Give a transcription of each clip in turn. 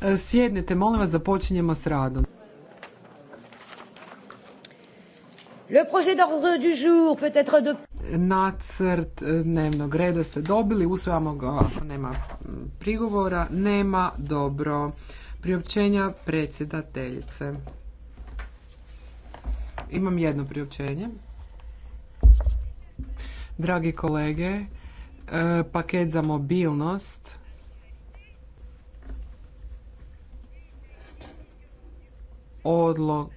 E, sjednite, molim vas, započinjemo s radom. Le projet d'ordre du Nacrt e, dnevnog reda ste dobili, usvajamo ga ako nema prigovora, nema dobro. Priopćenja predsjedateljice. Imam jedno priopćenje. Dragi kolege, e, paket za mobilnost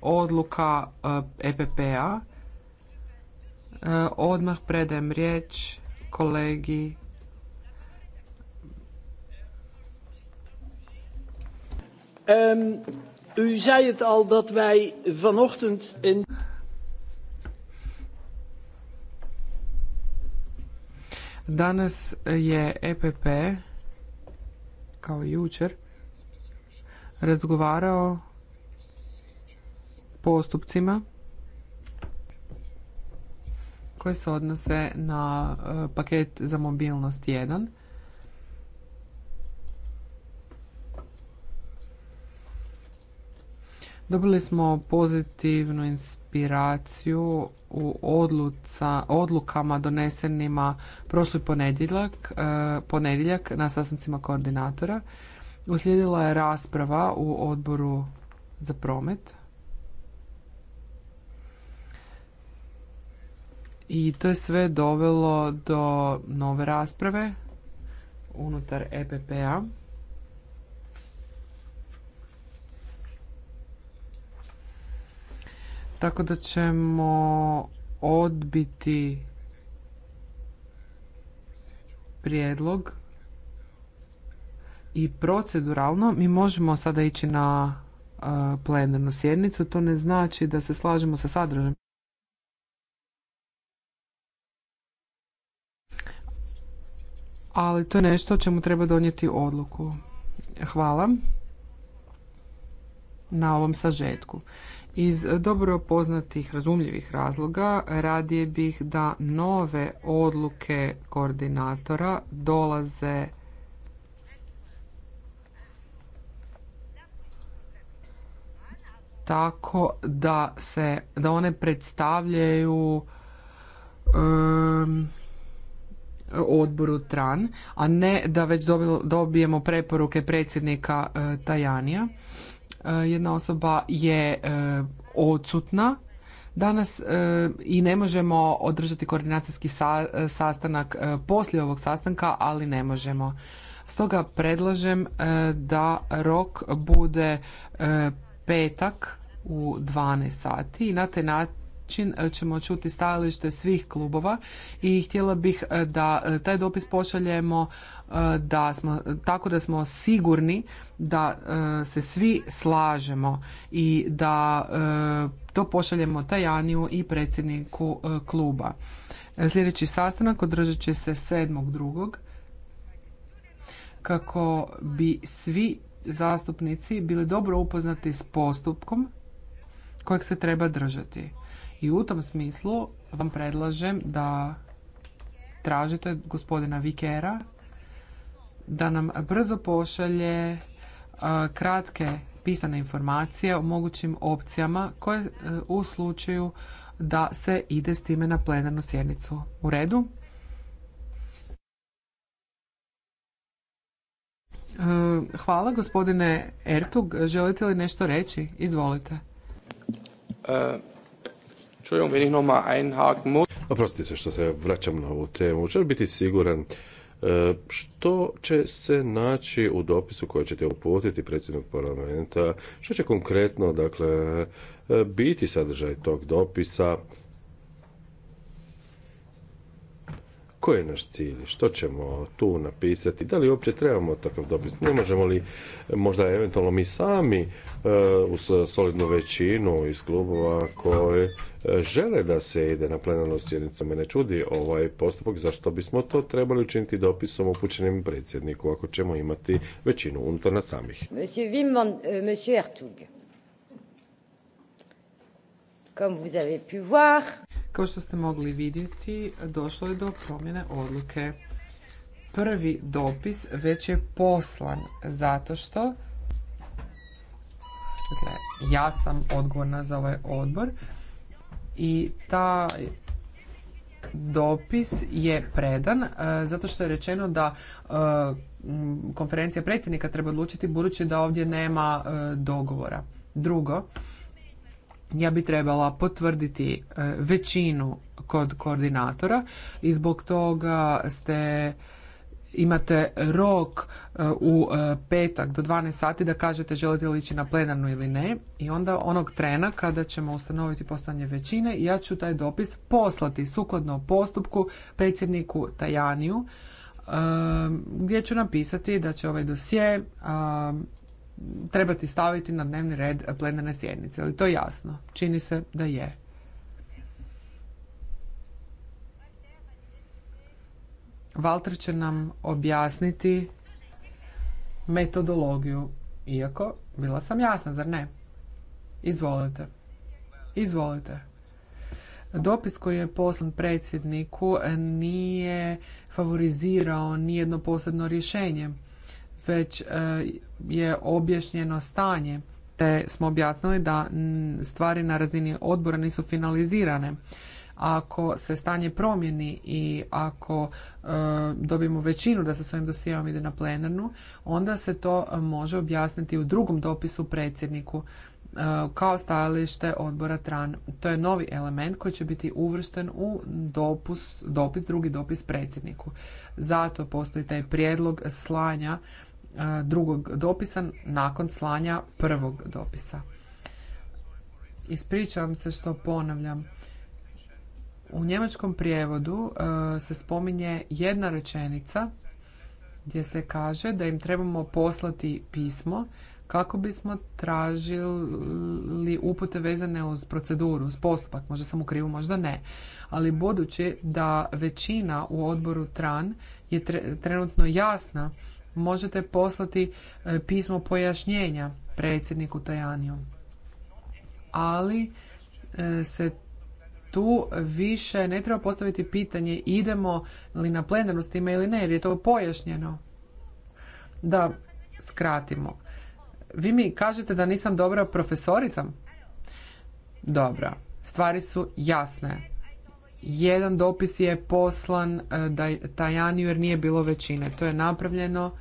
odluka EPP-a. E e, odmah predajem riječ kolegi ehm, u al dat wij in. Danas je EPP, kao i jučer, razgovarao postupcima koji se odnose na e, paket za mobilnost 1. Dobili smo pozitivnu inspiraciju u odluca, odlukama donesenima prošli ponedjeljak, e, ponedjeljak na sastancima koordinatora. Uslijedila je rasprava u odboru za promet. i to je sve dovelo do nove rasprave unutar EPP-a. Tako da ćemo odbiti prijedlog i proceduralno mi možemo sada ići na e, plenarnu sjednicu. To ne znači da se slažemo sa sadržajem. ali to je nešto o čemu treba donijeti odluku. Hvala na ovom sažetku. Iz dobro poznatih razumljivih razloga radije bih da nove odluke koordinatora dolaze tako da se da one predstavljaju odboru TRAN, a ne da već dobijemo preporuke predsjednika e, Tajanija. E, jedna osoba je e, odsutna danas i ne možemo održati koordinacijski sastanak poslije ovog sastanka, ali ne možemo. Stoga predlažem da rok bude petak u 12 sati i na taj način način e, ćemo čuti stajalište svih klubova i htjela bih e, da e, taj dopis pošaljemo da smo, tako da smo sigurni da se svi slažemo i da to pošaljemo Tajaniju i predsjedniku kluba. Sljedeći sastanak održat će se 7.2. kako bi svi zastupnici bili dobro upoznati s postupkom kojeg se treba držati. I u tom smislu vam predlažem da tražite gospodina Vikera da nam brzo pošalje kratke pisane informacije o mogućim opcijama koje e, u slučaju da se ide s time na plenarnu sjednicu. U redu? E, hvala gospodine Ertug. Želite li nešto reći? Izvolite. E, Entschuldigung, wenn einhaken Oprostite što se vraćam na ovu temu. Želim biti siguran e, što će se naći u dopisu koji ćete uputiti predsjednik parlamenta, što će konkretno dakle, e, biti sadržaj tog dopisa, koji je naš cilj, što ćemo tu napisati, da li uopće trebamo takav dopis, ne možemo li možda eventualno mi sami e, uz solidnu većinu iz klubova koji e, žele da se ide na plenarnu sjednicu. Me ne čudi ovaj postupak, zašto bismo to trebali učiniti dopisom upućenim predsjedniku ako ćemo imati većinu unutar nas samih. Kao što ste mogli vidjeti, došlo je do promjene odluke. Prvi dopis već je poslan zato što dakle, ja sam odgovorna za ovaj odbor i ta dopis je predan e, zato što je rečeno da e, konferencija predsjednika treba odlučiti budući da ovdje nema e, dogovora. Drugo, ja bi trebala potvrditi e, većinu kod koordinatora i zbog toga ste imate rok e, u e, petak do 12 sati da kažete želite li ići na plenarnu ili ne i onda onog trena kada ćemo ustanoviti postanje većine ja ću taj dopis poslati sukladno postupku predsjedniku Tajaniju gdje ću napisati da će ovaj dosje trebati staviti na dnevni red plenarne sjednice. Ali to je jasno. Čini se da je. Valter će nam objasniti metodologiju. Iako, bila sam jasna, zar ne? Izvolite. Izvolite. Dopis koji je poslan predsjedniku nije favorizirao nijedno posebno rješenje već e, je objašnjeno stanje te smo objasnili da stvari na razini odbora nisu finalizirane ako se stanje promjeni i ako e, dobijemo većinu da se svojim ovim ide na plenarnu, onda se to može objasniti u drugom dopisu predsjedniku e, kao stajalište odbora TRAN. To je novi element koji će biti uvršten u dopus, dopis, drugi dopis predsjedniku. Zato postoji taj prijedlog slanja E, drugog dopisa nakon slanja prvog dopisa. Ispričavam se što ponavljam. U njemačkom prijevodu e, se spominje jedna rečenica gdje se kaže da im trebamo poslati pismo kako bismo tražili upute vezane uz proceduru, uz postupak. Možda sam u krivu, možda ne. Ali budući da većina u odboru TRAN je trenutno jasna možete poslati e, pismo pojašnjenja predsjedniku Tajaniju. Ali e, se tu više ne treba postaviti pitanje idemo li na plenarnu s time ili ne, jer je to pojašnjeno. Da skratimo. Vi mi kažete da nisam dobra profesorica? Dobra, stvari su jasne. Jedan dopis je poslan e, da Tajaniju jer nije bilo većine. To je napravljeno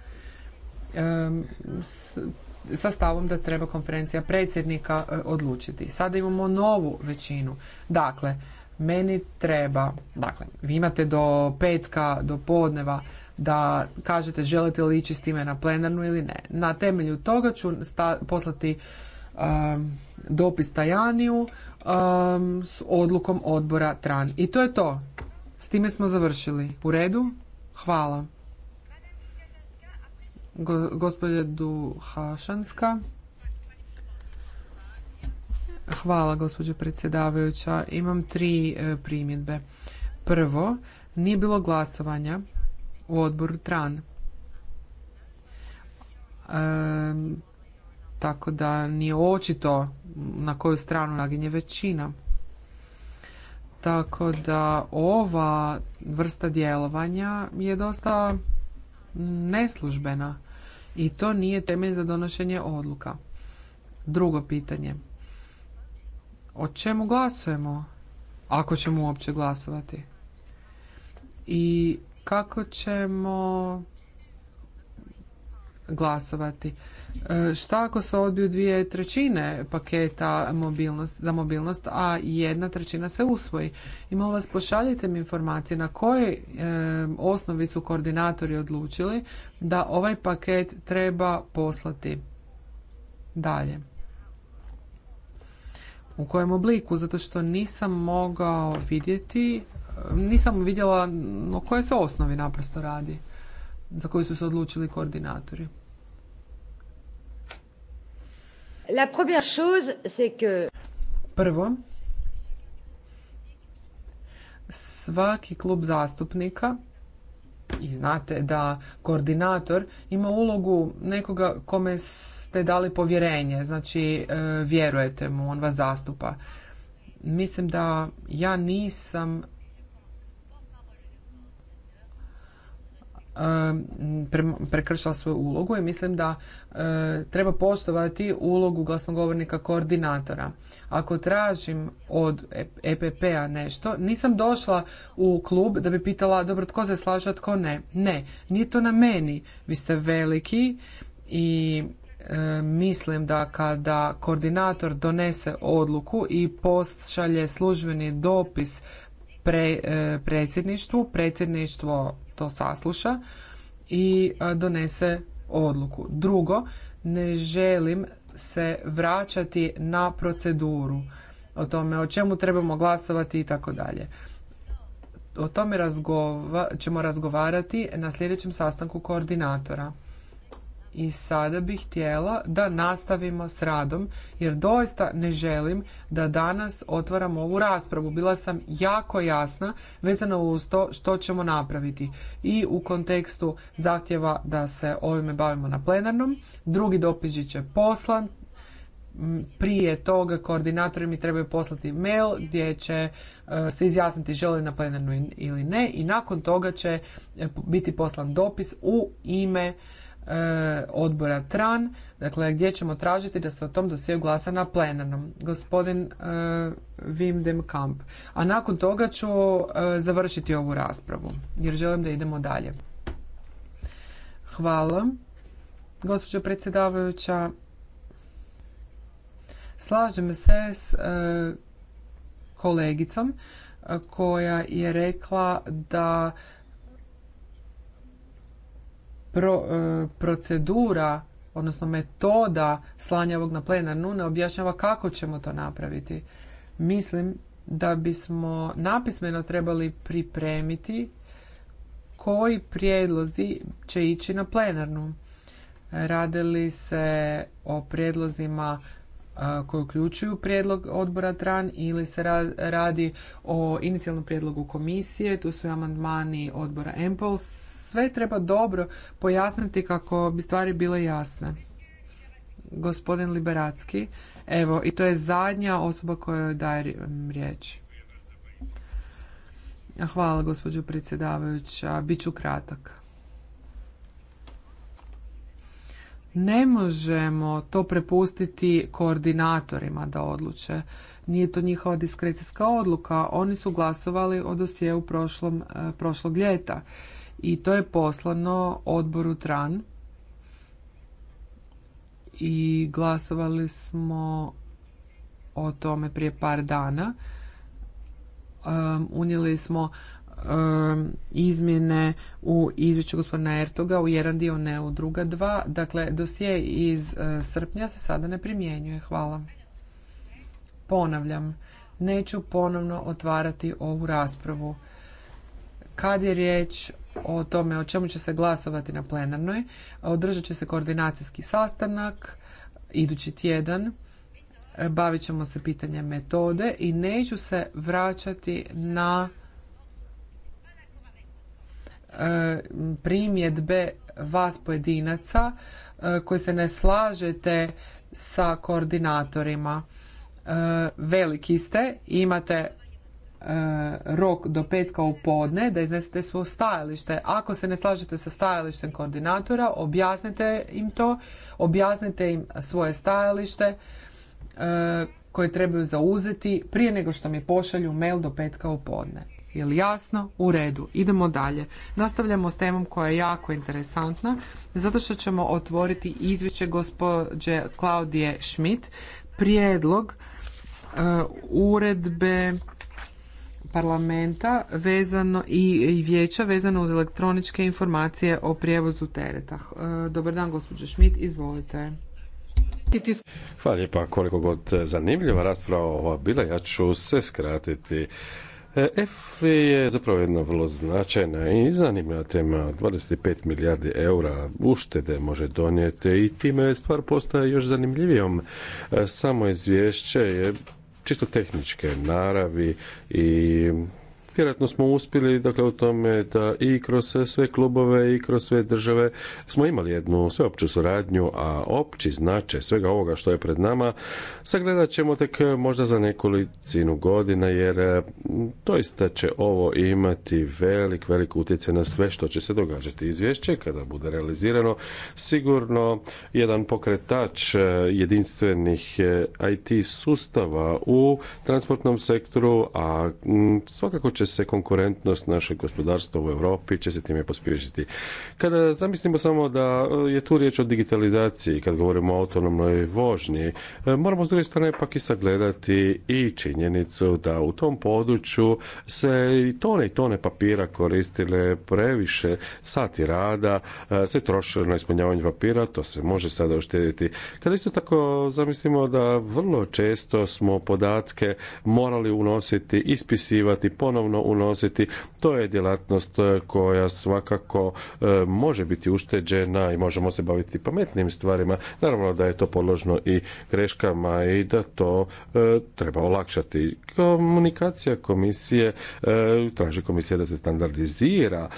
sa stavom da treba konferencija predsjednika e, odlučiti. Sada imamo novu većinu. Dakle, meni treba, dakle, vi imate do petka, do podneva da kažete želite li ići s time na plenarnu ili ne. Na temelju toga ću poslati dopis Tajaniju Um, s odlukom odbora TRAN. I to je to. S time smo završili. U redu? Hvala. Go, gospođa Duhašanska. Hvala, gospođo predsjedavajuća. Imam tri e, primjedbe. Prvo, nije bilo glasovanja u odboru TRAN. E, tako da nije očito na koju stranu naginje većina. Tako da ova vrsta djelovanja je dosta neslužbena i to nije temelj za donošenje odluka. Drugo pitanje. O čemu glasujemo? Ako ćemo uopće glasovati. I kako ćemo glasovati? E, šta ako se odbiju dvije trećine paketa mobilnost, za mobilnost, a jedna trećina se usvoji? I molim vas pošaljite mi informacije na kojoj e, osnovi su koordinatori odlučili da ovaj paket treba poslati dalje. U kojem obliku? Zato što nisam mogao vidjeti, e, nisam vidjela o kojoj se osnovi naprosto radi, za koju su se odlučili koordinatori. La première chose, c'est que... Prvo, svaki klub zastupnika i znate da koordinator ima ulogu nekoga kome ste dali povjerenje, znači e, vjerujete mu, on vas zastupa. Mislim da ja nisam prekršila svoju ulogu i mislim da e, treba postovati ulogu glasnogovornika koordinatora. Ako tražim od EPP-a nešto, nisam došla u klub da bi pitala dobro tko se slaže, tko ne. Ne, nije to na meni. Vi ste veliki i e, mislim da kada koordinator donese odluku i pošalje službeni dopis e, predsjedništvu, predsjedništvo to sasluša i donese odluku. Drugo, ne želim se vraćati na proceduru o tome o čemu trebamo glasovati i tako dalje. O tome ćemo razgovarati na sljedećem sastanku koordinatora i sada bih htjela da nastavimo s radom jer doista ne želim da danas otvaram ovu raspravu. Bila sam jako jasna vezana uz to što ćemo napraviti i u kontekstu zahtjeva da se ovime bavimo na plenarnom. Drugi dopis će poslan, prije toga koordinatori mi trebaju poslati mail gdje će e, se izjasniti želi na plenarnu ili ne i nakon toga će e, biti poslan dopis u ime E, odbora TRAN, dakle gdje ćemo tražiti da se o tom dosjeu glasa na plenarnom. Gospodin e, Wim Dem A nakon toga ću e, završiti ovu raspravu jer želim da idemo dalje. Hvala. Gospođo predsjedavajuća, slažem se s kolegicom koja je rekla da pro, e, procedura odnosno metoda slanja ovog na plenarnu ne objašnjava kako ćemo to napraviti. Mislim da bismo napismeno trebali pripremiti koji prijedlozi će ići na plenarnu. Radi li se o prijedlozima e, koji uključuju prijedlog odbora TRAN ili se radi o inicijalnom prijedlogu komisije, tu su amandmani odbora EMPOLS, sve treba dobro pojasniti kako bi stvari bile jasne. Gospodin Liberacki, evo, i to je zadnja osoba kojoj daje riječ. Hvala, gospođo predsjedavajuća. Biću kratak. Ne možemo to prepustiti koordinatorima da odluče. Nije to njihova diskrecijska odluka. Oni su glasovali o dosjeu e, prošlog ljeta i to je poslano odboru TRAN i glasovali smo o tome prije par dana. Um, unijeli smo um, izmjene u izvješću gospodina Ertoga u jedan dio, ne u druga dva. Dakle, dosje iz uh, srpnja se sada ne primjenjuje. Hvala. Ponavljam, neću ponovno otvarati ovu raspravu. Kad je riječ o tome o čemu će se glasovati na plenarnoj. Održat će se koordinacijski sastanak idući tjedan. Bavit ćemo se pitanjem metode i neću se vraćati na e, primjedbe vas pojedinaca e, koji se ne slažete sa koordinatorima. E, veliki ste, imate E, rok do petka u podne da iznesete svoje stajalište. Ako se ne slažete sa stajalištem koordinatora, objasnite im to, objasnite im svoje stajalište e, koje trebaju zauzeti prije nego što mi pošalju mail do petka u podne. Je li jasno? U redu. Idemo dalje. Nastavljamo s temom koja je jako interesantna, zato što ćemo otvoriti izvješće gospođe Klaudije Schmidt, prijedlog e, uredbe parlamenta vezano i vijeća vezano uz elektroničke informacije o prijevozu tereta. E, dobar dan, gospođo Šmit, izvolite. Hvala lijepa. Koliko god zanimljiva rasprava ova bila, ja ću se skratiti. E, F je zapravo jedna vrlo značajna i zanimljiva tema. 25 milijardi eura uštede može donijeti i time stvar postaje još zanimljivijom. E, samo izvješće je čisto tehničke naravi i Vjerojatno smo uspjeli dakle, u tome da i kroz sve klubove i kroz sve države smo imali jednu sveopću suradnju, a opći značaj svega ovoga što je pred nama sagledat ćemo tek možda za nekolicinu godina jer e, doista će ovo imati velik, velik utjecaj na sve što će se događati. Izvješće kada bude realizirano sigurno jedan pokretač e, jedinstvenih e, IT sustava u transportnom sektoru, a svakako će se konkurentnost našeg gospodarstva u Europi će se time pospješiti. Kada zamislimo samo da e, je tu riječ o digitalizaciji, kad govorimo o autonomnoj vožnji, e, moramo s druge strane pak i sagledati i činjenicu da u tom području se i tone i tone papira koristile previše sati rada, sve troše na ispunjavanje papira, to se može sada uštediti. Kada isto tako zamislimo da vrlo često smo podatke morali unositi, ispisivati, ponovno unositi. To je djelatnost e, koja svakako e, može biti ušteđena i možemo se baviti pametnim stvarima. Naravno da je to podložno i greškama i da to e, treba olakšati. Komunikacija komisije traži komisija da se standardizira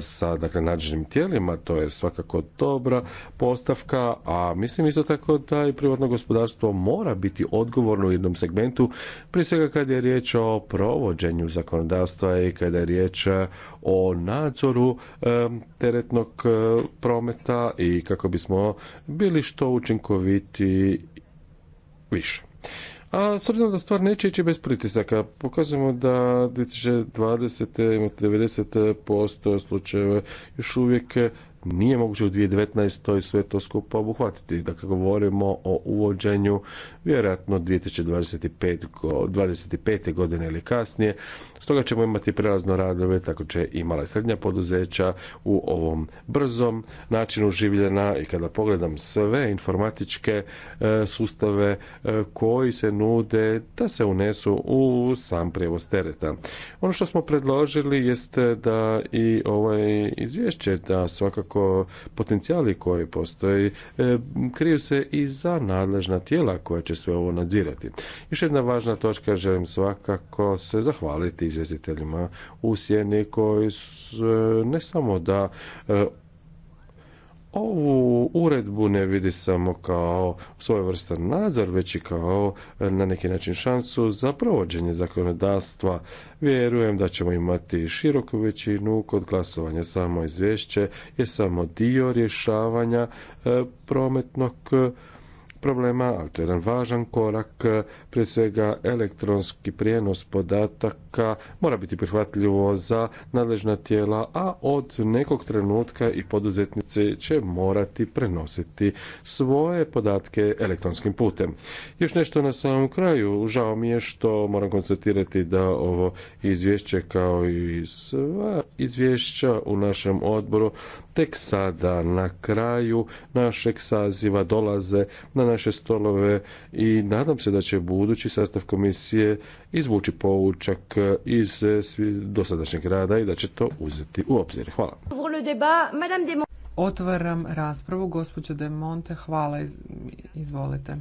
sa dakle nadležnim tijelima, to je svakako dobra postavka, a mislim isto tako da i privatno gospodarstvo mora biti odgovorno u jednom segmentu, prije svega kad je riječ o provođenju zakona zakonodavstva kada je riječ o nadzoru e, teretnog e, prometa i kako bismo bili što učinkoviti više. A s obzirom da stvar neće ići bez pritisaka, pokazujemo da 2020. imate 90% slučajeva još uvijek nije moguće u 2019. sve to skupa obuhvatiti. Dakle, govorimo o uvođenju vjerojatno 2025, godine ili kasnije. Stoga ćemo imati prelazno radove, tako će i mala i srednja poduzeća u ovom brzom načinu življena i kada pogledam sve informatičke e, sustave e, koji se nude da se unesu u sam prijevoz tereta. Ono što smo predložili jeste da i ovaj izvješće da svakako potencijali koji postoji e, kriju se i za nadležna tijela koja će sve ovo nadzirati. Još jedna važna točka, želim svakako se zahvaliti izvjestiteljima u Sjeni koji e, ne samo da e, ovu uredbu ne vidi samo kao vrstan nadzor, već i kao e, na neki način šansu za provođenje zakonodavstva. Vjerujem da ćemo imati široku većinu kod glasovanja. Samo izvješće je samo dio rješavanja prometnog problema, ali to je jedan važan korak, prije svega elektronski prijenos podataka odluka mora biti prihvatljivo za nadležna tijela, a od nekog trenutka i poduzetnice će morati prenositi svoje podatke elektronskim putem. Još nešto na samom kraju. Žao mi je što moram konstatirati da ovo izvješće kao i sva izvješća u našem odboru tek sada na kraju našeg saziva dolaze na naše stolove i nadam se da će budući sastav komisije izvući poučak iz eh, dosadašnjeg rada i da će to uzeti u obzir. Hvala. Otvaram raspravu, gospođo De Monte, hvala, izvolite.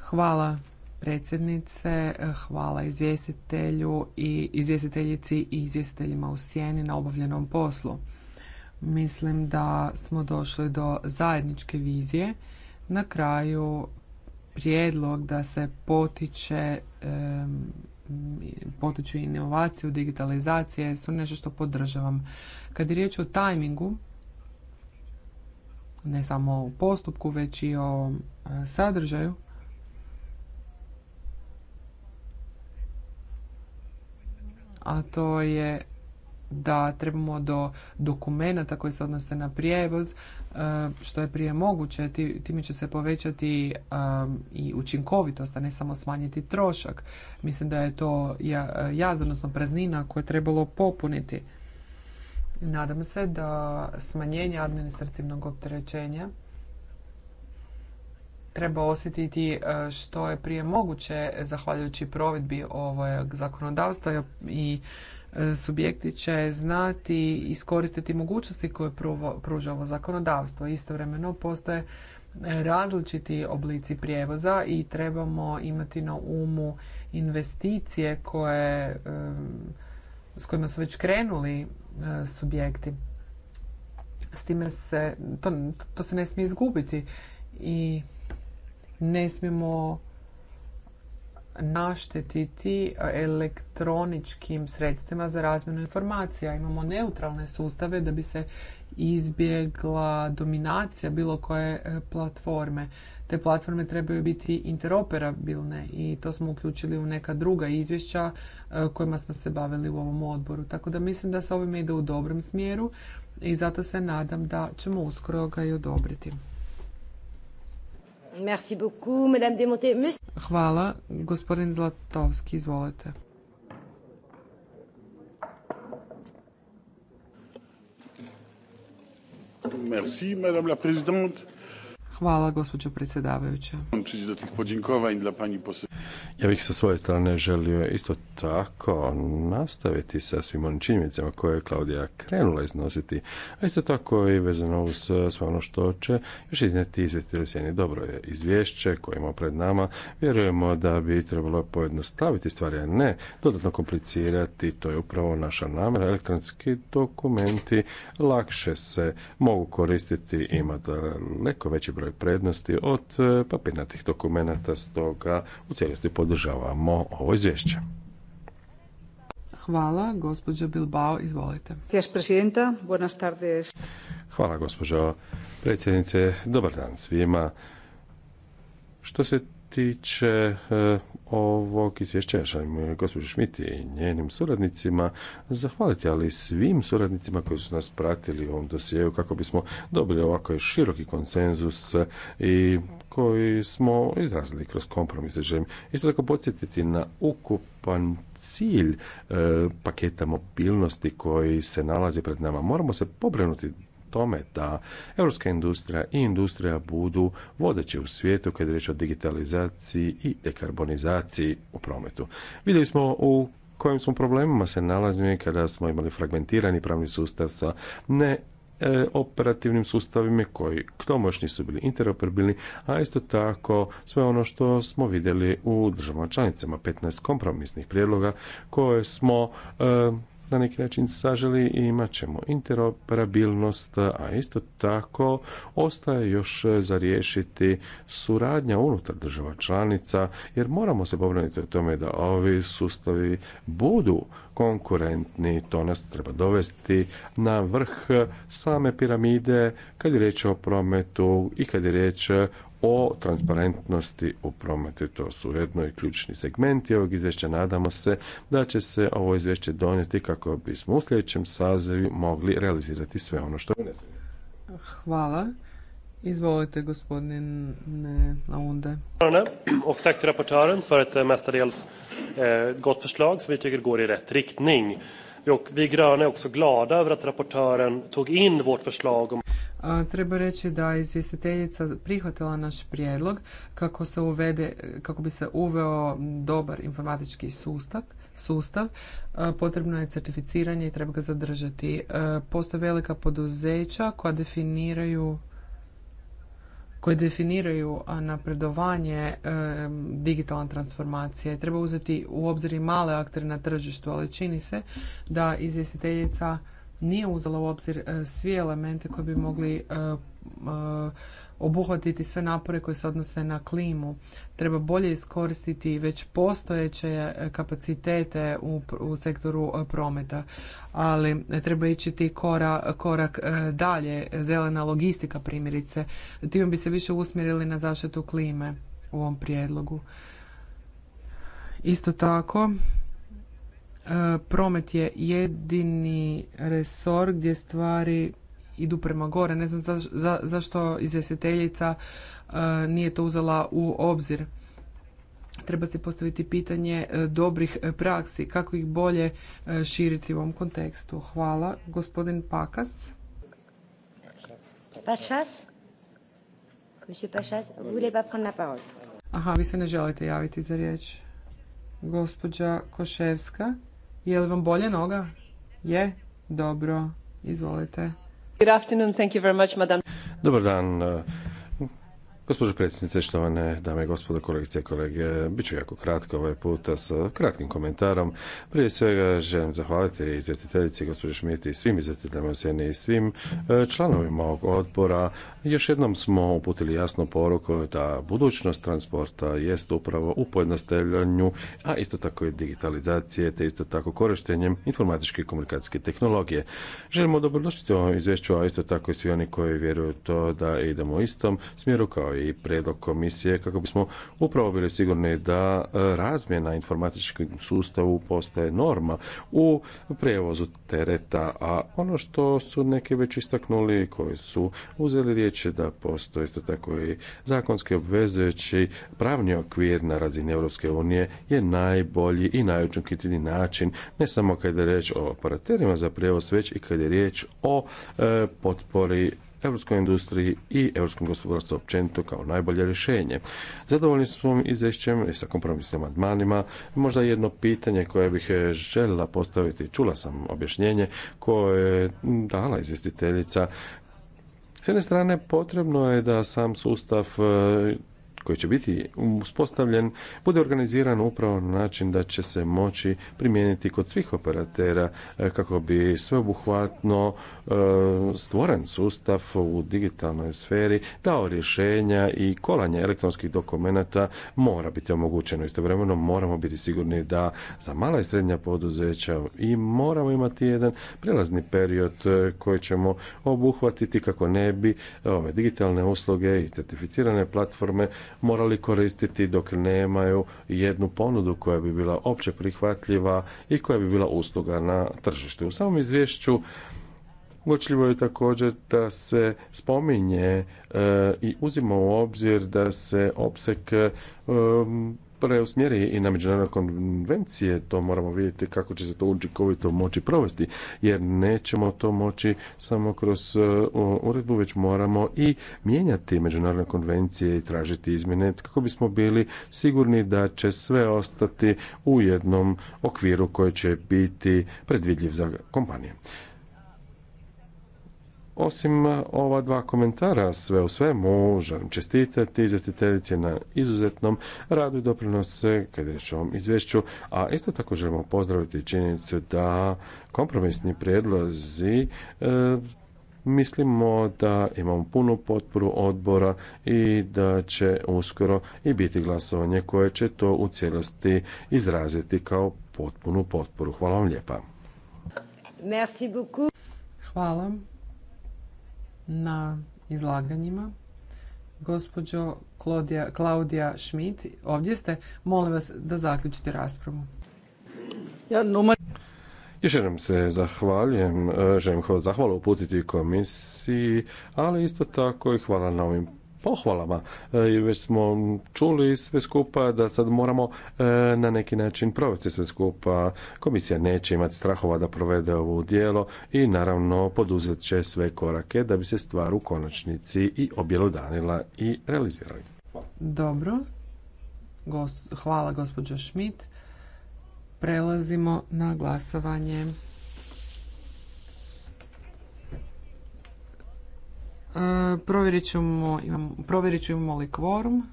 Hvala predsjednice, hvala izvjestitelju i izvjestiteljici i izvjestiteljima u sjeni na obavljenom poslu. Mislim da smo došli do zajedničke vizije na kraju prijedlog da se potiče potiču inovaciju, digitalizacije, su nešto što podržavam. Kad je riječ o tajmingu, ne samo o postupku, već i o e, sadržaju, a to je da trebamo do dokumenata koji se odnose na prijevoz e, što je prije moguće, time će se povećati i učinkovitost, a ne samo smanjiti trošak. Mislim da je to jaz, odnosno praznina koje je trebalo popuniti. Nadam se da smanjenje administrativnog opterećenja treba osjetiti e, što je prije moguće zahvaljujući provedbi ovog zakonodavstva i E, subjekti će znati iskoristiti mogućnosti koje pruža ovo zakonodavstvo. Istovremeno postoje različiti oblici prijevoza i trebamo imati na umu investicije koje, e, s kojima su već krenuli e, subjekti. S time se, to, to se ne smije izgubiti i ne smijemo naštetiti elektroničkim sredstvima za razmjenu informacija. Imamo neutralne sustave da bi se izbjegla dominacija bilo koje e, platforme. Te platforme trebaju biti interoperabilne i to smo uključili u neka druga izvješća e, kojima smo se bavili u ovom odboru. Tako da mislim da se ovime ide u dobrom smjeru i zato se nadam da ćemo uskoro ga i odobriti. Merci beaucoup, madame Demonté. Hvala, gospodin Zlatovski, izvolite. Merci, madame la présidente. Hvala, gospođo predsjedavajuća. Ja bih sa svoje strane želio isto tako nastaviti sa svim onim činjenicama koje je Klaudija krenula iznositi, a isto tako i vezano uz eh, sve ono što će još iznijeti izvjestitelj Sjeni. Dobro je izvješće koje imamo pred nama. Vjerujemo da bi trebalo pojednostaviti stvari, a ne dodatno komplicirati. To je upravo naša namjera. Elektronski dokumenti lakše se mogu koristiti, ima daleko veći broj prednosti od e, papirnatih dokumenata, stoga u cijelosti podržavamo ovo izvješće. Hvala, gospođo Bilbao, izvolite. Hvala, gospođo predsjednice. Dobar dan svima. Što se tiče e, ovog izvješća, želim e, gospođu Šmiti i njenim suradnicima zahvaliti, ali svim suradnicima koji su nas pratili u ovom dosjeu kako bismo dobili ovako široki konsenzus e, i koji smo izrazili kroz kompromise. Želim isto tako podsjetiti na ukupan cilj e, paketa mobilnosti koji se nalazi pred nama. Moramo se pobrinuti tome da europska industrija i industrija budu vodeće u svijetu kad je riječ o digitalizaciji i dekarbonizaciji u prometu. Vidjeli smo u kojim smo problemima se nalazili kada smo imali fragmentirani pravni sustav sa ne e, operativnim sustavima koji k tomu još nisu bili interoperabilni, a isto tako sve ono što smo vidjeli u državama članicama, 15 kompromisnih prijedloga koje smo e, na neki način saželi i imat ćemo interoperabilnost, a isto tako ostaje još za riješiti suradnja unutar država članica, jer moramo se pobrinuti o tome da ovi sustavi budu konkurentni, to nas treba dovesti na vrh same piramide kad je riječ o prometu i kad je riječ o transparentnosti u prometu. To su jedno i ključni segmenti ovog izvješća. Nadamo se da će se ovo izvješće donijeti kako bismo u sljedećem sazivu mogli realizirati sve ono što je Hvala. Izvolite gospodin Aunde. Och tack till rapportören för ett mestadels eh, gott förslag som vi tycker går i rätt riktning. Och vi gröna är också glada över att rapportören tog in vårt förslag om Treba reći da je izvjestiteljica prihvatila naš prijedlog kako, se uvede, kako bi se uveo dobar informatički sustav, sustav. potrebno je certificiranje i treba ga zadržati. postoje velika poduzeća koja definiraju koje definiraju napredovanje e, digitalne transformacije. Treba uzeti u obzir i male aktere na tržištu, ali čini se da izvjestiteljica nije uzela u obzir e, svi elemente koji bi mogli e, e, obuhvatiti sve napore koji se odnose na klimu. Treba bolje iskoristiti već postojeće kapacitete u, sektoru prometa, ali treba ići korak dalje, zelena logistika primjerice. Time bi se više usmjerili na zaštitu klime u ovom prijedlogu. Isto tako, promet je jedini resor gdje stvari idu prema gore. Ne znam za, zašto izvjestiteljica e, nije to uzela u obzir. Treba se postaviti pitanje e, dobrih praksi, kako ih bolje e, širiti u ovom kontekstu. Hvala. Gospodin Pakas. Aha, vi se ne želite javiti za riječ. Gospođa Koševska. Je li vam bolje noga? Je? Dobro. Izvolite. Good afternoon. Thank you very much, madam. Dobar dan. Gospođo predsjednice, štovane dame i gospodo, kolegice i kolege, bit ću jako kratko ovaj puta s kratkim komentarom. Prije svega želim zahvaliti izvjestiteljici gospođi Šmit i svim izvjestiteljima Sjeni i svim e, članovima ovog odbora. Još jednom smo uputili jasnu poruku da budućnost transporta jest upravo u pojednostavljanju, a isto tako i digitalizacije, te isto tako korištenjem informatičke i komunikacijske tehnologije. Želimo dobrodošlicu ovom izvješću, a isto tako i svi oni koji vjeruju to da idemo u istom smjeru kao i predlog komisije kako bismo upravo bili sigurni da e, razmjena informatičkog sustavu postaje norma u prijevozu tereta, a ono što su neki već istaknuli koji su uzeli riječ da postoje isto tako i zakonski obvezujući pravni okvir na razini Europske unije je najbolji i najučinkovitiji način ne samo kada je riječ o operaterima za prijevoz već i kada je riječ o e, potpori europskoj industriji i europskom gospodarstvu općenito kao najbolje rješenje. Zadovoljni smo izvješćem i sa kompromisnim amandmanima. Možda jedno pitanje koje bih eh, željela postaviti, čula sam objašnjenje koje je dala izvjestiteljica s jedne strane potrebno je da sam sustav eh, koji će biti uspostavljen bude organiziran upravo na način da će se moći primijeniti kod svih operatera e, kako bi sveobuhvatno e, stvoren sustav u digitalnoj sferi dao rješenja i kolanje elektronskih dokumenata mora biti omogućeno. Istovremeno moramo biti sigurni da za mala i srednja poduzeća i moramo imati jedan prelazni period e, koji ćemo obuhvatiti kako ne bi ove digitalne usluge i certificirane platforme morali koristiti dok nemaju jednu ponudu koja bi bila opće prihvatljiva i koja bi bila usluga na tržištu. U samom izvješću Uočljivo je također da se spominje e, i uzima u obzir da se opsek e, preusmjeri i na međunarodne konvencije, to moramo vidjeti kako će se to učinkovito moći provesti, jer nećemo to moći samo kroz e, uredbu, već moramo i mijenjati međunarodne konvencije i tražiti izmjene kako bismo bili sigurni da će sve ostati u jednom okviru koji će biti predvidljiv za kompanije. Osim e, ova dva komentara, sve u svemu, želim čestitati izvjestiteljici na izuzetnom radu i doprinose kada je ovom izvješću, a isto tako želimo pozdraviti činjenicu da kompromisni prijedlozi e, mislimo da imamo punu potporu odbora i da će uskoro i biti glasovanje koje će to u cijelosti izraziti kao potpunu potporu. Hvala vam lijepa. Hvala na izlaganjima. Gospođo Klaudija, Klaudija Schmidt, ovdje ste. Molim vas da zaključite raspravu. Ja, još jednom se zahvaljujem, e, želim zahvalu uputiti komisiji, ali isto tako i hvala na ovim pohvalama. E, već smo čuli sve skupa da sad moramo e, na neki način provesti sve skupa. Komisija neće imati strahova da provede ovo djelo i naravno poduzet će sve korake da bi se stvar u konačnici i objelodanila i realizirali. Dobro. Hvala gospođo Schmidt. Prelazimo na glasovanje. E, provjerit, ću imamo li kvorum,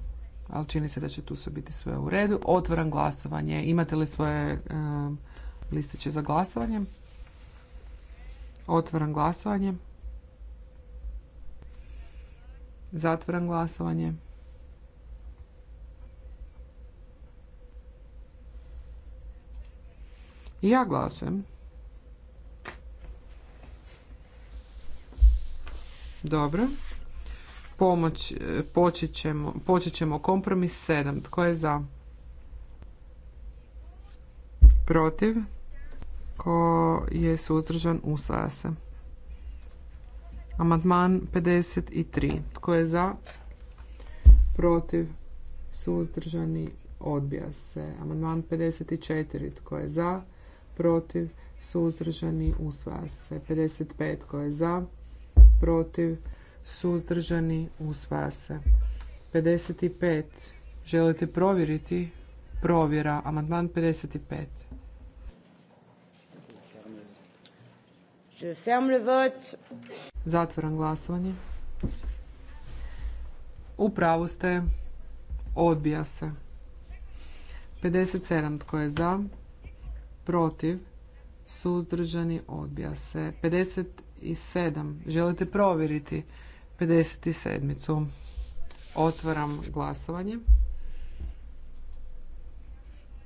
ali čini se da će tu sve biti sve u redu. Otvaram glasovanje. Imate li svoje e, listiće za glasovanje? Otvaram glasovanje. Zatvaram glasovanje. ja glasujem. Dobro. Pomoć, e, počet ćemo, počet ćemo kompromis 7. Tko je za? Protiv? Ko je suzdržan? Usvaja se. Amandman 53. Tko je za? Protiv? Suzdržani? Odbija se. Amandman 54. Tko je za? Protiv? Suzdržani? Usvaja se. 55. Tko je za? protiv, suzdržani, usvaja se. 55. Želite provjeriti? Provjera. Amandman 55. Je ferme glasovanje. U pravu ste. Odbija se. 57. Tko je za? Protiv? Suzdržani? Odbija se. 57. Želite provjeriti 57. Otvaram glasovanje.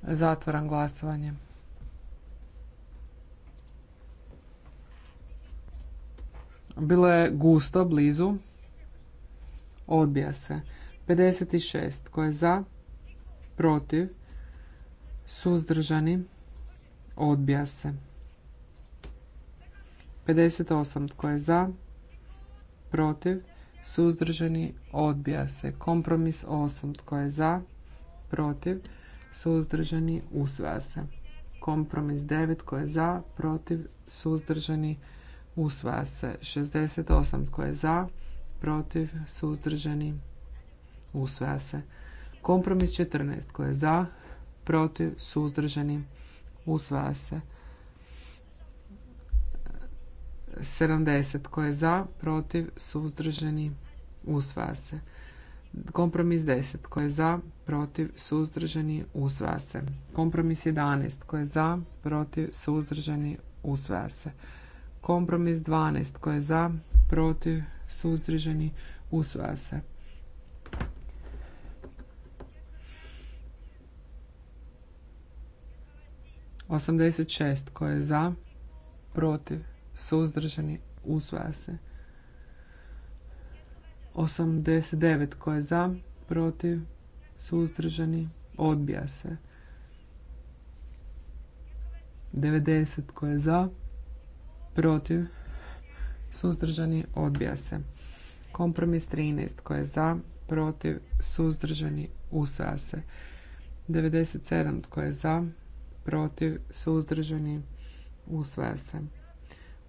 Zatvaram glasovanje. Bilo je gusto, blizu. Odbija se. 56. Ko je za? Protiv? Suzdržani? Odbija se. 58. Tko je za? Protiv? Suzdržani? Odbija se. Kompromis 8. Tko je za? Protiv? Suzdržani? Usvaja se. Kompromis 9. Tko je za? Protiv? Suzdržani? Usvaja se. 68. Tko je za? Protiv? Suzdržani? Usvaja se. Kompromis 14. Tko je za? Protiv? Suzdržani? Usvaja se. 70 koje je za, protiv, suzdržani, usvaja se. Kompromis 10 koje je za, protiv, suzdržani, usvaja se. Kompromis 11 koje je za, protiv, suzdržani, usvaja se. Kompromis 12 koje je za, protiv, suzdržani, usvaja se. Osamdeset šest koje je za, protiv, suzdržani, usvaja se. 89 koje je za, protiv, suzdržani, odbija se. 90 koje je za, protiv, suzdržani, odbija se. Kompromis 13 tko je za, protiv, suzdržani, usvaja se. 97 tko je za, protiv, suzdržani, usvaja se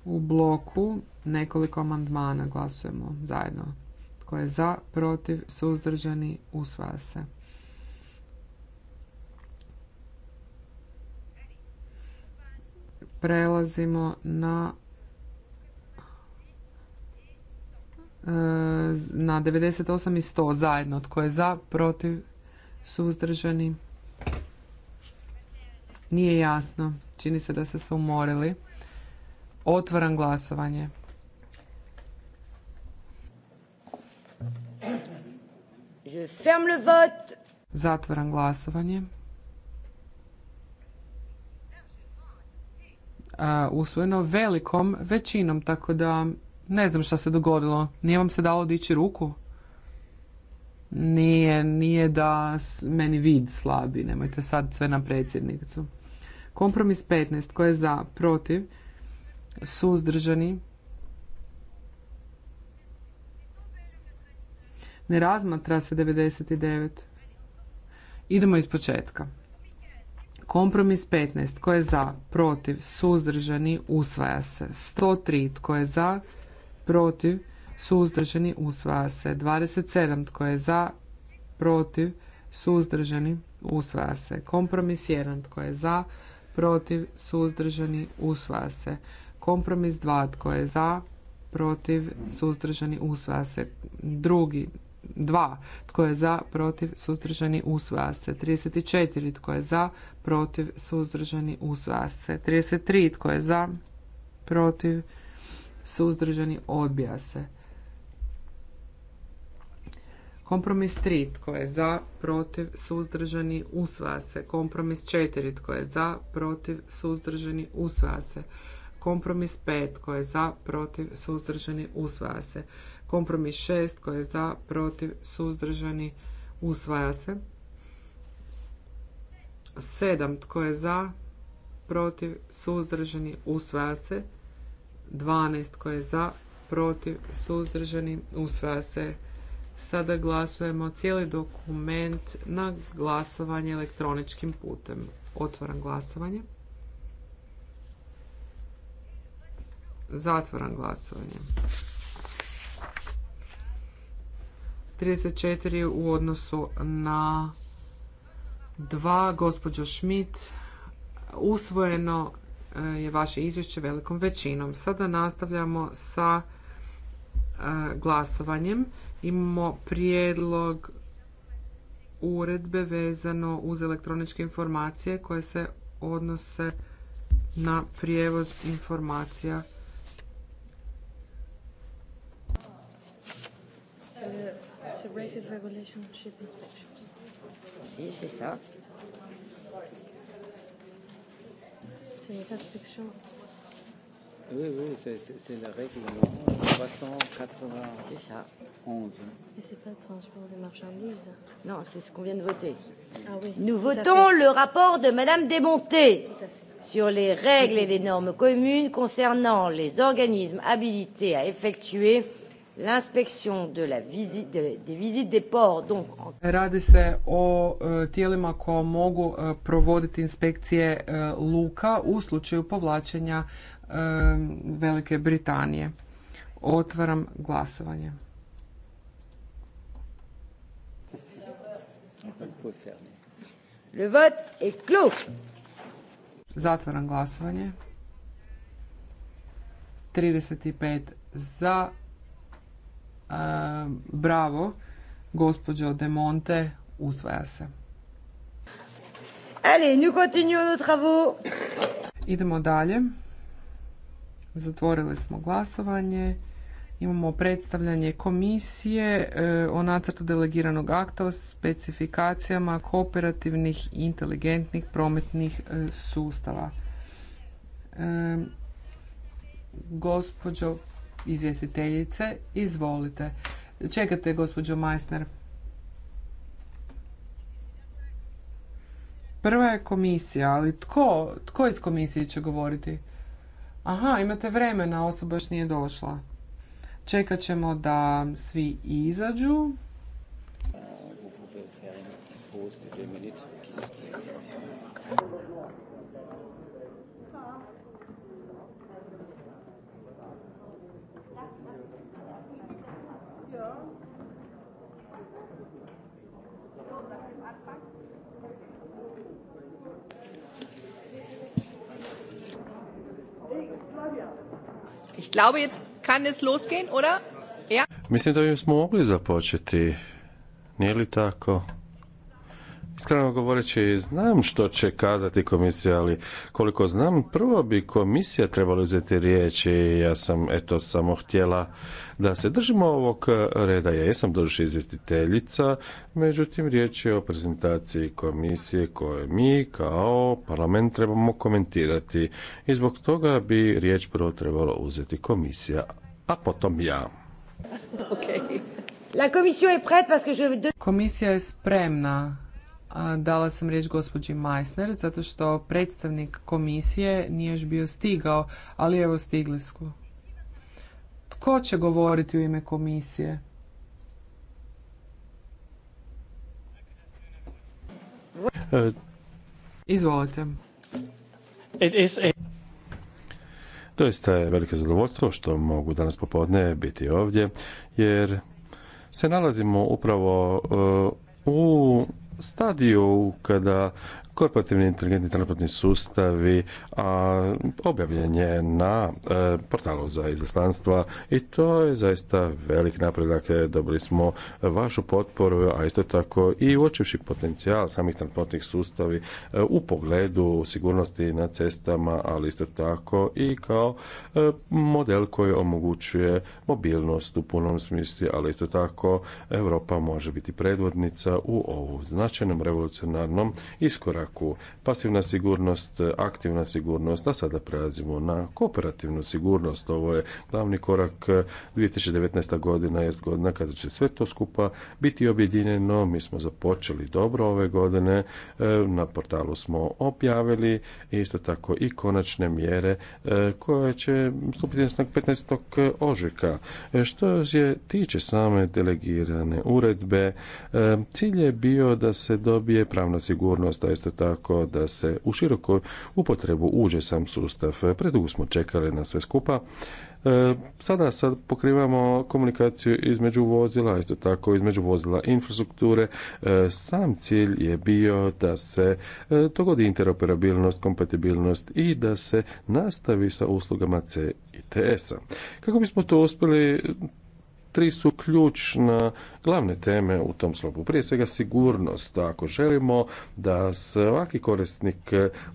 u bloku nekoliko amandmana glasujemo zajedno. Tko je za, protiv, suzdržani, usvaja se. Prelazimo na e, na 98 i 100 zajedno. Tko je za, protiv, suzdržani. Nije jasno. Čini se da ste se umorili. Otvaram glasovanje. Je ferme Zatvaram glasovanje. usvojeno velikom većinom, tako da ne znam šta se dogodilo. Nije vam se dalo dići ruku? Nije, nije da meni vid slabi, nemojte sad sve na predsjednicu. Kompromis 15, ko je za, protiv, suzdržani ne razmatra se 99 idemo iz početka kompromis 15 tko je za protiv suzdržani usvaja se 103 tko je za protiv suzdržani usvaja se 27 tko je za protiv suzdržani usvaja se kompromis 1 tko je za protiv suzdržani usvaja se Kompromis 2. Tko je za? Protiv? Suzdržani? Usvaja se. Drugi. 2. Tko je za? Protiv? Suzdržani? Usvaja se. 34. Tko je za? Protiv? Suzdržani? Usvaja se. 33. Tko je za? Protiv? Suzdržani? Odbija se. Kompromis 3. Tko je za, protiv, suzdržani, usvaja se. Kompromis 4. Tko je za, protiv, suzdržani, usvaja se. Kompromis 5 koji je za, protiv, suzdržani, usvaja se. Kompromis 6 koji je za, protiv, suzdržani, usvaja se. 7 tko je za, protiv, suzdržani, usvaja se. 12 tko je za, protiv, suzdržani, usvaja se. Sada glasujemo cijeli dokument na glasovanje elektroničkim putem. Otvaram glasovanje. Zatvoran glasovanje. 34 u odnosu na 2. Gospođo Šmit, usvojeno e, je vaše izvješće velikom većinom. Sada nastavljamo sa e, glasovanjem. Imamo prijedlog uredbe vezano uz elektroničke informacije koje se odnose na prijevoz informacija Integrated Regulation Ship Inspection. Si, c'est ça. C'est les inspections. Oui, oui, c'est le règlement 391. Et c'est pas le transport des marchandises Non, c'est ce qu'on vient de voter. Ah, oui. Nous votons le rapport de Madame Desmonté sur les règles et les normes communes concernant les organismes habilités à effectuer l'inspection de la visite, des visites des ports. Donc... Radi se o e, tijelima koja mogu e, provoditi inspekcije e, luka u slučaju povlačenja Velike Britanije. Otvaram glasovanje. Le vote est clos. Zatvaram glasovanje. 35 za, E, bravo, gospođo De Monte, usvaja se. Allez, nous continuons Idemo dalje. Zatvorili smo glasovanje. Imamo predstavljanje komisije e, o nacrtu delegiranog akta o specifikacijama kooperativnih inteligentnih prometnih e, sustava. Gospođo izvjestiteljice. Izvolite. Čekate, gospođo Majsner. Prva je komisija, ali tko, tko iz komisije će govoriti? Aha, imate vremena, osoba još nije došla. Čekat ćemo da svi izađu. Ich glaube, jetzt kann es losgehen, oder? Ja. Mislim da bismo mogli započeti. Nije li tako? Skrano govoreći, znam što će kazati komisija, ali koliko znam, prvo bi komisija trebala uzeti riječ i ja sam eto samo htjela da se držimo ovog reda. Ja jesam doduše izvjestiteljica, međutim riječ je o prezentaciji komisije koje mi kao parlament trebamo komentirati i zbog toga bi riječ prvo trebalo uzeti komisija, a potom ja. Okay. La commission est prête parce que je... Komisija je spremna dala sam riječ gospođi Meissner zato što predstavnik komisije nije još bio stigao, ali evo stigli smo. Tko će govoriti u ime komisije? E, Izvolite. It Doista je veliko zadovoljstvo što mogu danas popodne biti ovdje, jer se nalazimo upravo e, u stadiju kada korporativni inteligentni transportni sustavi, a objavljen je na e, portalu za izaslanstva i to je zaista velik napredak. E, dobili smo vašu potporu, a isto tako i uočivši potencijal samih transportnih sustavi e, u pogledu sigurnosti na cestama, ali isto tako i kao model koji omogućuje mobilnost u punom smislu, ali isto tako Europa može biti predvodnica u ovom značajnom revolucionarnom iskoraku u Pasivna sigurnost, aktivna sigurnost, a sada prelazimo na kooperativnu sigurnost. Ovo je glavni korak eh, 2019. godina jest godina kada će sve to skupa biti objedinjeno. Mi smo započeli dobro ove godine, eh, na portalu smo objavili isto tako i konačne mjere eh, koje će stupiti na 15. ožujka. Što je tiče same delegirane uredbe, cilj je bio da se dobije pravna sigurnost, a isto tako da se u široko upotrebu uđe sam sustav. Predugo smo čekali na sve skupa. E, sada sad pokrivamo komunikaciju između vozila, isto tako između vozila infrastrukture. E, sam cilj je bio da se e, dogodi interoperabilnost, kompatibilnost i da se nastavi sa uslugama C i TS-a. Kako bismo to uspjeli, tri su ključna glavne teme u tom slobu. Prije svega sigurnost. Ako želimo da svaki korisnik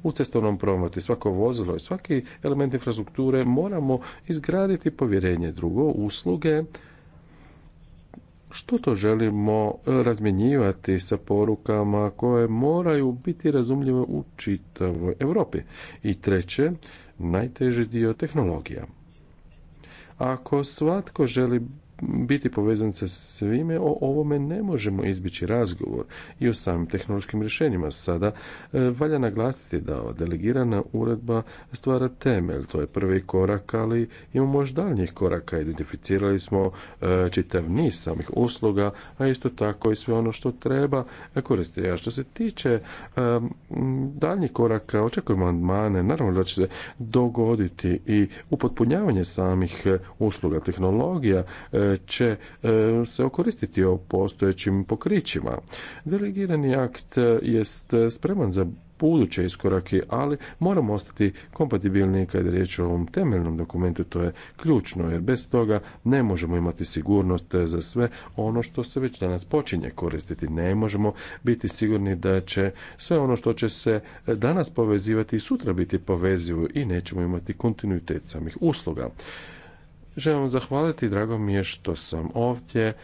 u cestovnom prometu, svako vozilo i svaki element infrastrukture moramo izgraditi povjerenje drugo, usluge, što to želimo razmjenjivati sa porukama koje moraju biti razumljive u čitavoj Europi. I treće, najteži dio tehnologija. Ako svatko želi biti povezan sa svime, o ovome ne možemo izbići razgovor i o samim tehnološkim rješenjima. Sada e, valja naglasiti da ova delegirana uredba stvara temelj, to je prvi korak, ali imamo još daljnjih koraka. Identificirali smo e, čitav niz samih usluga, a isto tako i sve ono što treba koristiti. A što se tiče e, daljnjih koraka, očekujemo amandmane, naravno da će se dogoditi i upotpunjavanje samih usluga, tehnologija, će e, se okoristiti o postojećim pokrićima. Delegirani akt e, jest e, spreman za buduće iskorake, ali moramo ostati kompatibilni kad je riječ o ovom temeljnom dokumentu, to je ključno, jer bez toga ne možemo imati sigurnost za sve ono što se već danas počinje koristiti. Ne možemo biti sigurni da će sve ono što će se danas povezivati i sutra biti povezivo i nećemo imati kontinuitet samih usluga. Želim vam zahvaliti, drago mi je što sam ovdje, e,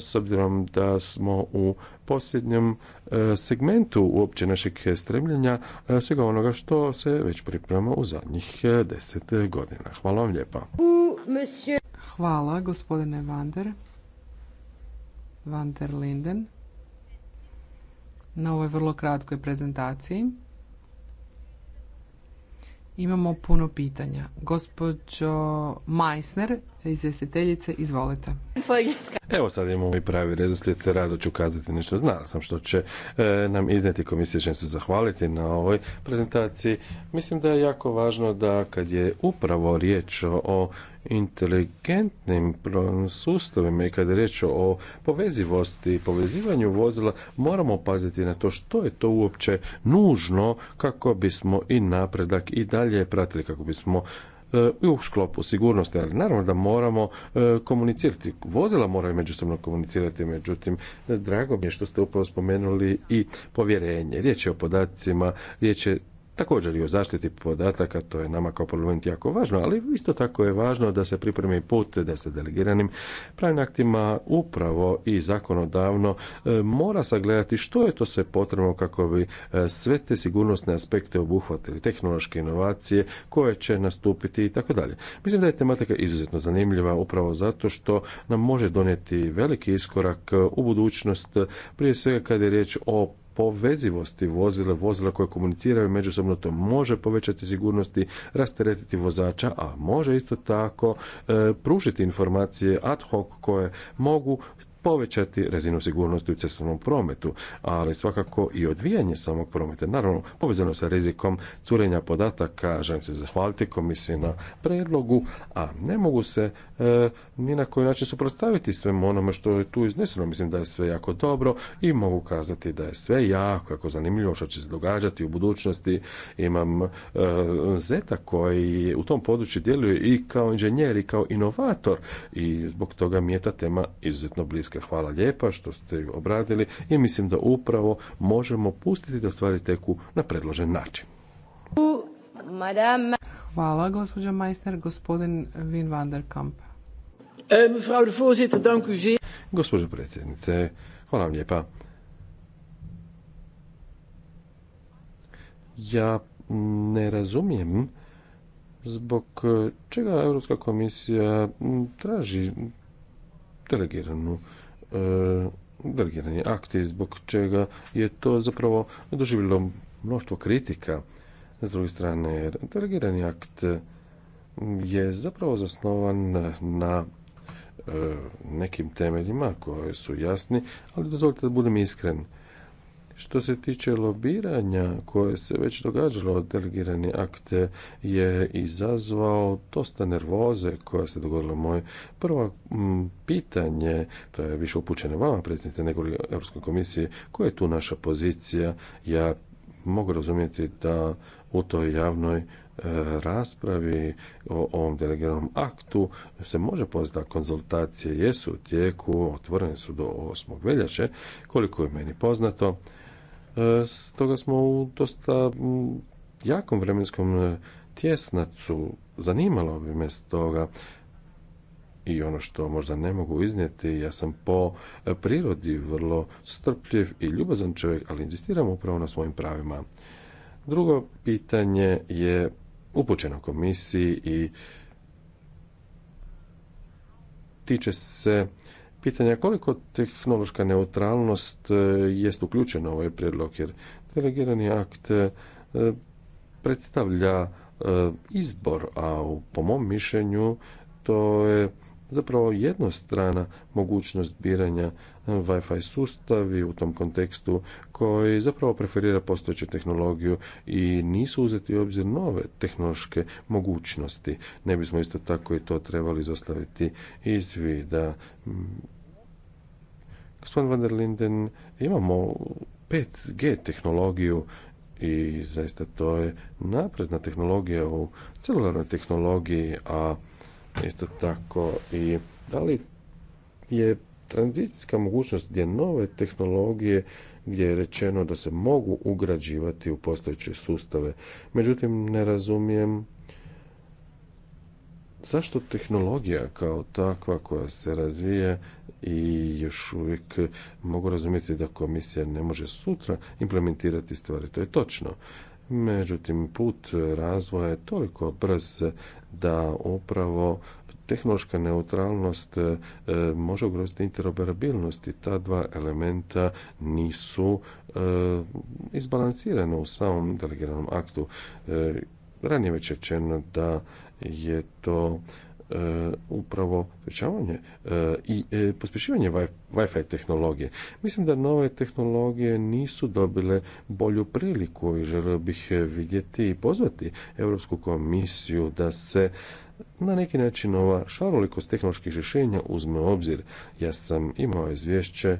s obzirom da smo u posljednjem e, segmentu uopće našeg stremljenja e, svega onoga što se već priprema u zadnjih deset godina. Hvala vam lijepa. Hvala, gospodine Vander. Van der Linden na ovoj vrlo kratkoj prezentaciji. Imamo puno pitanja. Gospođo Majsner, izvjestiteljice, izvolite. Evo sad imamo i pravi redoslijed, rado ću kazati nešto. Znala sam što će e, nam iznijeti komisija, će se zahvaliti na ovoj prezentaciji. Mislim da je jako važno da kad je upravo riječ o inteligentnim sustavima i kada je riječ o povezivosti i povezivanju vozila moramo paziti na to što je to uopće nužno kako bismo i napredak i dalje pratili kako bismo e, i u sklopu sigurnosti, ali naravno da moramo e, komunicirati. Vozila moraju međusobno komunicirati, međutim, drago mi je što ste upravo spomenuli i povjerenje. Riječ je o podacima, riječ je također i o zaštiti podataka, to je nama kao parlament jako važno, ali isto tako je važno da se pripremi put da se delegiranim pravnim aktima upravo i zakonodavno e, mora sagledati što je to sve potrebno kako bi e, sve te sigurnosne aspekte obuhvatili, tehnološke inovacije koje će nastupiti i tako dalje. Mislim da je tematika izuzetno zanimljiva upravo zato što nam može donijeti veliki iskorak u budućnost, prije svega kad je riječ o povezivosti vozila, vozila koje komuniciraju međusobno, to može povećati sigurnosti, rasteretiti vozača, a može isto tako e, pružiti informacije ad hoc koje mogu povećati razinu sigurnosti u cestovnom prometu, ali svakako i odvijanje samog prometa. Naravno, povezano sa rizikom curenja podataka, želim se zahvaliti komisiji na predlogu, a ne mogu se e, ni na koji način suprotstaviti svemu onome što je tu izneseno. Mislim da je sve jako dobro i mogu kazati da je sve jako, jako zanimljivo što će se događati u budućnosti. Imam e, Zeta koji u tom području djeluje i kao inženjer i kao inovator i zbog toga mi je ta tema izuzetno bliska Hvala lijepa što ste ju obradili i mislim da upravo možemo pustiti da stvari teku na predložen način. Hvala, gospođa majster, Gospodin Vin van der Kamp. Eh, gospođo predsjednice, hvala vam lijepa. Ja ne razumijem zbog čega Europska komisija traži delegiranu E, delegirani akti, zbog čega je to zapravo doživjelo mnoštvo kritika. S druge strane, delegirani akt je zapravo zasnovan na e, nekim temeljima koje su jasni, ali dozvolite da budem iskren. Što se tiče lobiranja koje se već događalo, delegirani akte, je izazvao dosta nervoze koja se dogodila moj moje prvo mm, pitanje, to je više upućeno vama, predsjednice nego Europske komisije, koja je tu naša pozicija? Ja mogu razumjeti da u toj javnoj e, raspravi o ovom delegiranom aktu se može poznati da konzultacije jesu u tijeku, otvorene su do 8. veljače, koliko je meni poznato. E, stoga smo u dosta jakom vremenskom e, tjesnacu. Zanimalo bi me stoga i ono što možda ne mogu iznijeti, ja sam po e, prirodi vrlo strpljiv i ljubazan čovjek, ali insistiram upravo na svojim pravima. Drugo pitanje je upućeno komisiji i tiče se pitanja koliko tehnološka neutralnost e, jest uključena u ovaj predlog, jer delegirani akt e, predstavlja e, izbor, a po mom mišljenju to je zapravo jednostrana mogućnost biranja Wi-Fi sustavi u tom kontekstu koji zapravo preferira postojeću tehnologiju i nisu uzeti u obzir nove tehnološke mogućnosti. Ne bismo isto tako i to trebali zastaviti iz vida. Gospodin van der Linden, imamo 5G tehnologiju i zaista to je napredna tehnologija u celularnoj tehnologiji, a isto tako i da li je tranzicijska mogućnost gdje nove tehnologije gdje je rečeno da se mogu ugrađivati u postojeće sustave. Međutim, ne razumijem zašto tehnologija kao takva koja se razvija i još uvijek mogu razumjeti da komisija ne može sutra implementirati stvari. To je točno. Međutim, put razvoja je toliko brz da upravo tehnološka neutralnost e, e, može ugroziti interoperabilnost i ta dva elementa nisu e, izbalansirana u samom delegiranom aktu. E, ranije već rečeno da je to upravo pričavanje i pospješivanje Wi-Fi tehnologije. Mislim da nove tehnologije nisu dobile bolju priliku i želio bih vidjeti i pozvati Europsku komisiju da se na neki način ova šarolikost tehnoloških rješenja uzme u obzir. Ja sam imao izvješće e,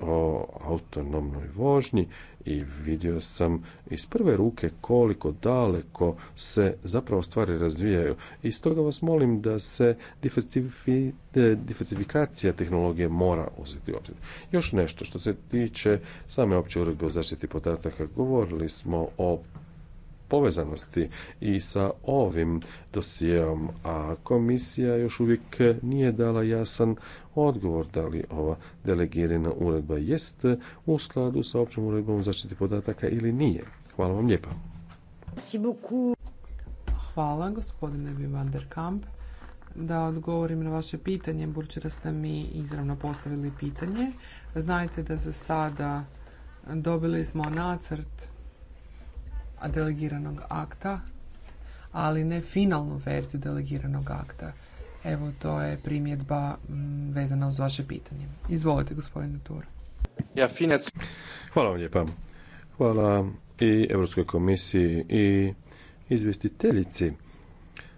o autonomnoj vožnji i vidio sam iz prve ruke koliko daleko se zapravo stvari razvijaju. I stoga vas molim da se e, diversifikacija tehnologije mora uzeti u obzir. Još nešto što se tiče same opće uredbe o zaštiti podataka, govorili smo o povezanosti i sa ovim dosijeom, a komisija još uvijek nije dala jasan odgovor da li ova delegirana uredba jest u skladu sa općom uredbom zaštiti podataka ili nije. Hvala vam lijepa. Hvala gospodine der Kamp da odgovorim na vaše pitanje, budući da ste mi izravno postavili pitanje. Znajte da za sada dobili smo nacrt delegiranog akta, ali ne finalnu verziju delegiranog akta. Evo, to je primjedba mm, vezana uz vaše pitanje. Izvolite, gospodine Tur. Ja, Hvala vam lijepa. Hvala i Europskoj komisiji i izvjestiteljici.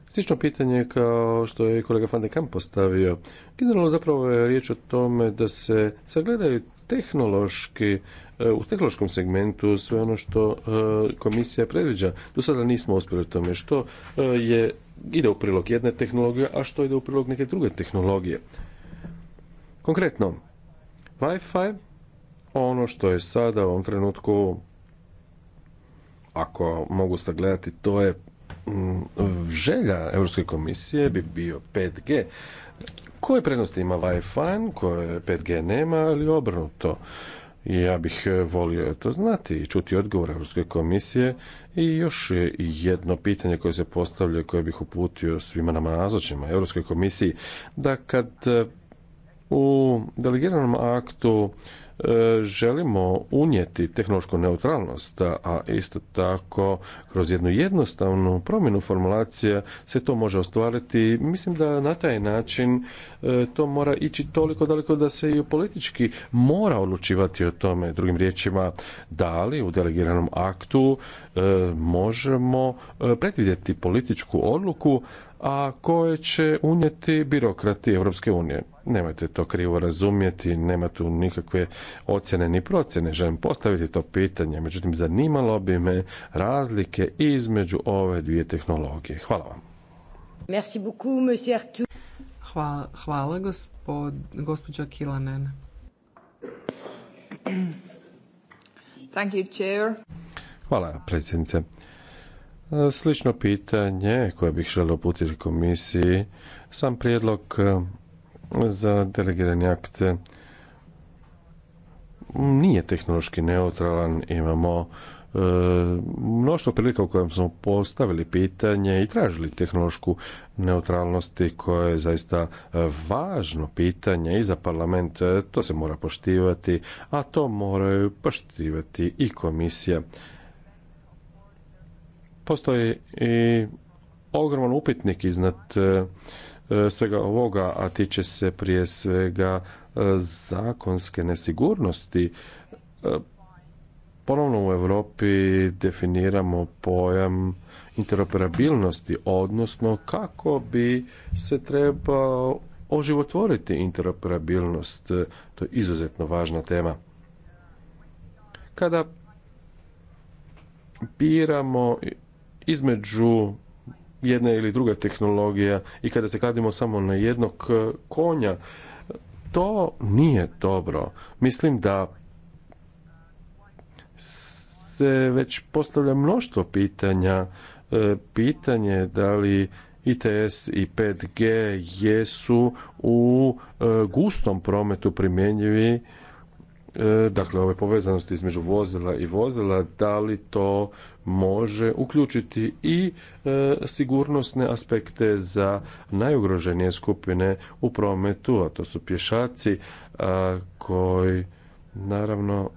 Slično pitanje kao što je kolega Van Kamp postavio. Generalno zapravo je riječ o tome da se sagledaju tehnološki e, u tehnološkom segmentu sve ono što e, komisija predviđa. Do sada nismo uspjeli u tome što e, je ide u prilog jedne tehnologije, a što ide u prilog neke druge tehnologije. Konkretno, Wi-Fi, ono što je sada u ovom trenutku, ako mogu sagledati, to je mm, želja Europske komisije bi bio 5G koje prednosti ima Wi-Fi, koje 5G nema ili obrnuto. Ja bih e, volio to znati i čuti odgovor Europske komisije i još jedno pitanje koje se postavlja koje bih uputio svima nama nazočima Europskoj komisiji da kad e, u delegiranom aktu e, želimo unijeti tehnološku neutralnost, a isto tako kroz jednu jednostavnu promjenu formulacije se to može ostvariti. Mislim da na taj način e, to mora ići toliko daleko da se i politički mora odlučivati o tome. Drugim riječima, da li u delegiranom aktu e, možemo predvidjeti političku odluku, a koje će unijeti birokrati Europske unije. Nemojte to krivo razumjeti, nema tu nikakve ocjene ni procjene. Želim postaviti to pitanje, međutim zanimalo bi me razlike između ove dvije tehnologije. Hvala vam. Merci beaucoup, monsieur Artur. Hvala, hvala gospođa Kilanen. Thank you, chair. Hvala, predsjednice. E, slično pitanje koje bih želio uputiti komisiji, sam prijedlog e, za delegirani akt e, nije tehnološki neutralan, imamo mnoštvo prilika u kojem smo postavili pitanje i tražili tehnološku neutralnosti koje je zaista važno pitanje i za parlament, to se mora poštivati, a to moraju poštivati i komisija. Postoji i ogroman upitnik iznad e, e, svega ovoga, a tiče se prije svega e, zakonske nesigurnosti. Ponovno u Europi definiramo pojam interoperabilnosti, odnosno kako bi se trebao oživotvoriti interoperabilnost. To je izuzetno važna tema. Kada biramo između jedne ili druge tehnologije i kada se kladimo samo na jednog e, konja, to nije dobro. Mislim da se već postavlja mnoštvo pitanja. E, pitanje da li ITS i 5G jesu u e, gustom prometu primjenjivi dakle ove povezanosti između vozila i vozila, da li to može uključiti i e, sigurnosne aspekte za najugroženije skupine u prometu, a to su pješaci koji naravno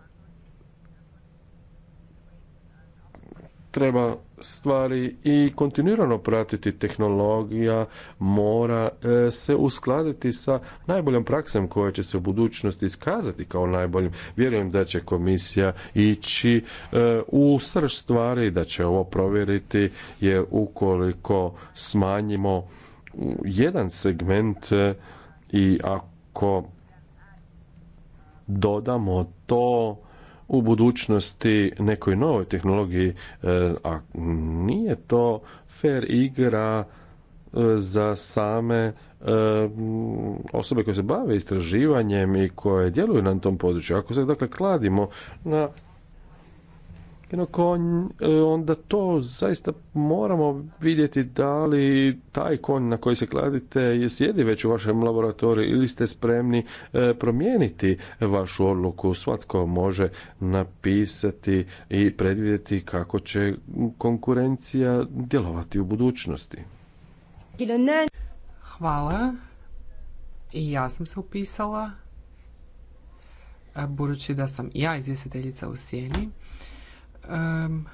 treba stvari i kontinuirano pratiti tehnologija mora e, se uskladiti sa najboljom praksom koja će se u budućnosti iskazati kao najboljim. Vjerujem da će komisija ići e, u srž stvari da će ovo provjeriti jer ukoliko smanjimo jedan segment e, i ako dodamo to u budućnosti nekoj novoj tehnologiji, e, a nije to fair igra e, za same e, osobe koje se bave istraživanjem i koje djeluju na tom području. Ako se dakle kladimo na konj, e, onda to zaista moramo vidjeti da li taj konj na koji se kladite je sjedi već u vašem laboratoriju ili ste spremni e, promijeniti vašu odluku. Svatko može napisati i predvidjeti kako će konkurencija djelovati u budućnosti. Hvala. I ja sam se upisala. E, budući da sam ja izvjestiteljica u sjeni, Um,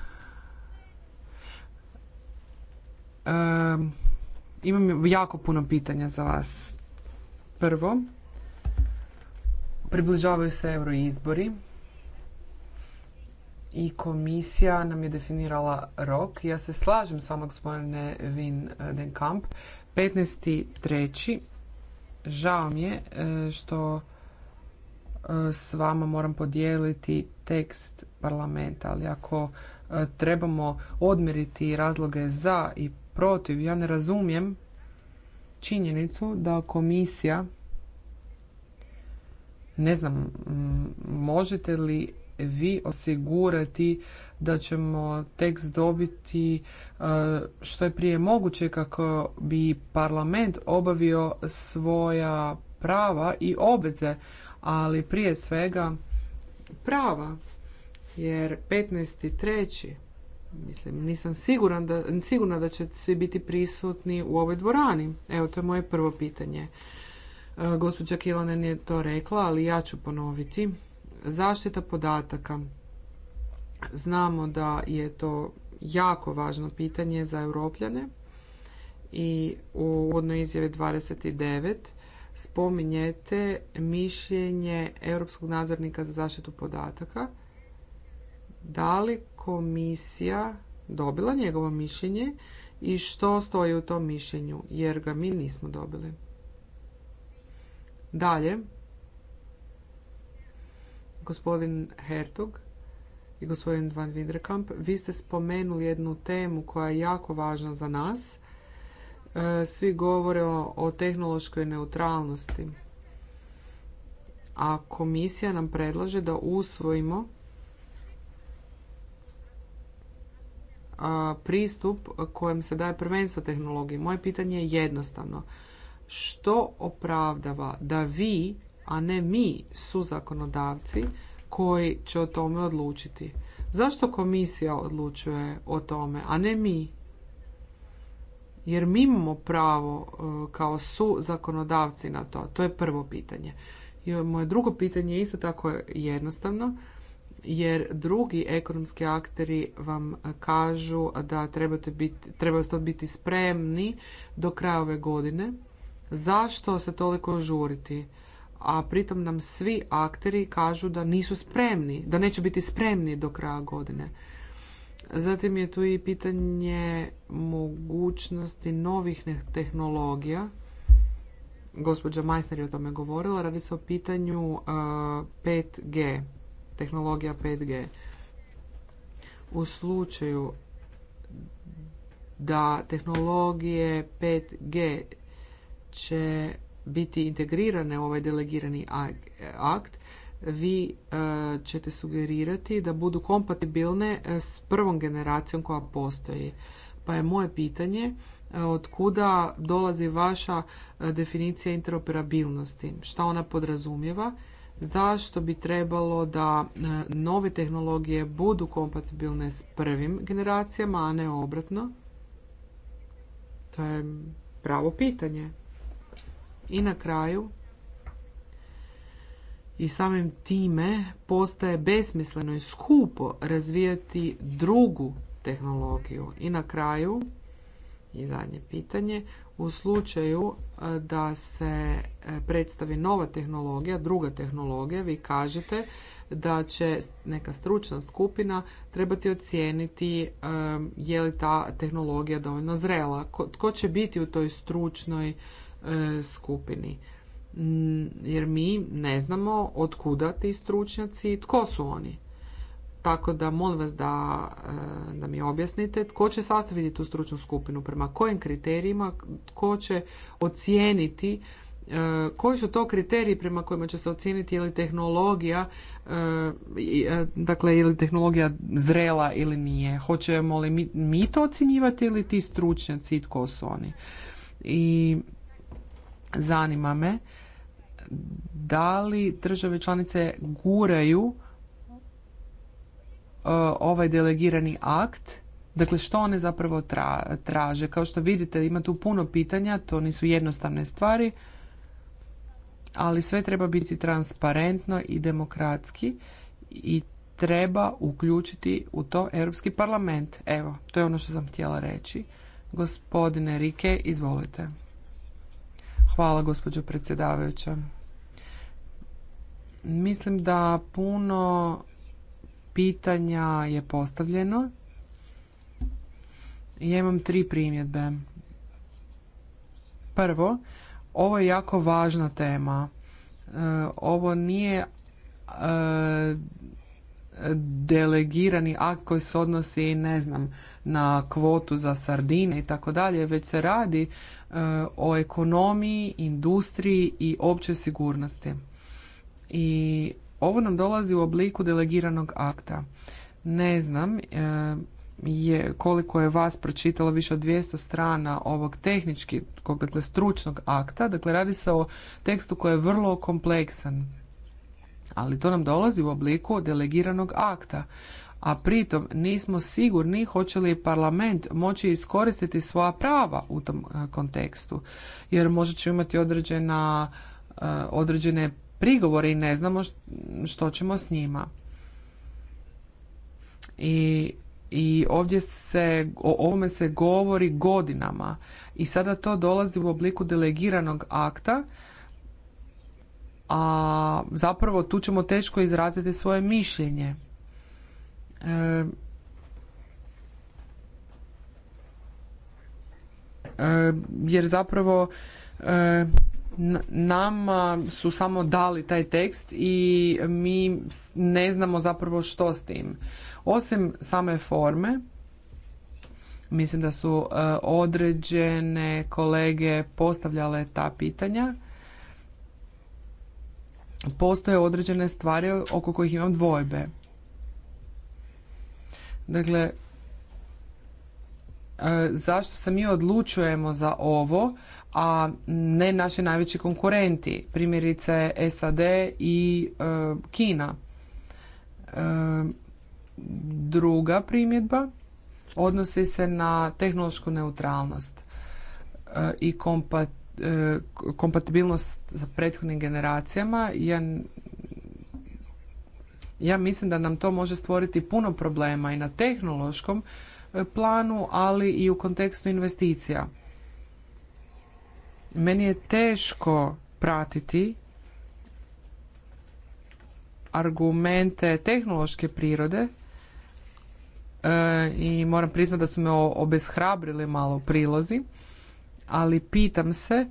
imam jako puno pitanja za vas. Prvo, približavaju se euroizbori i komisija nam je definirala rok. Ja se slažem s vama, gospodine Vin Den 15.3. Žao mi je e, što Eh, s vama moram podijeliti tekst parlamenta, ali ako eh, trebamo odmeriti razloge za i protiv, ja ne razumijem činjenicu da komisija ne znam, mm, možete li vi osigurati da ćemo tekst dobiti eh, što je prije moguće kako bi parlament obavio svoja prava i obveze, ali prije svega prava jer 15.3. mislim nisam siguran da, sigurna da će svi biti prisutni u ovoj dvorani. Evo to je moje prvo pitanje. E, gospođa Kilanen je to rekla, ali ja ću ponoviti. Zaštita podataka. Znamo da je to jako važno pitanje za europljane i u uvodnoj izjavi 29 spominjete mišljenje Europskog nadzornika za zaštitu podataka. Da li komisija dobila njegovo mišljenje i što stoji u tom mišljenju, jer ga mi nismo dobili. Dalje, gospodin Hertog i gospodin Van Winderkamp, vi ste spomenuli jednu temu koja je jako važna za nas, E, svi govore o, tehnološkoj neutralnosti. A komisija nam predlaže da usvojimo pristup kojem se daje prvenstvo tehnologiji. Moje pitanje je jednostavno. Što opravdava da vi, a ne mi, su zakonodavci koji će o tome odlučiti? Zašto komisija odlučuje o tome, a ne mi? jer mi imamo pravo e, kao su zakonodavci na to. To je prvo pitanje. moje drugo pitanje isto tako je jednostavno jer drugi ekonomski akteri vam kažu da trebate biti, biti spremni do kraja ove godine. Zašto se toliko žuriti? A pritom nam svi akteri kažu da nisu spremni, da neće biti spremni do kraja godine. Zatim je tu i pitanje mogućnosti novih tehnologija. Gospođa Majsner je o tome govorila. Radi se o pitanju 5G, e, tehnologija 5G. U slučaju da tehnologije 5G će biti integrirane u ovaj delegirani akt, vi e, ćete sugerirati da budu kompatibilne e, s prvom generacijom koja postoji. Pa je moje pitanje e, od kuda dolazi vaša definicija interoperabilnosti? Šta ona podrazumijeva? Zašto bi trebalo da nove tehnologije budu kompatibilne s prvim generacijama, a ne obratno? To je pravo pitanje. I na kraju, i samim time postaje besmisleno i skupo razvijati drugu tehnologiju. I na kraju, i zadnje pitanje, u slučaju e, da se e, predstavi nova tehnologija, druga tehnologija, vi kažete da će neka stručna skupina trebati ocijeniti e, je li ta tehnologija dovoljno zrela. Ko će biti u toj stručnoj skupini? jer mi ne znamo od kuda ti stručnjaci i tko su oni. Tako da molim vas da, e, da mi objasnite tko će sastaviti tu stručnu skupinu, prema kojim kriterijima, tko će ocijeniti e, koji su to kriteriji prema kojima će se ocijeniti je li tehnologija e, dakle je tehnologija zrela ili nije hoćemo li mi, to ocjenjivati ili ti stručnjaci i tko su oni i zanima me da li države članice guraju uh, ovaj delegirani akt Dakle, što one zapravo traže? Kao što vidite, ima tu puno pitanja, to nisu jednostavne stvari, ali sve treba biti transparentno i demokratski i treba uključiti u to Europski parlament. Evo, to je ono što sam htjela reći. Gospodine Rike, izvolite. Hvala, gospođo predsjedavajuća. Mislim da puno pitanja je postavljeno. Ja imam tri primjedbe. Prvo, ovo je jako važna tema. E, ovo nije e, delegirani akt koji se odnosi, ne znam, na kvotu za sardine i tako dalje, već se radi e, o ekonomiji, industriji i općoj sigurnosti. I ovo nam dolazi u obliku delegiranog akta. Ne znam e, je, koliko je vas pročitalo više od 200 strana ovog tehnički, dakle stručnog akta. Dakle, radi se o tekstu koji je vrlo kompleksan. Ali to nam dolazi u obliku delegiranog akta a pritom nismo sigurni hoće li parlament moći iskoristiti svoja prava u tom e, kontekstu jer možda će imati određena, e, određene prigovore i ne znamo što ćemo s njima. I, i ovdje se, o ovome se govori godinama i sada to dolazi u obliku delegiranog akta, a zapravo tu ćemo teško izraziti svoje mišljenje. E, e jer zapravo e, nama su samo dali taj tekst i mi ne znamo zapravo što s tim. Osim same forme, mislim da su e, određene kolege postavljale ta pitanja. Postoje određene stvari oko kojih imam dvojbe. Dakle, e, zašto se mi odlučujemo za ovo, a ne naši najveći konkurenti, primjerice SAD i e, Kina. E, druga primjedba odnosi se na tehnološku neutralnost e, i kompatibilnost sa prethodnim generacijama. ja mislim da nam to može stvoriti puno problema i na tehnološkom planu, ali i u kontekstu investicija meni je teško pratiti argumente tehnološke prirode e, i moram priznati da su me obeshrabrili malo prilozi, ali pitam se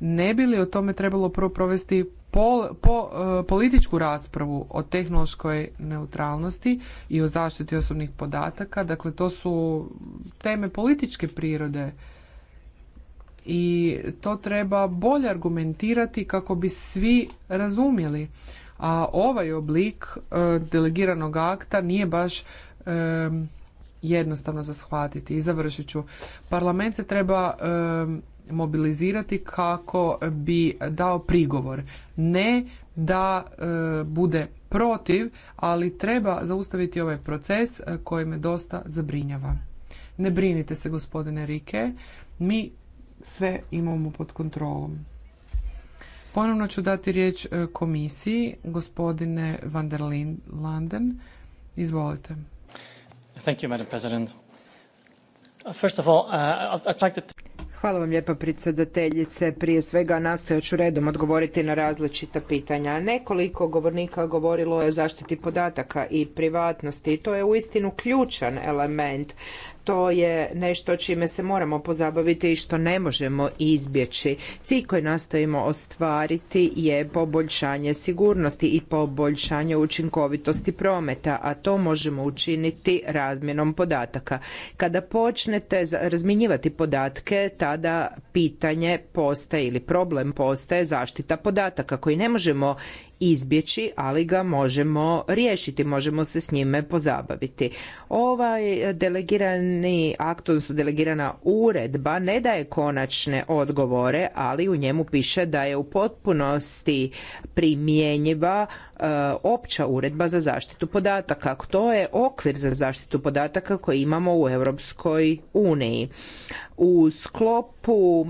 ne bi li o tome trebalo prvo provesti pol, po, e, političku raspravu o tehnološkoj neutralnosti i o zaštiti osobnih podataka. Dakle, to su teme političke prirode i to treba bolje argumentirati kako bi svi razumjeli. A ovaj oblik e, delegiranog akta nije baš e, jednostavno za shvatiti. I završit ću. Parlament se treba e, mobilizirati kako bi dao prigovor. Ne da bude protiv, ali treba zaustaviti ovaj proces koji me dosta zabrinjava. Ne brinite se gospodine Rike, mi sve imamo pod kontrolom. Ponovno ću dati riječ e, komisiji, gospodine van der Linden, Izvolite. Hvala vam lijepa predsjedateljice. Prije svega nastojat ću redom odgovoriti na različita pitanja. Nekoliko govornika govorilo je o zaštiti podataka i privatnosti. To je uistinu ključan element to je nešto čime se moramo pozabaviti i što ne možemo izbjeći. Cilj koji nastojimo ostvariti je poboljšanje sigurnosti i poboljšanje učinkovitosti prometa, a to možemo učiniti razmjenom podataka. Kada počnete razmjenjivati podatke, tada pitanje postaje ili problem postaje zaštita podataka koji ne možemo izbjeći, ali ga možemo riješiti, možemo se s njime pozabaviti. Ovaj delegirani akt, odnosno delegirana uredba ne daje konačne odgovore, ali u njemu piše da je u potpunosti primjenjiva E, opća uredba za zaštitu podataka. To je okvir za zaštitu podataka koji imamo u Europskoj uniji. U sklopu e,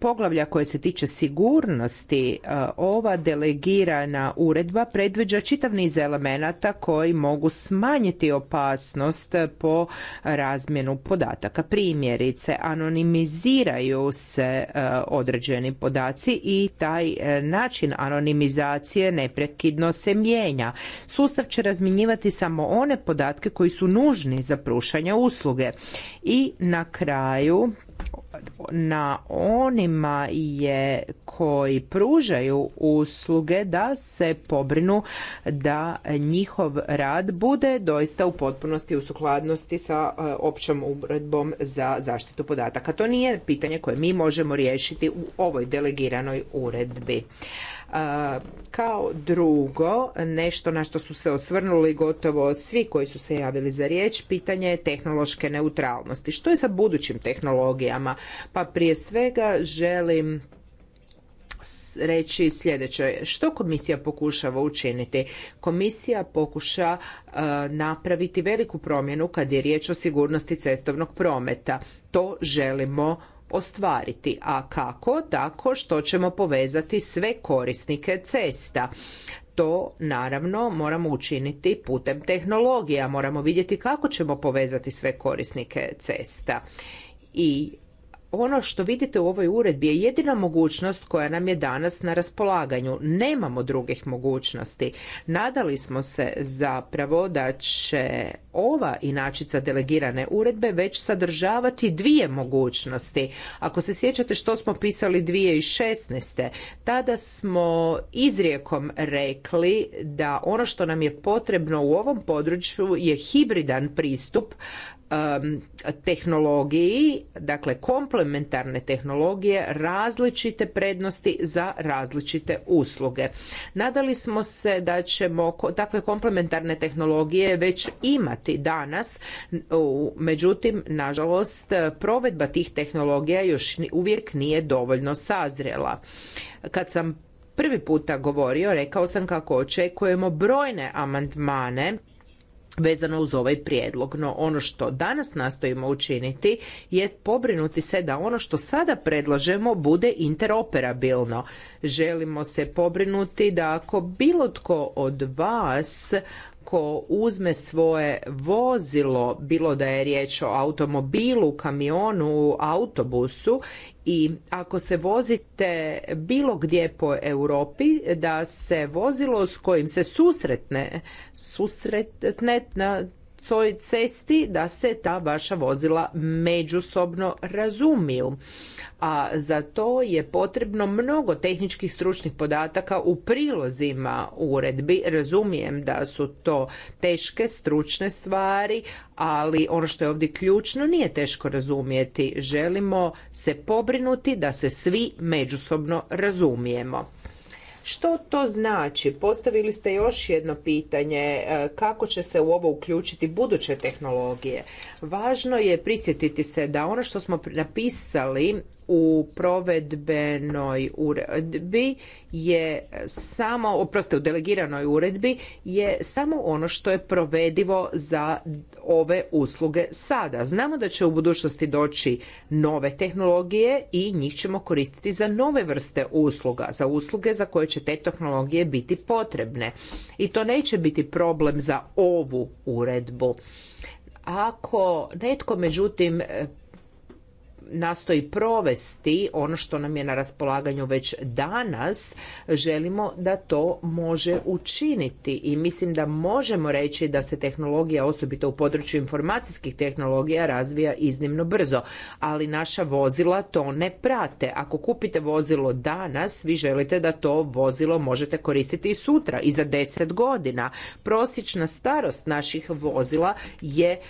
poglavlja koje se tiče sigurnosti, e, ova delegirana uredba predviđa čitav niz elemenata koji mogu smanjiti opasnost po razmjenu podataka. Primjerice, anonimiziraju se određeni podaci i taj način anonimizacije neprekidno se mijenja. Sustav će razminjivati samo one podatke koji su nužni za prušanje usluge. I na kraju na onima je koji pružaju usluge da se pobrinu da njihov rad bude doista u potpunosti u sukladnosti sa e, općom uredbom za zaštitu podataka. To nije pitanje koje mi možemo riješiti u ovoj delegiranoj uredbi. Kao drugo, nešto na što su se osvrnuli gotovo svi koji su se javili za riječ, pitanje je tehnološke neutralnosti. Što je sa budućim tehnologijama? Pa prije svega želim reći sljedeće. Što komisija pokušava učiniti? Komisija pokuša napraviti veliku promjenu kad je riječ o sigurnosti cestovnog prometa. To želimo učiniti ostvariti. A kako? Tako što ćemo povezati sve korisnike cesta to naravno moramo učiniti putem tehnologija, moramo vidjeti kako ćemo povezati sve korisnike cesta. I ono što vidite u ovoj uredbi je jedina mogućnost koja nam je danas na raspolaganju. Nemamo drugih mogućnosti. Nadali smo se zapravo da će ova inačica delegirane uredbe već sadržavati dvije mogućnosti. Ako se sjećate što smo pisali 2016. tada smo izrijekom rekli da ono što nam je potrebno u ovom području je hibridan pristup Um, tehnologiji, dakle komplementarne tehnologije, različite prednosti za različite usluge. Nadali smo se da ćemo takve komplementarne tehnologije već imati danas, međutim, nažalost, provedba tih tehnologija još uvijek nije dovoljno sazrela. Kad sam prvi puta govorio, rekao sam kako očekujemo brojne amandmane vezano uz ovaj prijedlog. No ono što danas nastojimo učiniti jest pobrinuti se da ono što sada predlažemo bude interoperabilno. Želimo se pobrinuti da ako bilo tko od vas ko uzme svoje vozilo, bilo da je riječ o automobilu, kamionu, autobusu i ako se vozite bilo gdje po Europi da se vozilo s kojim se susretne susretne na toj cesti da se ta vaša vozila međusobno razumiju a za to je potrebno mnogo tehničkih stručnih podataka u prilozima uredbi. Razumijem da su to teške stručne stvari, ali ono što je ovdje ključno nije teško razumjeti. Želimo se pobrinuti da se svi međusobno razumijemo. Što to znači? Postavili ste još jedno pitanje e, kako će se u ovo uključiti buduće tehnologije. Važno je prisjetiti se da ono što smo napisali u provedbenoj uredbi je samo, oprostite, u delegiranoj uredbi je samo ono što je provedivo za ove usluge sada. Znamo da će u budućnosti doći nove tehnologije i njih ćemo koristiti za nove vrste usluga, za usluge za koje će te tehnologije biti potrebne. I to neće biti problem za ovu uredbu. Ako netko međutim nastoji provesti ono što nam je na raspolaganju već danas, želimo da to može učiniti i mislim da možemo reći da se tehnologija, osobito u području informacijskih tehnologija, razvija iznimno brzo, ali naša vozila to ne prate. Ako kupite vozilo danas, vi želite da to vozilo možete koristiti i sutra i za deset godina. Prosječna starost naših vozila je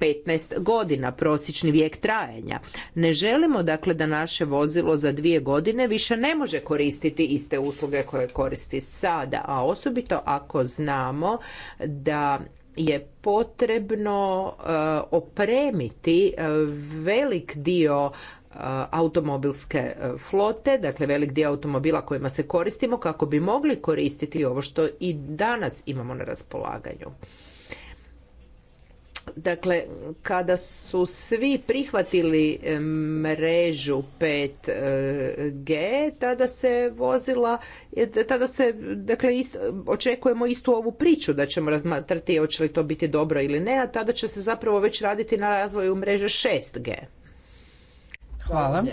15 godina, prosječni vijek trajanja. Ne želimo dakle da naše vozilo za dvije godine više ne može koristiti iste usluge koje koristi sada, a osobito ako znamo da je potrebno eh, opremiti eh, velik dio eh, automobilske flote, dakle velik dio automobila kojima se koristimo kako bi mogli koristiti ovo što i danas imamo na raspolaganju. Dakle, kada su svi prihvatili e, mrežu 5G, e, tada se vozila, e, tada se, dakle, očekujemo istu ovu priču da ćemo razmatrati hoće li to biti dobro ili ne, a tada će se zapravo već raditi na razvoju mreže 6G. Hvala.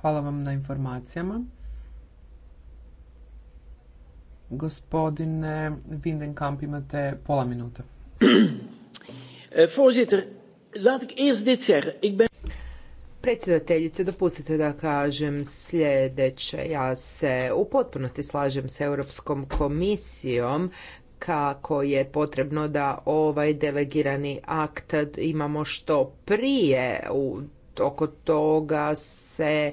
Hvala vam na informacijama. Gospodine Vindenkamp, imate pola minuta. Eh, voorzitter, laat ik eerst dit zeggen. Ik ben... Predsjedateljice, dopustite da kažem sljedeće. Ja se u potpunosti slažem s Europskom komisijom kako je potrebno da ovaj delegirani akt imamo što prije. Oko toga se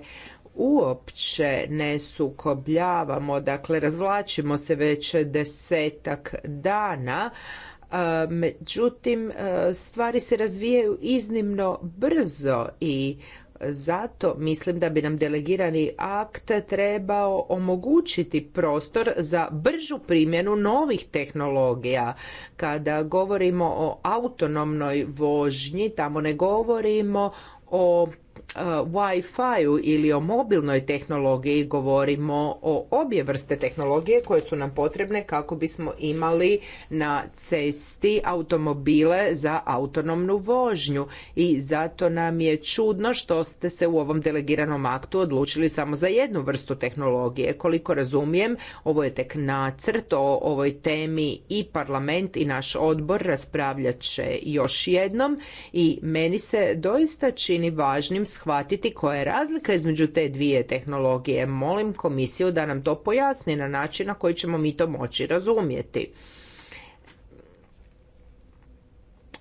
uopće ne sukobljavamo, dakle razvlačimo se već desetak dana, međutim stvari se razvijaju iznimno brzo i zato mislim da bi nam delegirani akt trebao omogućiti prostor za bržu primjenu novih tehnologija. Kada govorimo o autonomnoj vožnji, tamo ne govorimo o E, wi fi ili o mobilnoj tehnologiji govorimo o obje vrste tehnologije koje su nam potrebne kako bismo imali na cesti automobile za autonomnu vožnju i zato nam je čudno što ste se u ovom delegiranom aktu odlučili samo za jednu vrstu tehnologije. Koliko razumijem, ovo je tek nacrt o ovoj temi i parlament i naš odbor raspravljat će još jednom i meni se doista čini važnim shvatiti koja je razlika između te dvije tehnologije. Molim komisiju da nam to pojasni na način na koji ćemo mi to moći razumjeti.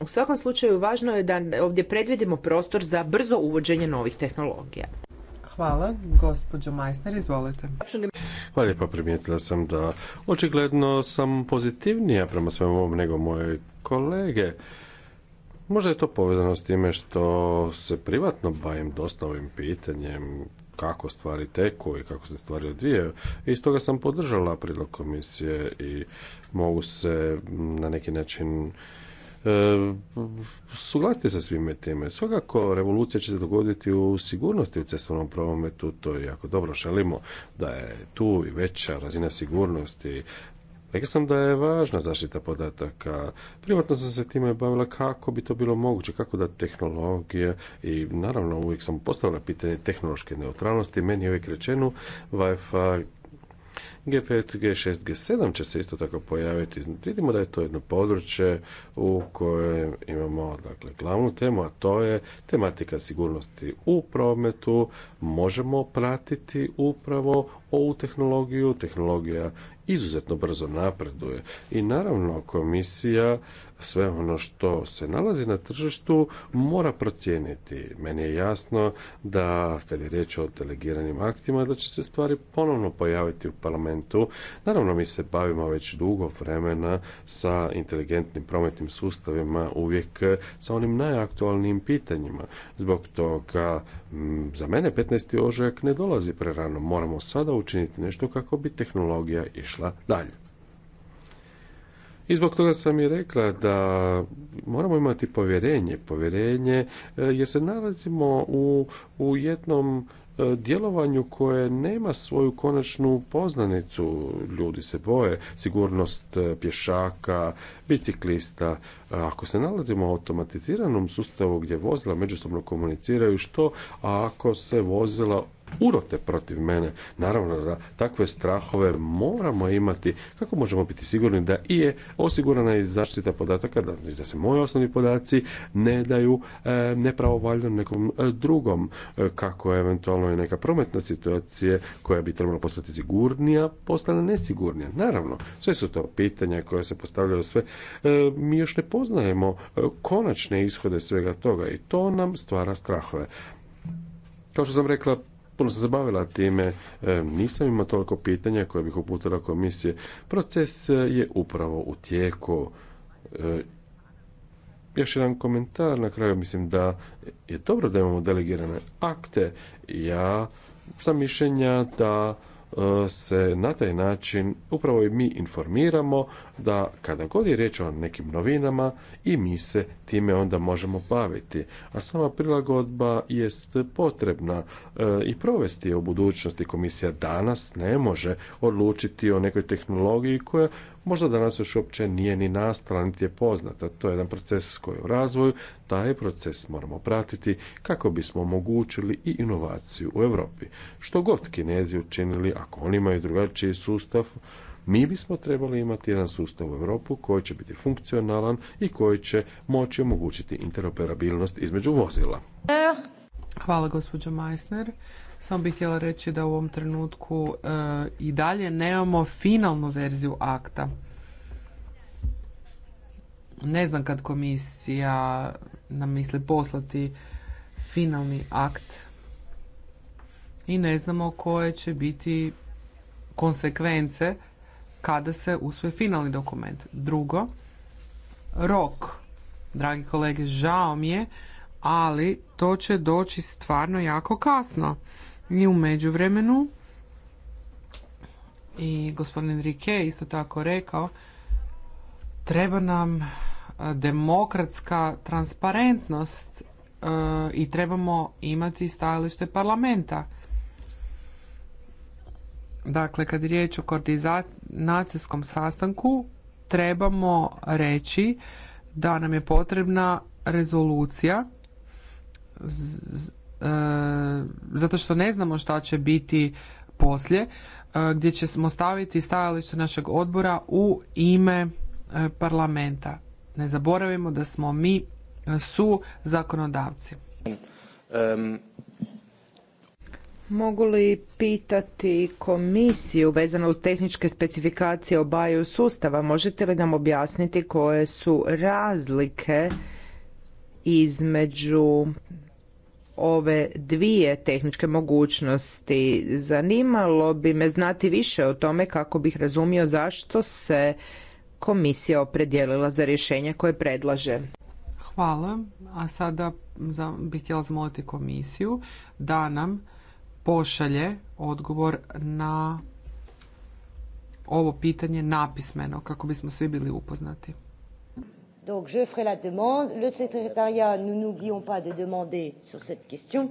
U svakom slučaju važno je da ovdje predvidimo prostor za brzo uvođenje novih tehnologija. Hvala. Gospođo Majsner, izvolite. Hvala lijepa, primijetila sam da očigledno sam pozitivnija prema svemu ovom nego moje kolege. Možda je to povezano s time što se privatno bavim dosta ovim pitanjem kako stvari teku i kako se stvari odvijaju. I stoga sam podržala prilog komisije i mogu se na neki način E, suglasiti sa svime time. Svakako, revolucija će se dogoditi u sigurnosti u cestovnom prometu, to je jako dobro želimo da je tu i veća razina sigurnosti, Rekao sam da je važna zaštita podataka. Privatno sam se time bavila kako bi to bilo moguće, kako da tehnologije i naravno uvijek sam postavila pitanje tehnološke neutralnosti. Meni je uvijek rečeno Wi-Fi G5, G6, G7 će se isto tako pojaviti. Vidimo da je to jedno područje u kojem imamo dakle, glavnu temu, a to je tematika sigurnosti u prometu. Možemo pratiti upravo ovu tehnologiju. Tehnologija izuzetno brzo napreduje i naravno komisija sve ono što se nalazi na tržištu mora procijeniti. Meni je jasno da kad je riječ o delegiranim aktima da će se stvari ponovno pojaviti u parlamentu. Naravno mi se bavimo već dugo vremena sa inteligentnim prometnim sustavima uvijek sa onim najaktualnijim pitanjima. Zbog toga za mene 15. ožujak ne dolazi prerano. Moramo sada učiniti nešto kako bi tehnologija išla dalje. I zbog toga sam i rekla da moramo imati povjerenje. Povjerenje e, jer se nalazimo u, u jednom e, djelovanju koje nema svoju konačnu poznanicu. Ljudi se boje, sigurnost e, pješaka, biciklista. Ako se nalazimo u automatiziranom sustavu gdje vozila međusobno komuniciraju, što ako se vozila urote protiv mene. Naravno da takve strahove moramo imati kako možemo biti sigurni da i je osigurana i zaštita podataka, da, da se moji osnovni podaci ne daju e, nekom e, drugom, e, kako je eventualno i neka prometna situacija koja bi trebala postati sigurnija, postane nesigurnija. Naravno, sve su to pitanja koje se postavljaju sve. E, mi još ne poznajemo konačne ishode svega toga i to nam stvara strahove. Kao što sam rekla, puno se zabavila time, e, nisam imao toliko pitanja koje bih uputila komisije. Proces e, je upravo u tijeku. E, još jedan komentar na kraju, mislim da je dobro da imamo delegirane akte. Ja sam mišljenja da se na taj način upravo i mi informiramo da kada god je riječ o nekim novinama i mi se time onda možemo baviti. A sama prilagodba jest potrebna e, i provesti je u budućnosti. Komisija danas ne može odlučiti o nekoj tehnologiji koja možda danas još uopće nije ni nastala, niti je poznata. To je jedan proces koji je u razvoju, taj proces moramo pratiti kako bismo omogućili i inovaciju u Europi. Što god Kinezi učinili, ako oni imaju drugačiji sustav, mi bismo trebali imati jedan sustav u Europu koji će biti funkcionalan i koji će moći omogućiti interoperabilnost između vozila. Hvala gospođo Meissner. Samo bih htjela reći da u ovom trenutku e, i dalje nemamo finalnu verziju akta. Ne znam kad komisija nam misli poslati finalni akt i ne znamo koje će biti konsekvence kada se usvoji finalni dokument. Drugo, rok. Dragi kolege, žao mi je, ali to će doći stvarno jako kasno ni u međuvremenu i gospodin Rike isto tako rekao treba nam e, demokratska transparentnost e, i trebamo imati stajalište parlamenta. Dakle, kad je riječ o koordinacijskom sastanku, trebamo reći da nam je potrebna rezolucija E, zato što ne znamo šta će biti poslije, e, gdje ćemo staviti stajalište našeg odbora u ime e, parlamenta. Ne zaboravimo da smo mi su zakonodavci. Mogu li pitati komisiju vezano uz tehničke specifikacije obaju sustava? Možete li nam objasniti koje su razlike između ove dvije tehničke mogućnosti. Zanimalo bi me znati više o tome kako bih razumio zašto se komisija opredijelila za rješenje koje predlaže. Hvala. A sada bih htjela zamoliti komisiju da nam pošalje odgovor na ovo pitanje napismeno kako bismo svi bili upoznati. Donc je ferai la demande. Le secrétariat, nous n'oublions pas de demander sur cette question,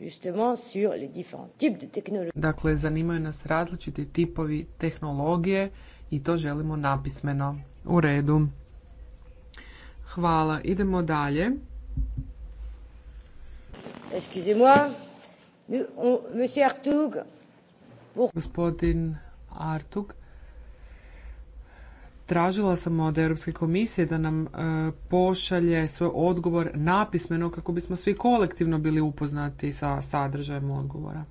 justement sur les différents types de technologies. Dakle, zanimaju nas različiti tipovi tehnologije i to želimo napismeno. U redu. Hvala. Idemo dalje. Excusez-moi. Monsieur Artug. Gospodin Artug, Tražila sam od Europske komisije da nam e, pošalje svoj odgovor napismeno kako bismo svi kolektivno bili upoznati sa sadržajem odgovora.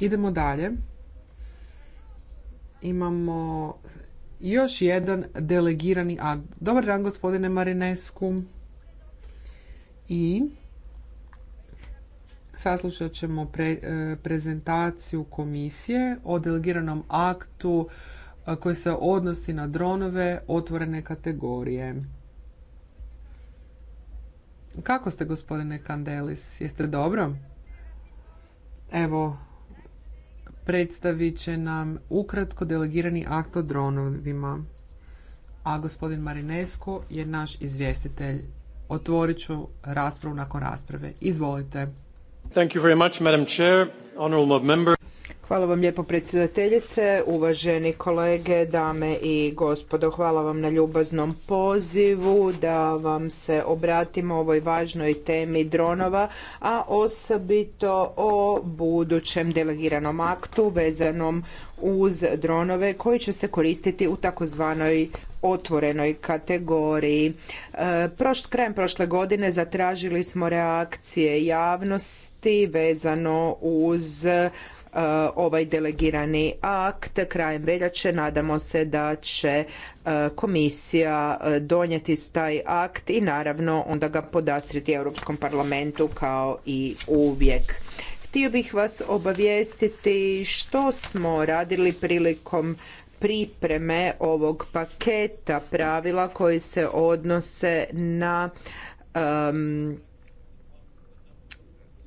Idemo dalje. Imamo još jedan delegirani akt. Dobar dan, gospodine Marinesku. I saslušat ćemo e, prezentaciju komisije o delegiranom aktu koji se odnosi na dronove otvorene kategorije. Kako ste, gospodine Kandelis? Jeste dobro? Evo, predstavit će nam ukratko delegirani akt o dronovima. A gospodin Marinesko je naš izvjestitelj. Otvorit ću raspravu nakon rasprave. Izvolite. Hvala vam lijepo predsjedateljice, uvaženi kolege, dame i gospodo. Hvala vam na ljubaznom pozivu da vam se obratimo ovoj važnoj temi dronova, a osobito o budućem delegiranom aktu vezanom uz dronove koji će se koristiti u takozvanoj otvorenoj kategoriji. E, krajem prošle godine zatražili smo reakcije javnosti vezano uz E, ovaj delegirani akt krajem veljače. Nadamo se da će e, komisija e, donijeti taj akt i naravno onda ga podastriti Europskom parlamentu kao i uvijek. Htio bih vas obavijestiti što smo radili prilikom pripreme ovog paketa pravila koji se odnose na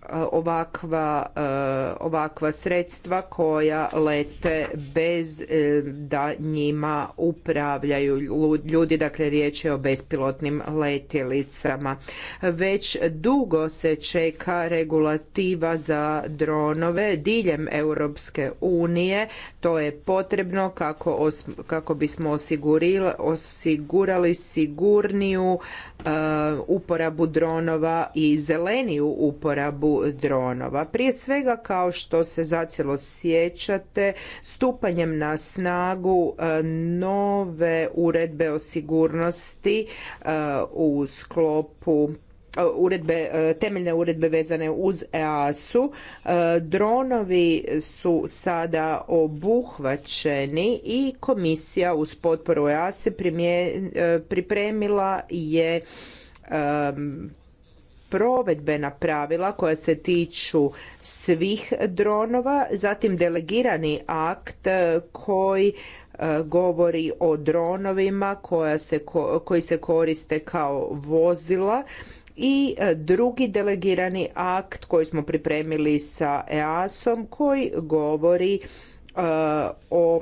E, ovakva, sredstva koja lete bez e, da njima upravljaju ljudi, dakle riječ je o bespilotnim letjelicama. Već dugo se čeka regulativa za dronove diljem Europske unije, to je potrebno kako, kako bismo osigurili, osigurali sigurniju e, uporabu dronova i zeleniju uporabu dronova. Prije svega kao što se zacijelo sjećate, stupanjem na snagu e, nove uredbe o sigurnosti e, u sklopu e, uredbe, temeljne uredbe vezane uz EASU. Dronovi su sada obuhvaćeni i komisija uz potporu EASE pripremila je provedbena pravila koja se tiču svih dronova, zatim delegirani akt koji e, govori o dronovima koji se koriste kao vozila i e, drugi delegirani akt koji smo pripremili sa EASom koji govori e, o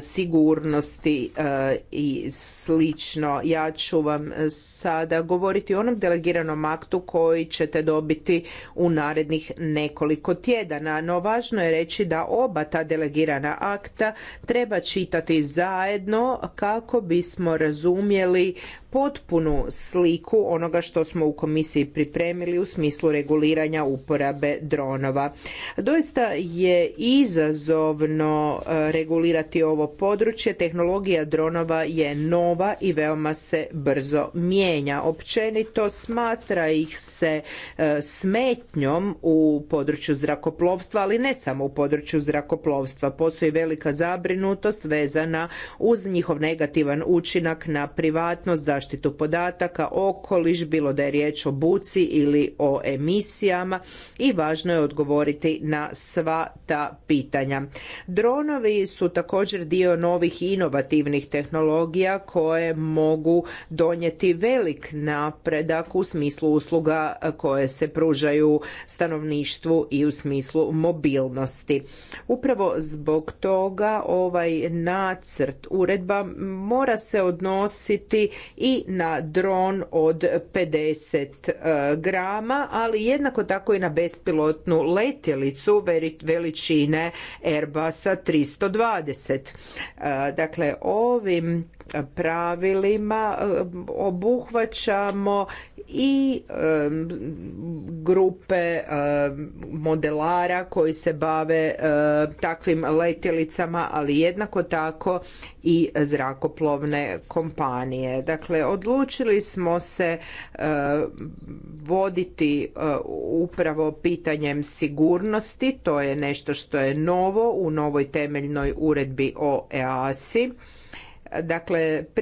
sigurnosti e, i slično. Ja ću vam sada govoriti o onom delegiranom aktu koji ćete dobiti u narednih nekoliko tjedana, no važno je reći da oba ta delegirana akta treba čitati zajedno kako bismo razumjeli potpunu sliku onoga što smo u komisiji pripremili u smislu reguliranja uporabe dronova. Doista je izazovno e, regulirati ovo područje. Tehnologija dronova je nova i veoma se brzo mijenja. Općenito smatra ih se e, smetnjom u području zrakoplovstva, ali ne samo u području zrakoplovstva. Postoji velika zabrinutost vezana uz njihov negativan učinak na privatnost, zaštitu zaštitu podataka, okoliš, bilo da je riječ o buci ili o emisijama i važno je odgovoriti na sva ta pitanja. Dronovi su također dio novih inovativnih tehnologija koje mogu donijeti velik napredak u smislu usluga koje se pružaju stanovništvu i u smislu mobilnosti. Upravo zbog toga ovaj nacrt uredba mora se odnositi i na dron od 50 e, grama, ali jednako tako i na bespilotnu letjelicu veličine Airbusa 320. E, dakle, ovim pravilima eh, obuhvaćamo i grupe modelara koji se bave takvim letjelicama, ali jednako tako i zrakoplovne kompanije. Dakle, odlučili smo se voditi eh, upravo pitanjem sigurnosti, to je nešto što je novo u novoj temeljnoj uredbi o EASI Dakle,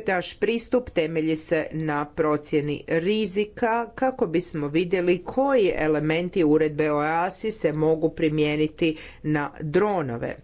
naš pristup temelji se na procjeni rizika kako bismo vidjeli koji elementi uredbe OASI e se mogu primijeniti na dronove.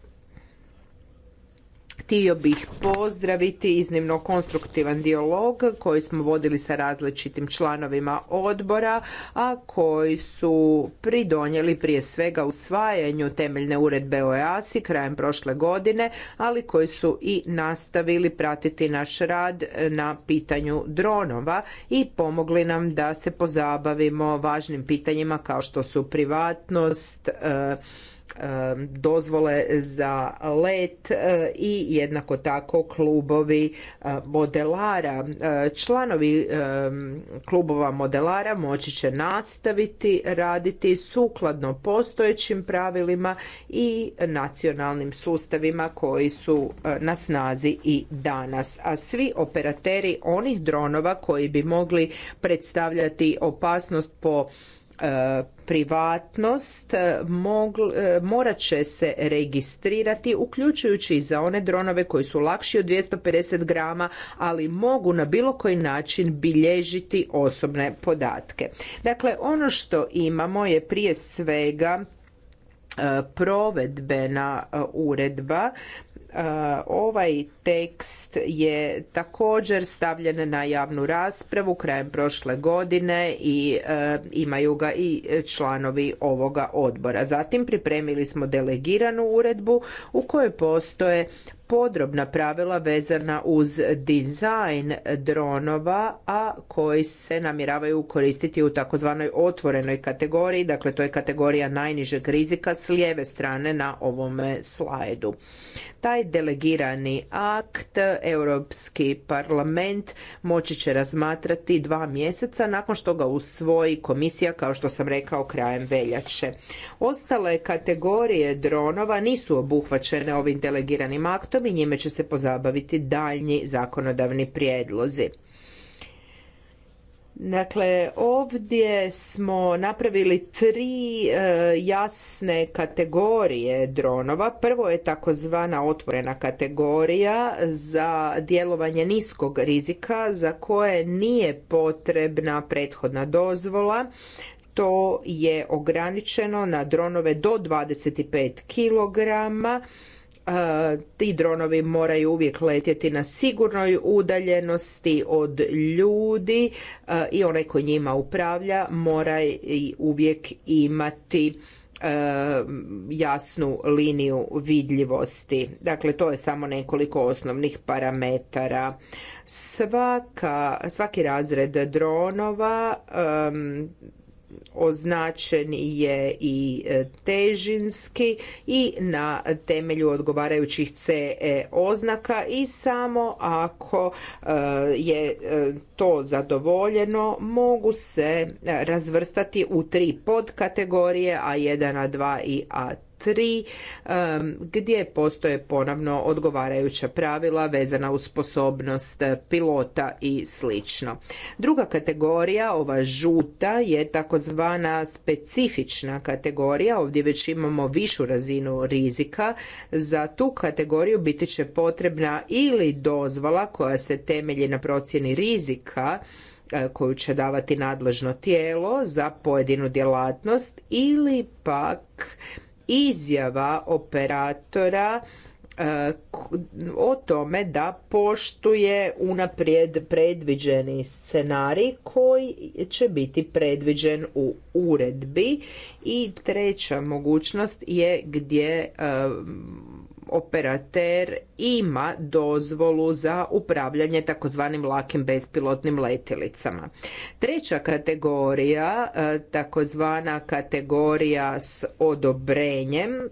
Htio bih pozdraviti iznimno konstruktivan dijalog koji smo vodili sa različitim članovima odbora, a koji su pridonijeli prije svega usvajanju temeljne uredbe o EASI krajem prošle godine, ali koji su i nastavili pratiti naš rad na pitanju dronova i pomogli nam da se pozabavimo važnim pitanjima kao što su privatnost, e, Um, dozvole za let uh, i jednako tako klubovi uh, modelara. Uh, članovi um, klubova modelara moći će nastaviti raditi sukladno postojećim pravilima i nacionalnim sustavima koji su na snazi i danas. A svi operateri onih dronova koji bi mogli predstavljati opasnost po E, privatnost e, e, morat će se registrirati uključujući i za one dronove koji su lakši od 250 grama ali mogu na bilo koji način bilježiti osobne podatke. Dakle, ono što imamo je prije svega provedbena uredba Ovaj tekst je također stavljen na javnu raspravu krajem prošle godine i e, imaju ga i članovi ovoga odbora. Zatim pripremili smo delegiranu uredbu u kojoj postoje podrobna pravila vezana uz dizajn dronova, a koji se namjeravaju koristiti u takozvanoj otvorenoj kategoriji, dakle to je kategorija najnižeg rizika s lijeve strane na ovome slajdu. Taj delegirani akt Europski parlament moći će razmatrati dva mjeseca nakon što ga usvoji komisija, kao što sam rekao, krajem veljače. Ostale kategorije dronova nisu obuhvaćene ovim delegiranim aktom, sustav i njime će se pozabaviti daljnji zakonodavni prijedlozi. Dakle, ovdje smo napravili tri e, jasne kategorije dronova. Prvo je takozvana otvorena kategorija za djelovanje niskog rizika za koje nije potrebna prethodna dozvola. To je ograničeno na dronove do 25 kilograma ti dronovi moraju uvijek letjeti na sigurnoj udaljenosti od ljudi i onaj koji njima upravlja mora i uvijek imati jasnu liniju vidljivosti. Dakle, to je samo nekoliko osnovnih parametara. svaki razred dronova označen je i e, težinski i na temelju odgovarajućih CE oznaka i samo ako e, je e, to zadovoljeno mogu se razvrstati u tri podkategorije A1, A2 i A3 3 gdje postoje ponovno odgovarajuća pravila vezana uz sposobnost pilota i sl. Druga kategorija, ova žuta, je takozvana specifična kategorija. Ovdje već imamo višu razinu rizika. Za tu kategoriju biti će potrebna ili dozvola koja se temelji na procjeni rizika e, koju će davati nadležno tijelo za pojedinu djelatnost ili pak izjava operatora e, o tome da poštuje unaprijed predviđeni scenarij koji će biti predviđen u uredbi i treća mogućnost je gdje e, operater ima dozvolu za upravljanje takozvanim lakim bespilotnim letjelicama. Treća kategorija, e, takozvana kategorija s odobrenjem,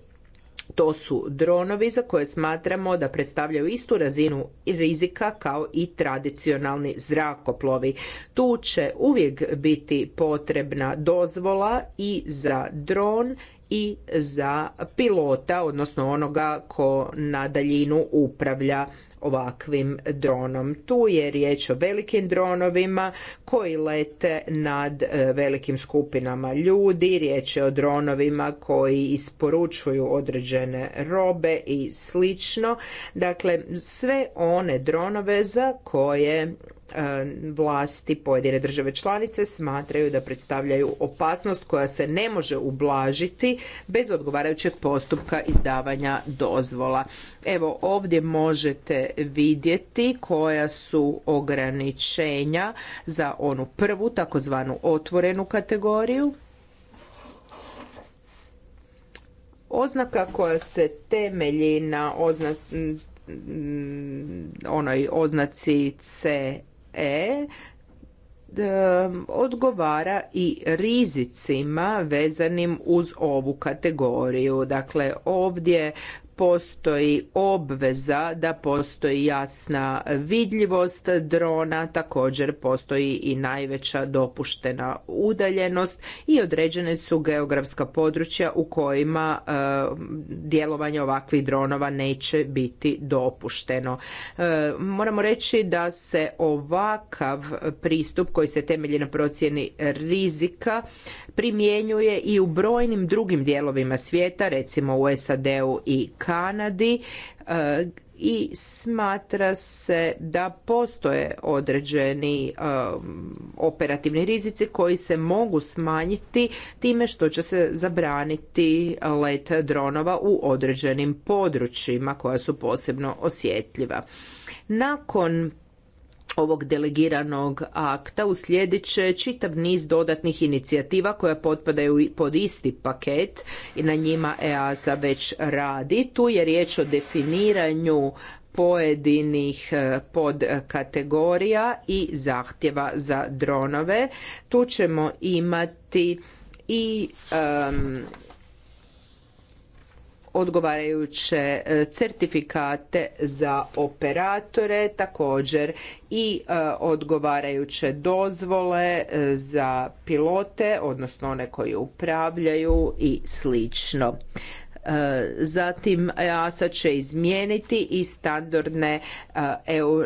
to su dronovi za koje smatramo da predstavljaju istu razinu rizika kao i tradicionalni zrakoplovi. Tu će uvijek biti potrebna dozvola i za dron i za pilota, odnosno onoga ko na daljinu upravlja ovakvim dronom. Tu je riječ o velikim dronovima koji lete nad e, velikim skupinama ljudi, riječ je o dronovima koji isporučuju određene robe i slično. Dakle, sve one dronove za koje E, vlasti pojedine države članice smatraju da predstavljaju opasnost koja se ne može ublažiti bez odgovarajućeg postupka izdavanja dozvola. Evo ovdje možete vidjeti koja su ograničenja za onu prvu takozvanu otvorenu kategoriju oznaka koja se temelji na onoj oznaci CE E odgovara i rizicima vezanim uz ovu kategoriju. Dakle, ovdje postoji obveza da postoji jasna vidljivost drona, također postoji i najveća dopuštena udaljenost i određene su geografska područja u kojima e, djelovanje ovakvih dronova neće biti dopušteno. E, moramo reći da se ovakav pristup koji se temelji na procjeni rizika primjenjuje i u brojnim drugim dijelovima svijeta, recimo u SAD-u i Kanadi e, i smatra se da postoje određeni e, operativni rizici koji se mogu smanjiti time što će se zabraniti let dronova u određenim područjima koja su posebno osjetljiva. Nakon ovog delegiranog akta uslijedit će čitav niz dodatnih inicijativa koja potpadaju pod isti paket i na njima EASA već radi. Tu je riječ o definiranju pojedinih e, podkategorija i zahtjeva za dronove. Tu ćemo imati i odgovarajuće e, certifikate za operatore, također i e, odgovarajuće dozvole e, za pilote, odnosno one koji upravljaju i slično. E, zatim EASA će izmijeniti i e,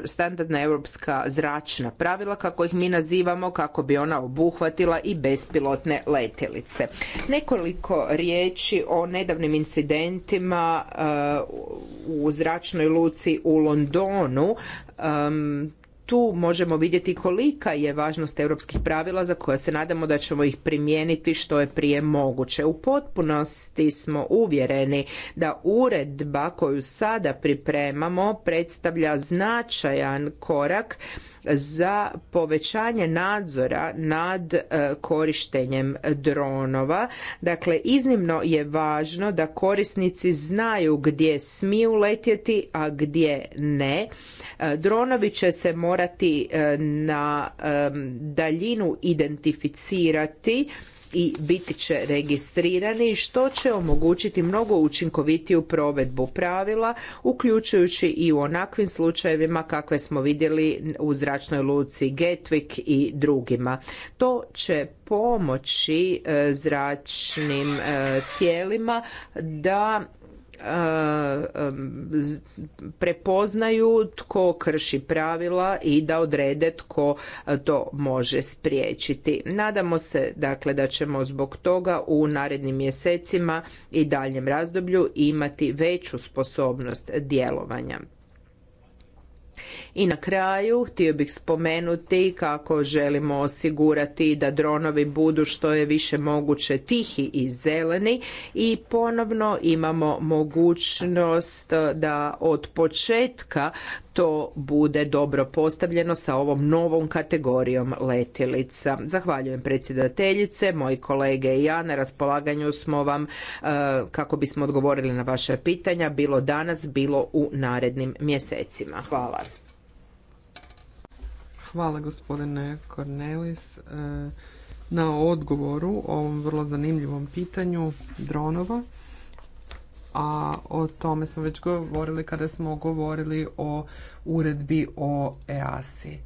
standardna europska zračna pravila kako ih mi nazivamo kako bi ona obuhvatila i bespilotne letjelice. Nekoliko riječi o nedavnim incidentima e, u zračnoj luci u Londonu tu možemo vidjeti kolika je važnost europskih pravila za koja se nadamo da ćemo ih primijeniti što je prije moguće. U potpunosti smo uvjereni da uredba koju sada pripremamo predstavlja značajan korak za povećanje nadzora nad e, korištenjem dronova. Dakle, iznimno je važno da korisnici znaju gdje smiju letjeti, a gdje ne. E, dronovi će se morati e, na daljinu identificirati i biti će registrirani što će omogućiti mnogo učinkovitiju provedbu pravila uključujući i u onakvim slučajevima kakve smo vidjeli u zračnoj luci Getvik i drugima. To će pomoći e, zračnim e, tijelima da E, e, prepoznaju tko krši pravila i da odrede tko e, to može spriječiti. Nadamo se dakle da ćemo zbog toga u narednim mjesecima i daljem razdoblju imati veću sposobnost djelovanja. I na kraju htio bih spomenuti kako želimo osigurati da dronovi budu što je više moguće tihi i zeleni i ponovno imamo mogućnost da od početka to bude dobro postavljeno sa ovom novom kategorijom letjelica. Zahvaljujem predsjedateljice, moji kolege i ja na raspolaganju smo vam e, kako bismo odgovorili na vaša pitanja bilo danas, bilo u narednim mjesecima. Hvala. Hvala gospodine Cornelis e, na odgovoru o ovom vrlo zanimljivom pitanju dronova. A o tome smo već govorili kada smo govorili o uredbi o EASI.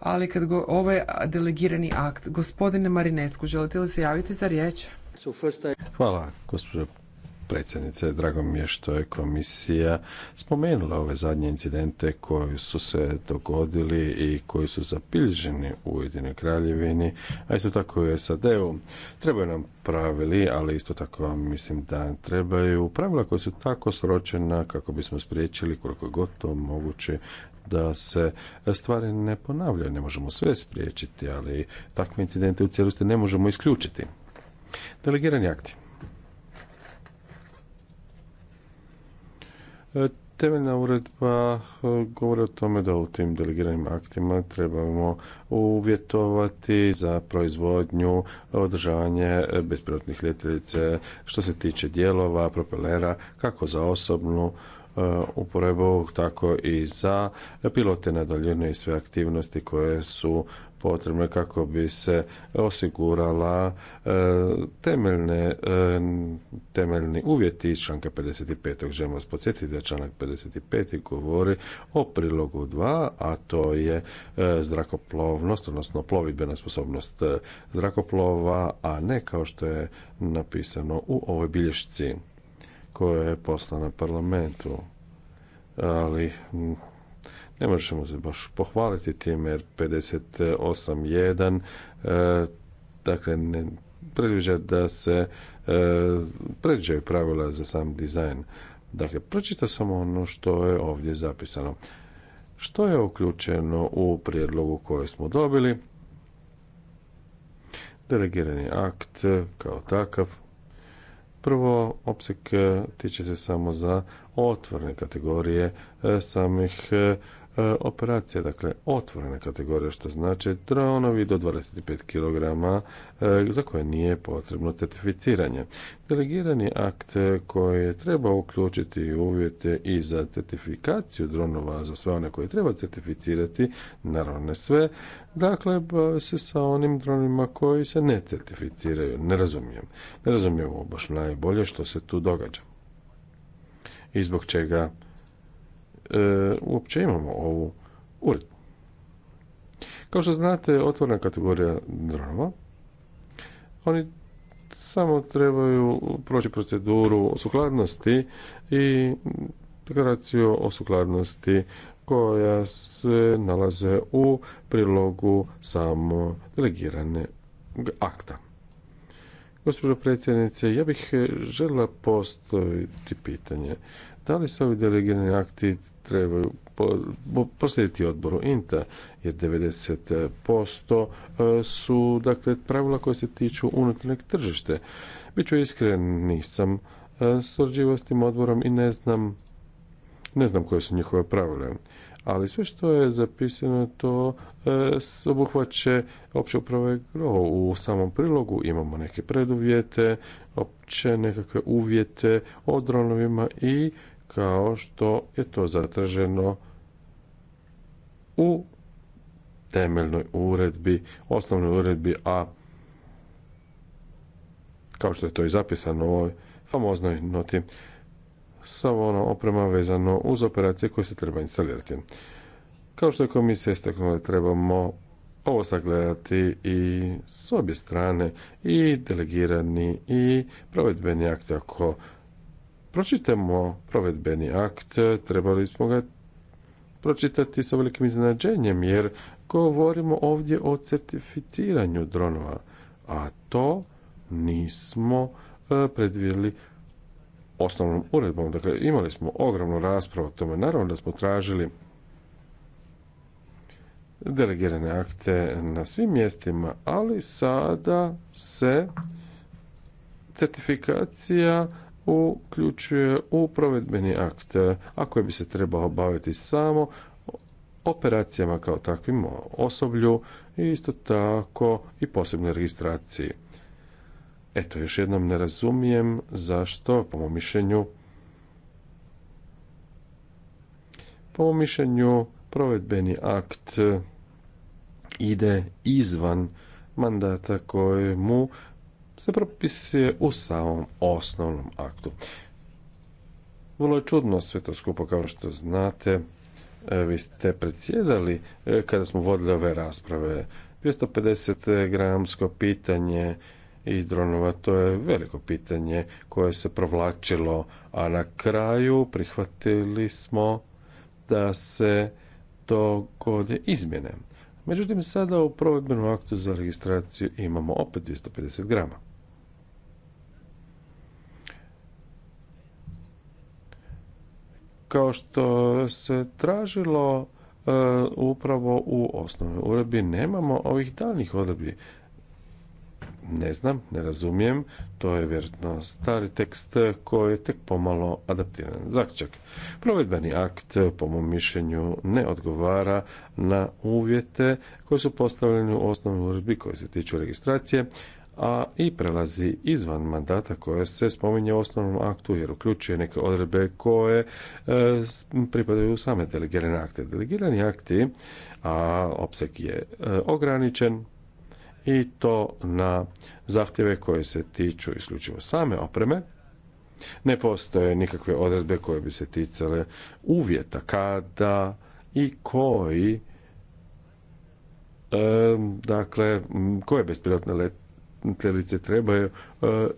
Ali kad go, ovo ovaj je delegirani akt. Gospodine Marinesku, želite li se javiti za riječ? Hvala, gospođo predsjednice. Drago mi je što je komisija spomenula ove zadnje incidente koji su se dogodili i koji su zapilježeni u Ujedinoj Kraljevini, a isto tako i u SAD-u. Trebaju nam pravili, ali isto tako mislim da trebaju pravila koja su tako sročena kako bismo spriječili koliko je gotovo to moguće da se stvari ne ponavljaju. Ne možemo sve spriječiti, ali takve incidente u cijelosti ne možemo isključiti. Delegirani akti. E, temeljna uredba e, govori o tome da u tim delegiranim aktima trebamo uvjetovati za proizvodnju, održavanje bespilotnih letjelice što se tiče dijelova, propelera, kako za osobnu e, uporabu, tako i za pilote na daljinu i sve aktivnosti koje su potrebne kako bi se osigurala e, temeljne, e, temeljni uvjeti iz članka 55. želim vas podsjetiti da članak 55. govori o prilogu 2, a to je e, zrakoplovnost, odnosno plovidbena sposobnost zrakoplova, a ne kao što je napisano u ovoj bilješci koja je poslana parlamentu ali ne možemo se baš pohvaliti tim, jer 58.1 eh, dakle ne predviđa da se eh, predviđaju pravila za sam dizajn. Dakle, pročita samo ono što je ovdje zapisano. Što je uključeno u prijedlogu koje smo dobili? Delegirani akt kao takav. Prvo, opsek eh, tiče se samo za otvorene kategorije samih E, operacija, dakle otvorena kategorija, što znači dronovi do 25 kg e, za koje nije potrebno certificiranje. Delegirani akt e, koji treba uključiti uvjete i za certifikaciju dronova za sve one koje treba certificirati, naravno ne sve, dakle se sa onim dronima koji se ne certificiraju. Ne razumijem. Ne razumijem baš najbolje što se tu događa i zbog čega E, uopće imamo ovu uredbu. Kao što znate, otvorena kategorija dronova, oni samo trebaju proći proceduru sukladnosti i deklaraciju o sukladnosti koja se nalaze u prilogu samo delegirane akta. Gospođo predsjednice, ja bih žela postaviti pitanje. Da li se ovi delegirani akti trebaju poslijediti odboru INTA, jer 90% e, su dakle, pravila koje se tiču unutarnjeg tržište. Biću iskren, nisam surađivao e, s tim odborom i ne znam, ne znam koje su njihove pravile. Ali sve što je zapisano to obuhvaća e, obuhvaće opće uprave GRO. U samom prilogu imamo neke preduvjete, opće nekakve uvjete o dronovima i kao što je to zatraženo u temeljnoj uredbi, osnovnoj uredbi, a kao što je to i zapisano u ovoj famoznoj noti, samo ono oprema vezano uz operacije koje se treba instalirati. Kao što je komisija istaknula, trebamo ovo sagledati i s obje strane i delegirani i provedbeni akt ako pročitamo provedbeni akt, trebali smo ga pročitati sa velikim iznenađenjem, jer govorimo ovdje o certificiranju dronova, a to nismo e, predvidjeli osnovnom uredbom. Dakle, imali smo ogromnu raspravu o tome. Naravno da smo tražili delegirane akte na svim mjestima, ali sada se certifikacija uključuje u provedbeni akt, a koji bi se trebao baviti samo operacijama kao takvim osoblju i isto tako i posebnoj registraciji. Eto, još jednom ne razumijem zašto, po mom mišljenju, po mom mišljenju provedbeni akt ide izvan mandata koji mu se propisuje u samom osnovnom aktu. Vrlo je čudno sve to skupo, kao što znate. E, vi ste predsjedali e, kada smo vodili ove rasprave. 250 gramsko pitanje i dronova, to je veliko pitanje koje se provlačilo, a na kraju prihvatili smo da se dogode izmjene. Međutim, sada u provedbenom aktu za registraciju imamo opet 250 grama. Kao što se tražilo e, upravo u osnovnoj uredbi nemamo ovih daljnjih odredbi ne znam, ne razumijem. To je vjerojatno stari tekst koji je tek pomalo adaptiran. Zaključak. Provedbeni akt, po mom mišljenju, ne odgovara na uvjete koji su postavljeni u osnovnoj uredbi koji se tiču registracije, a i prelazi izvan mandata koje se spominje u osnovnom aktu jer uključuje neke odredbe koje e, pripadaju same delegirane akte. Delegirani akti, a opseg je e, ograničen, i to na zahtjeve koje se tiču isključivo same opreme. Ne postoje nikakve odredbe koje bi se ticale uvjeta kada i koji dakle koje bespilotne letjelice trebaju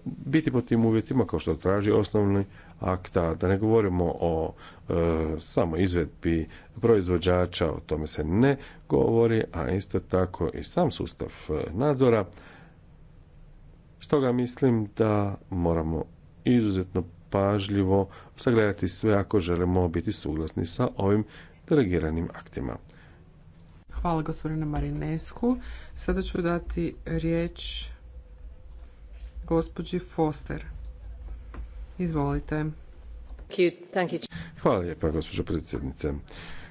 biti pod tim uvjetima kao što traži osnovni akta, da ne govorimo o e, samo izvedbi proizvođača, o tome se ne govori, a isto tako i sam sustav e, nadzora. Stoga mislim da moramo izuzetno pažljivo sagledati sve ako želimo biti suglasni sa ovim delegiranim aktima. Hvala gospodine Marinesku. Sada ću dati riječ gospođi Foster. Izvolite. Hvala lijepa, gospođo predsjednice.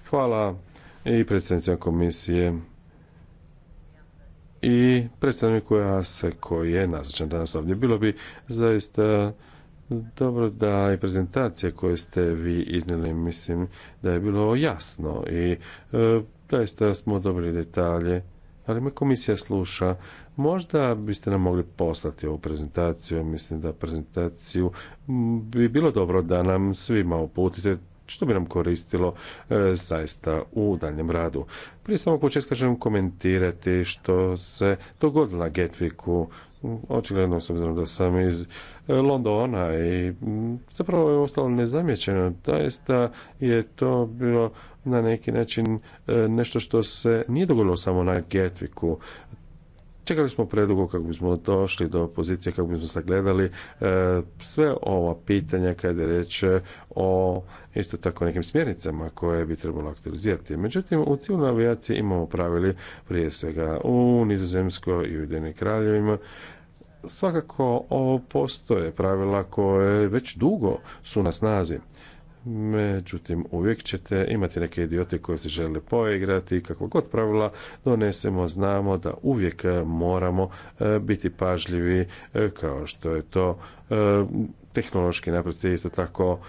Hvala i predsjednicima komisije i predstavniku EASE koji je nazočan danas ovdje. Bilo bi zaista dobro da i prezentacije koje ste vi iznijeli, mislim da je bilo jasno i e, zaista smo dobili detalje, ali me komisija sluša Možda biste nam mogli poslati ovu prezentaciju, mislim da prezentaciju bi bilo dobro da nam svima uputite što bi nam koristilo e, zaista u daljem radu. Prije samog početka želim komentirati što se dogodilo na Getviku. Očigledno s obzirom da sam iz e, Londona i zapravo je ostalo nezamjećeno. Zaista je to bilo na neki način e, nešto što se nije dogodilo samo na Getviku. Čekali smo predugo kako bismo došli do pozicije, kako bismo sagledali e, sve ova pitanja kada je reč e, o isto tako nekim smjernicama koje bi trebalo aktualizirati. Međutim, u civilnoj avijaciji imamo pravili prije svega u Nizozemskoj i u Ujedinjenim kraljevima svakako ovo postoje pravila koje već dugo su na snazi. Međutim, uvijek ćete imati neke idiote koji se žele poigrati, kako god pravila donesemo, znamo da uvijek moramo e, biti pažljivi e, kao što je to e, tehnološki naprosto isto tako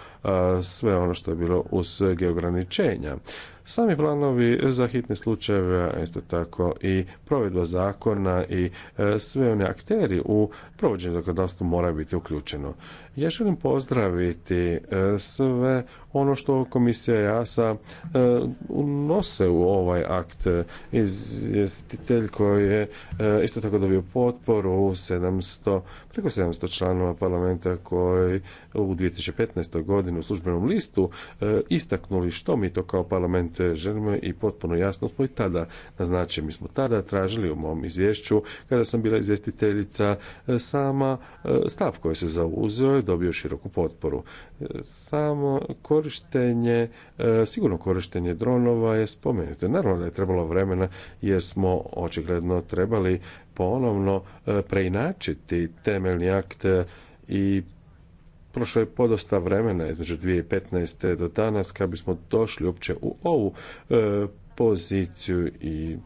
sve ono što je bilo uz geograničenja. Sami planovi za hitne slučajeve, isto tako i provedba zakona i e, sve one akteri u provođenju zakonodavstva moraju biti uključeno. Ja želim pozdraviti e, sve ono što komisija JASA e, unose u ovaj akt. Izvjestitelj koji je isto tako dobio potporu 700, preko 700 članova parlamenta koji u 2015. godini u službenom listu e, istaknuli što mi to kao parlament želimo i potpuno jasno smo i tada naznačili. Mi smo tada tražili u mom izvješću, kada sam bila izvjestiteljica e, sama, e, stav koji se zauzeo je dobio široku potporu. Samo korištenje, sigurno korištenje dronova je spomenuto. Naravno da je trebalo vremena jer smo očigledno trebali ponovno preinačiti temeljni akt i prošlo je podosta vremena između 2015. do danas kad bismo došli uopće u ovu e, poziciju i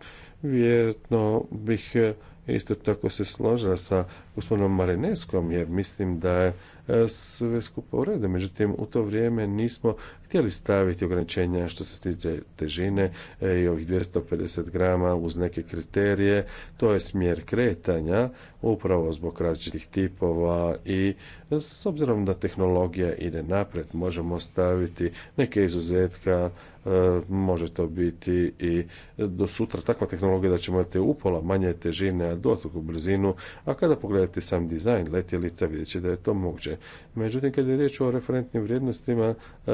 vjerojatno bih e, isto tako se složila sa gospodinom Marineskom jer mislim da je e, sve skupo u redu. Međutim, u to vrijeme nismo htjeli staviti ograničenja što se tiče težine e, i ovih 250 grama uz neke kriterije. To je smjer kretanja upravo zbog različitih tipova i s obzirom da tehnologija ide napred možemo staviti neke izuzetka e, može to biti i do sutra takva tehnologija da ćemo imati upola manje težine, a u brzinu, a kada pogledate sam dizajn letjelica vidjet će da je to moguće. Međutim, kada je riječ o referentnim vrijednostima, e,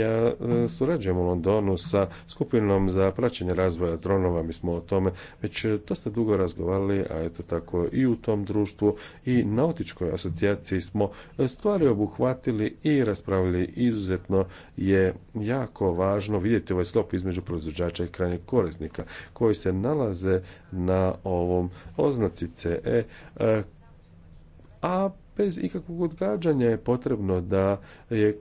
ja e, surađujem u Londonu sa skupinom za praćenje razvoja dronova. Mi smo o tome već e, dosta dugo razgovarali, a isto tako i u tom društvu i nautičkoj asocijaciji smo e, stvari obuhvatili i raspravili izuzetno je jako važno vidjeti ovaj slop između proizvođača i krajnjeg korisnika koji se nalaze na ovom oznaci CE a bez ikakvog odgađanja je potrebno da je,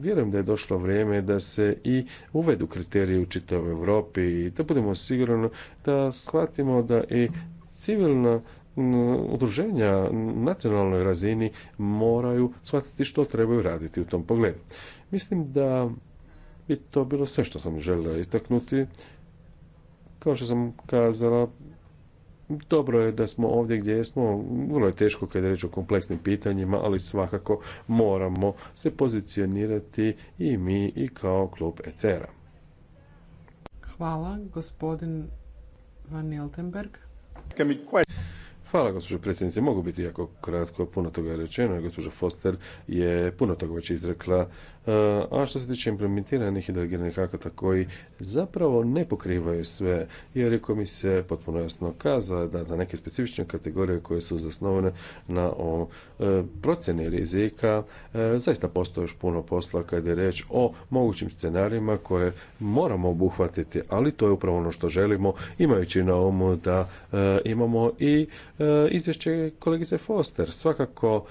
vjerujem da je došlo vrijeme da se i uvedu kriteriji u čitavoj Europi i da budemo sigurni da shvatimo da i civilna udruženja na nacionalnoj razini moraju shvatiti što trebaju raditi u tom pogledu. Mislim da bi to bilo sve što sam želio istaknuti. Kao što sam kazala, dobro je da smo ovdje gdje smo, vrlo je teško kad je reč o kompleksnim pitanjima, ali svakako moramo se pozicionirati i mi i kao klub ECR-a. Hvala, gospodin Van Niltenberg. Hvala, gospođo predsjednice. Mogu biti jako kratko, puno toga je rečeno. Gospođa Foster je puno toga već izrekla a što se tiče implementiranih i akata koji zapravo ne pokrivaju sve, jer je komisija potpuno jasno kazala da za neke specifične kategorije koje su zasnovane na o, e, procjeni rizika, e, zaista postoji još puno posla kada je reč o mogućim scenarijima koje moramo obuhvatiti, ali to je upravo ono što želimo, imajući na umu da e, imamo i izvješće kolegice Foster. Svakako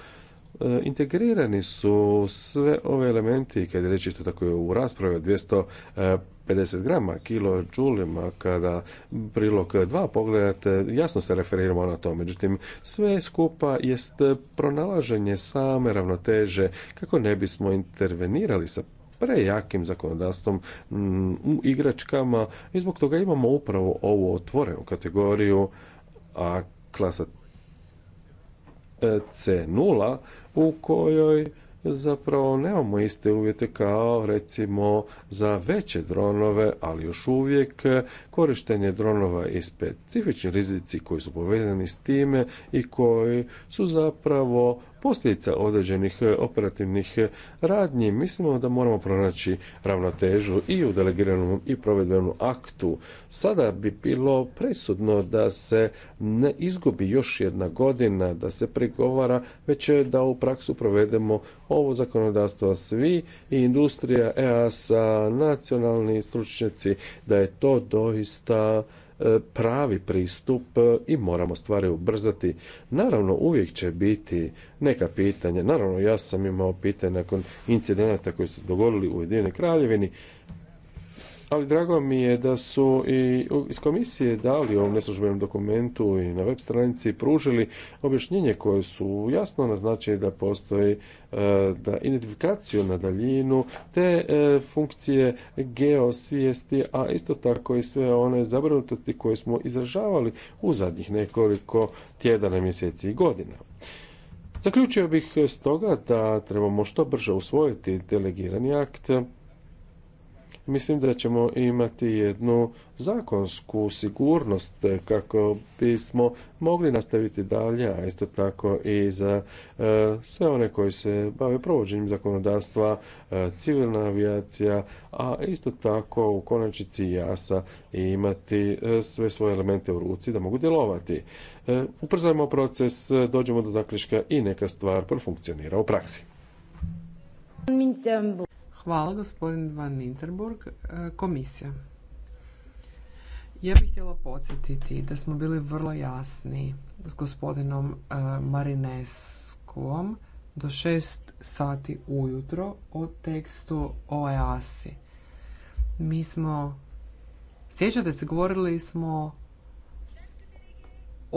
E, integrirani su sve ove elementi, kad je reći isto tako u raspravi 250 e, grama, kilo džulima, kada prilog 2 pogledate, jasno se referiramo na to. Međutim, sve skupa jest pronalaženje same ravnoteže kako ne bismo intervenirali sa prejakim zakonodavstvom mm, u igračkama i zbog toga imamo upravo ovu otvorenu kategoriju, a klasa C0 u kojoj zapravo nemamo iste uvjete kao recimo za veće dronove, ali još uvijek korištenje dronova i specifični rizici koji su povezani s time i koji su zapravo posljedica određenih e, operativnih e, radnji. Mislimo da moramo pronaći ravnotežu i u delegiranom i provedbenom aktu. Sada bi bilo presudno da se ne izgubi još jedna godina, da se pregovara, već e, da u praksu provedemo ovo zakonodavstvo svi i industrija EASA, nacionalni stručnjaci, da je to doista E, pravi pristup e, i moramo stvari ubrzati. Naravno, uvijek će biti neka pitanja. Naravno, ja sam imao pitanje nakon incidenata koji su se dogodili u Ujedinjenoj Kraljevini ali drago mi je da su i iz komisije dali ovom neslužbenom dokumentu i na web stranici pružili objašnjenje koje su jasno naznačili da postoji e, da identifikaciju na daljinu te e, funkcije geosvijesti, a isto tako i sve one zabrinutosti koje smo izražavali u zadnjih nekoliko tjedana, mjeseci i godina. Zaključio bih stoga da trebamo što brže usvojiti delegirani akt Mislim da ćemo imati jednu zakonsku sigurnost eh, kako bismo mogli nastaviti dalje, a isto tako i za eh, sve one koji se bave provođenjem zakonodavstva, eh, civilna avijacija, a isto tako u konačnici jasa i imati sve svoje elemente u ruci da mogu djelovati. Uprzajmo proces, dođemo do zaključka i neka stvar profunkcionira u praksi. Hvala gospodin Van Interburg. E, komisija. Ja bih htjela podsjetiti da smo bili vrlo jasni s gospodinom e, Marineskom do šest sati ujutro o tekstu o EASI. Mi smo, sjećate se, govorili smo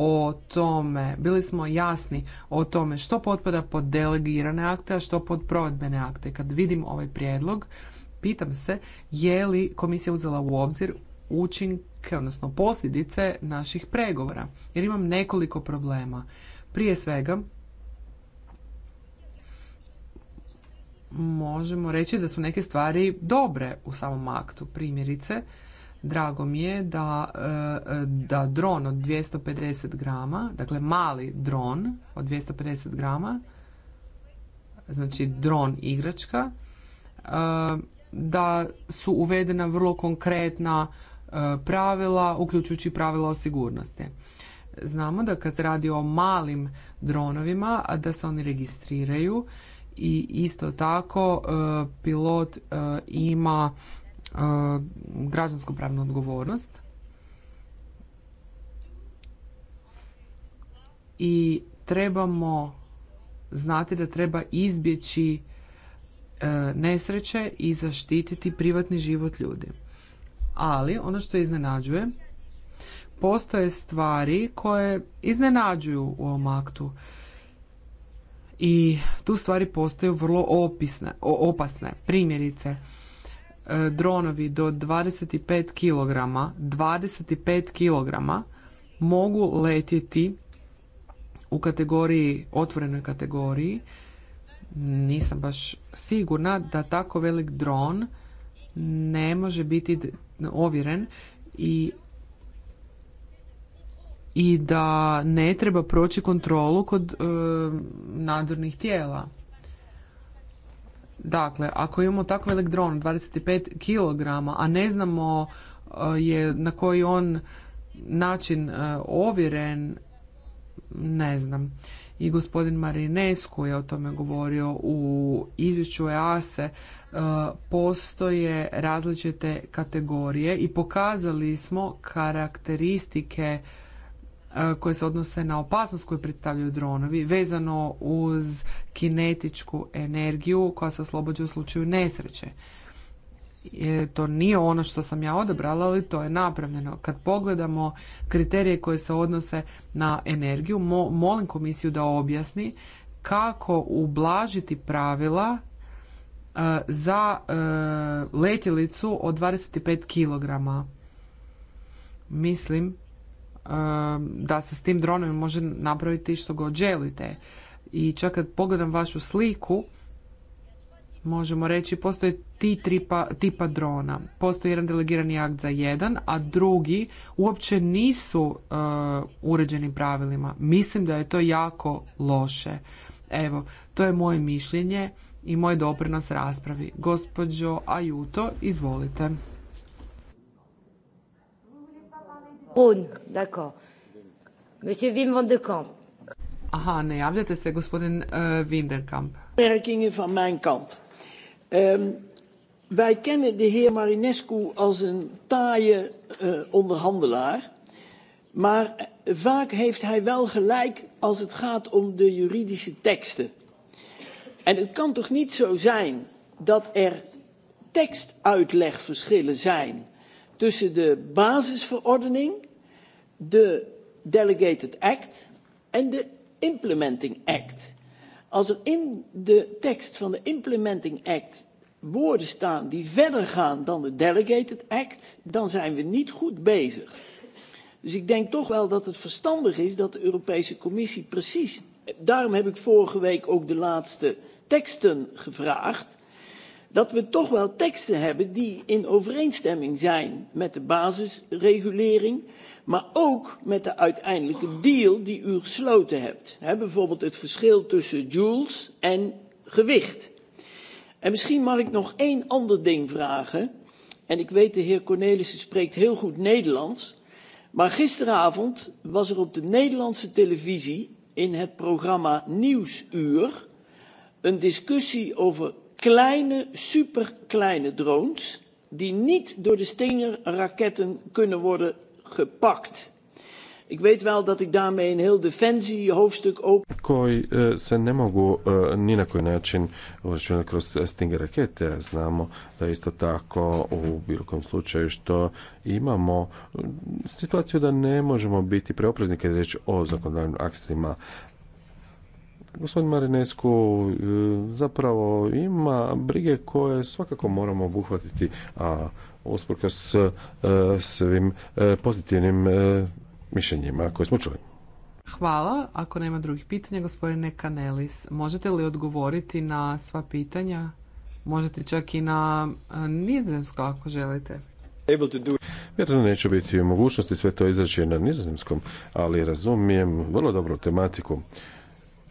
o tome, bili smo jasni o tome što potpada pod delegirane akte, a što pod provedbene akte. Kad vidim ovaj prijedlog, pitam se je li komisija uzela u obzir učinke, odnosno posljedice naših pregovora. Jer imam nekoliko problema. Prije svega, možemo reći da su neke stvari dobre u samom aktu. Primjerice, Drago mi je da, e, da dron od 250 grama, dakle mali dron od 250 grama, znači dron igračka, e, da su uvedena vrlo konkretna e, pravila, uključujući pravila o sigurnosti. Znamo da kad se radi o malim dronovima, da se oni registriraju i isto tako pilot ima Građansko pravnu odgovornost i trebamo znati da treba izbjeći e, nesreće i zaštititi privatni život ljudi. Ali ono što iznenađuje postoje stvari koje iznenađuju u ovom aktu. I tu stvari postaju vrlo opasne. Primjerice, E, dronovi do 25 kg, 25 kg mogu letjeti u kategoriji, otvorenoj kategoriji. Nisam baš sigurna da tako velik dron ne može biti ovjeren i i da ne treba proći kontrolu kod e, nadzornih tijela Dakle, ako imamo velik elektron 25 kg, a ne znamo eh, je na koji on način eh, ovjeren, ne znam. I gospodin Marinescu je o tome govorio u izvješću EASE. Eh, postoje različite kategorije i pokazali smo karakteristike E, koje se odnose na opasnost koju predstavljaju dronovi vezano uz kinetičku energiju koja se oslobađa u slučaju nesreće. E, to nije ono što sam ja odabrala, ali to je napravljeno. Kad pogledamo kriterije koje se odnose na energiju, molim komisiju da objasni kako ublažiti pravila e, za letjelicu od 25 kg. Mislim Um, da se s tim dronom može napraviti što god želite. I čak kad pogledam vašu sliku, možemo reći postoje ti tri tipa drona. Postoji jedan delegirani akt za jedan, a drugi uopće nisu uh, uređeni pravilima. Mislim da je to jako loše. Evo, to je moje mišljenje i moj doprinos raspravi. Gospođo Ajuto, izvolite. Rhône, d'accord. Monsieur Wim van de Kamp. Aha, ne javljate se, gospodin uh, eh, Winderkamp. van mijn kant. Um, wij kennen de heer Marinescu als een taaie uh, onderhandelaar. Maar vaak heeft hij wel gelijk als het gaat om de juridische teksten. En het kan toch niet zo zijn dat er tekstuitlegverschillen zijn tussen de basisverordening de Delegated Act en de Implementing Act. Als er in de tekst van de Implementing Act woorden staan die verder gaan dan de Delegated Act, dan zijn we niet goed bezig. Dus ik denk toch wel dat het verstandig is dat de Europese Commissie precies... Daarom heb ik vorige week ook de laatste teksten gevraagd. Dat we toch wel teksten hebben die in overeenstemming zijn met de basisregulering maar ook met de uiteindelijke deal die u gesloten hebt. He, bijvoorbeeld het verschil tussen joules en gewicht. En misschien mag ik nog één ander ding vragen. En ik weet de heer Cornelissen spreekt heel goed Nederlands. Maar gisteravond was er op de Nederlandse televisie in het programma Nieuwsuur een discussie over kleine, superkleine drones die niet door de Stinger raketten kunnen worden gepakt. Ik weet wel dat ik daarmee een heel defensie hoofdstuk ook... Koji eh, se ne mogu eh, ni na koji način uračunati kroz stinger rakete. Znamo da isto tako u bilo kojem slučaju što imamo eh, situaciju da ne možemo biti preoprezni kad je reč o zakonodavnim aksima Gospodin Marinescu, e, zapravo ima brige koje svakako moramo obuhvatiti, a s e, svim e, pozitivnim mišljenjima koje smo čuli. Hvala. Ako nema drugih pitanja, gospodine Kanelis, možete li odgovoriti na sva pitanja? Možete čak i na nizemsko ako želite. Vjerojatno neću biti u mogućnosti sve to izreći na nizozemskom, ali razumijem vrlo dobru tematiku.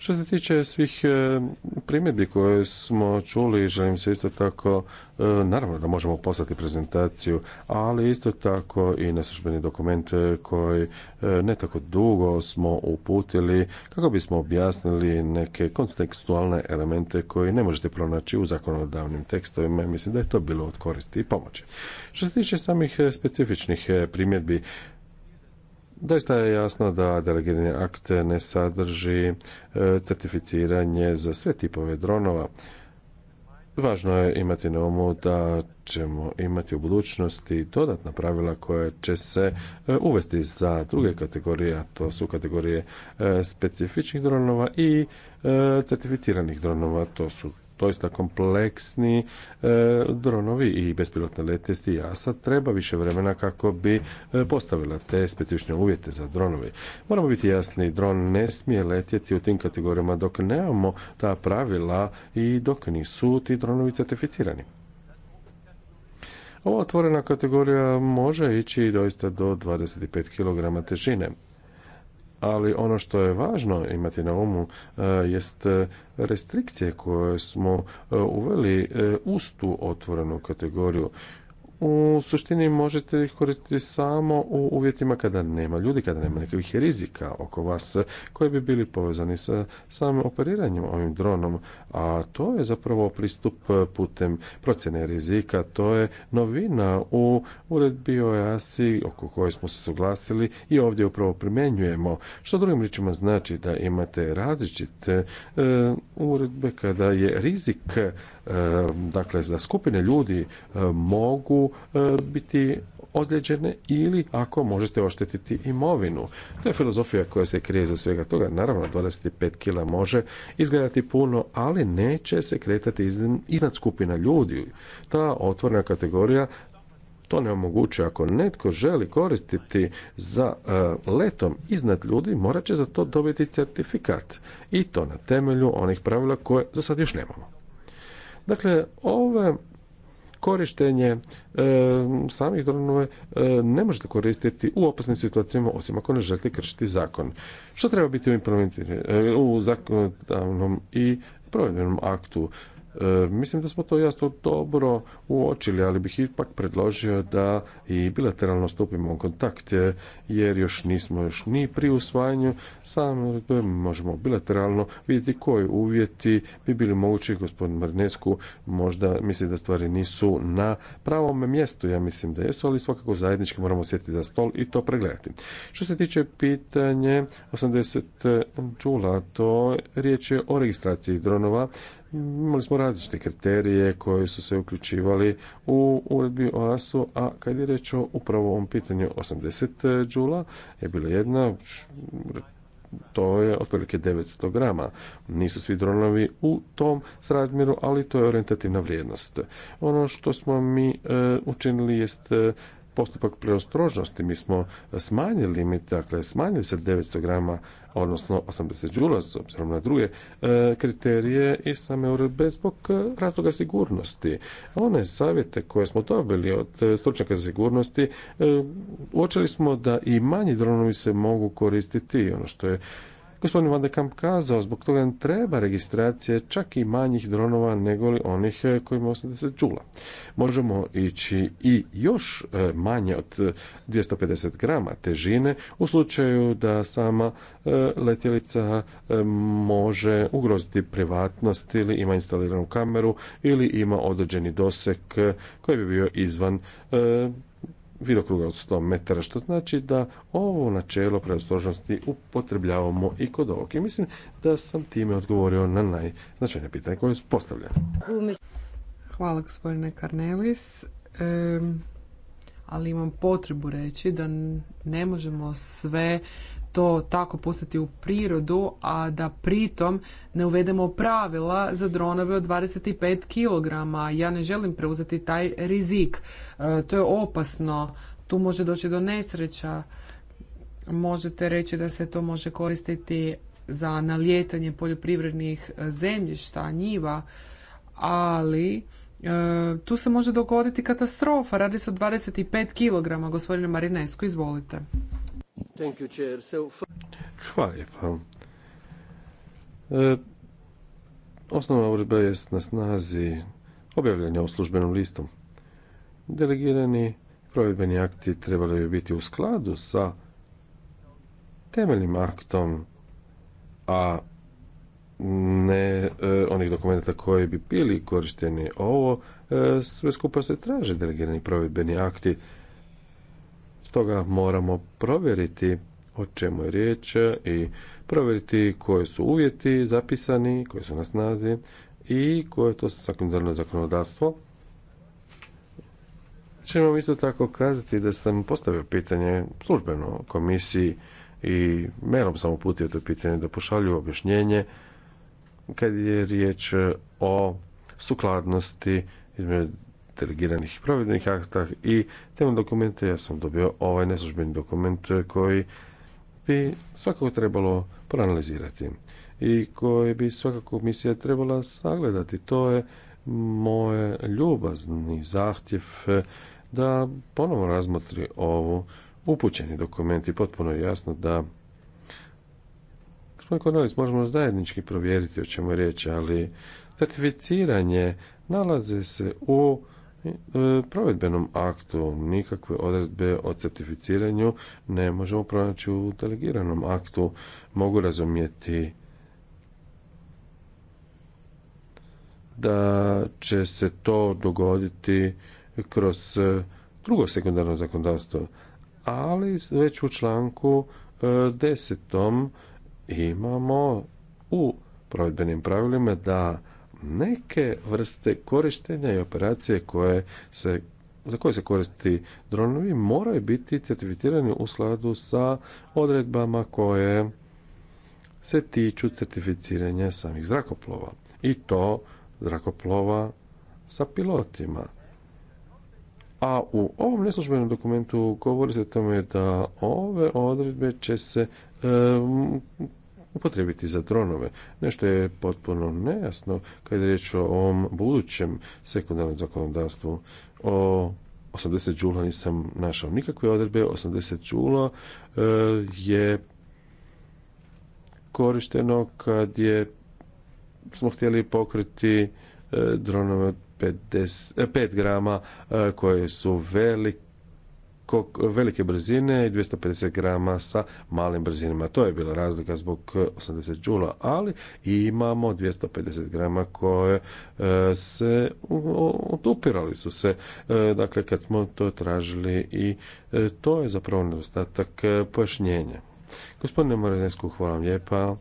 Što se tiče svih e, primjedbi koje smo čuli, želim se isto tako, e, naravno da možemo poslati prezentaciju, ali isto tako i neslužbeni dokument e, koji ne tako dugo smo uputili kako bismo objasnili neke kontekstualne elemente koje ne možete pronaći u zakonodavnim tekstovima. Mislim da je to bilo od koristi i pomoći. Što se tiče samih specifičnih primjedbi, Doista je jasno da delegirani akt ne sadrži e, certificiranje za sve tipove dronova. Važno je imati na umu da ćemo imati u budućnosti dodatna pravila koja će se e, uvesti za druge kategorije, a to su kategorije e, specifičnih dronova i certificiranih dronova, to su doista kompleksni e, dronovi i bespilotne letjesti jasa treba više vremena kako bi e, postavila te specifične uvjete za dronovi. Moramo biti jasni, dron ne smije letjeti u tim kategorijama dok nemamo ta pravila i dok nisu ti dronovi certificirani. Ova otvorena kategorija može ići doista do 25 kg težine ali ono što je važno imati na umu e, jest e, restrikcije koje smo e, uveli uz tu otvorenu kategoriju u suštini možete ih koristiti samo u uvjetima kada nema ljudi, kada nema nekakvih rizika oko vas koji bi bili povezani sa samim operiranjem ovim dronom, a to je zapravo pristup putem procjene rizika, to je novina u uredbi o EASI oko koje smo se suglasili i ovdje upravo primjenjujemo, što drugim riječima znači da imate različite e, uredbe kada je rizik E, dakle za skupine ljudi e, mogu e, biti ozlijeđene ili ako možete oštetiti imovinu. To je filozofija koja se krije za svega toga. Naravno, 25 kila može izgledati puno, ali neće se kretati iznad skupina ljudi. Ta otvorna kategorija to ne omogućuje. Ako netko želi koristiti za letom iznad ljudi, morat će za to dobiti certifikat. I to na temelju onih pravila koje za sad još nemamo. Dakle, ove korištenje e, samih dronove ne možete koristiti u opasnim situacijama osim ako ne želite kršiti zakon. Što treba biti u, e, u zakonodavnom i provedbenom aktu? E, mislim da smo to jasno dobro uočili, ali bih ipak predložio da i bilateralno stupimo u kontakt, e, jer još nismo još ni pri usvajanju samo možemo bilateralno vidjeti koji uvjeti bi bili mogući. Gospodin Marnesku možda misli da stvari nisu na pravom mjestu, ja mislim da jesu, ali svakako zajednički moramo sjesti za stol i to pregledati. Što se tiče pitanje 80 čula to riječ je o registraciji dronova. Imali smo različite kriterije koji su se uključivali u uredbi o ASU, a kad je reč o upravo ovom pitanju 80 džula je bila jedna to je otprilike 900 grama. Nisu svi dronovi u tom srazmjeru, ali to je orientativna vrijednost. Ono što smo mi e, učinili jest e, postupak preostrožnosti. Mi smo smanjili limit, dakle smanjili se 900 grama, odnosno 80 džula s obzirom na druge e, kriterije i same uredbe zbog e, razloga sigurnosti. One savjete koje smo dobili od e, stručnjaka za sigurnosti uočili smo da i manji dronovi se mogu koristiti ono što je gospodin Van de Kamp kazao, zbog toga treba registracije čak i manjih dronova nego li onih e, kojima 80 čula. Možemo ići i još e, manje od 250 e, grama težine u slučaju da sama letjelica može ugroziti privatnost ili ima instaliranu kameru ili ima određeni doseg koji bi bio izvan vidokruga od 100 metara, što znači da ovo načelo predostrožnosti upotrebljavamo i kod ovog. I mislim da sam time odgovorio na najznačajnije pitanje koje je postavljeno. Hvala gospodine Karnelis. ali imam potrebu reći da ne možemo sve to tako pustiti u prirodu, a da pritom ne uvedemo pravila za dronove od 25 kg. Ja ne želim preuzeti taj rizik. E, to je opasno. Tu može doći do nesreća. Možete reći da se to može koristiti za nalijetanje poljoprivrednih e, zemljišta, njiva, ali e, tu se može dogoditi katastrofa. Radi se o 25 kg. Gospodine Marinesko, izvolite. Hvala lijepo e, osnovna uredba je na snazi objavljanja u službenom listom. Delegirani provedbeni akti trebali bi biti u skladu sa temeljnim aktom, a ne e, onih dokumenta koji bi bili korišteni ovo, e, sve skupa se traže delegirani provedbeni akti Stoga moramo provjeriti o čemu je riječ i provjeriti koji su uvjeti zapisani, koji su na snazi i koje je to sekundarno zakonodavstvo. vam isto tako kazati da sam postavio pitanje službeno komisiji i mailom sam uputio to pitanje da pošalju objašnjenje kad je riječ o sukladnosti između delegiranih i provedbenih akta i temelj dokumenta ja sam dobio ovaj neslužbeni dokument koji bi svakako trebalo proanalizirati i koji bi svakako misija trebala sagledati. To je moj ljubazni zahtjev da ponovo razmotri ovo upućeni dokument i potpuno je jasno da gospodin Kornelis možemo zajednički provjeriti o čemu je riječ, ali certificiranje nalaze se u E, provedbenom aktu nikakve odredbe o certificiranju ne možemo pronaći u delegiranom aktu. Mogu razumjeti da će se to dogoditi kroz e, drugo sekundarno zakonodavstvo, ali već u članku e, desetom imamo u provedbenim pravilima da neke vrste korištenja i operacije koje se za koje se koristi dronovi moraju biti certificirani u skladu sa odredbama koje se tiču certificiranja samih zrakoplova i to zrakoplova sa pilotima. A u ovom neslužbenom dokumentu govori se o tome da ove odredbe će se upotrijebiti za dronove. Nešto je potpuno nejasno kad je riječ o ovom budućem sekundarnom zakonodavstvu o 80 džula nisam našao nikakve odredbe, 80 džula e, je korišteno kad je smo htjeli pokriti e, dronove 50, 5 e, grama koje su velike velike brzine i 250 grama sa malim brzinama. To je bila razlika zbog 80 džula, ali imamo 250 grama koje e, se odupirali su se. E, dakle, kad smo to tražili i e, to je zapravo nedostatak pojašnjenja. Gospodine Morenesku, hvala vam lijepa.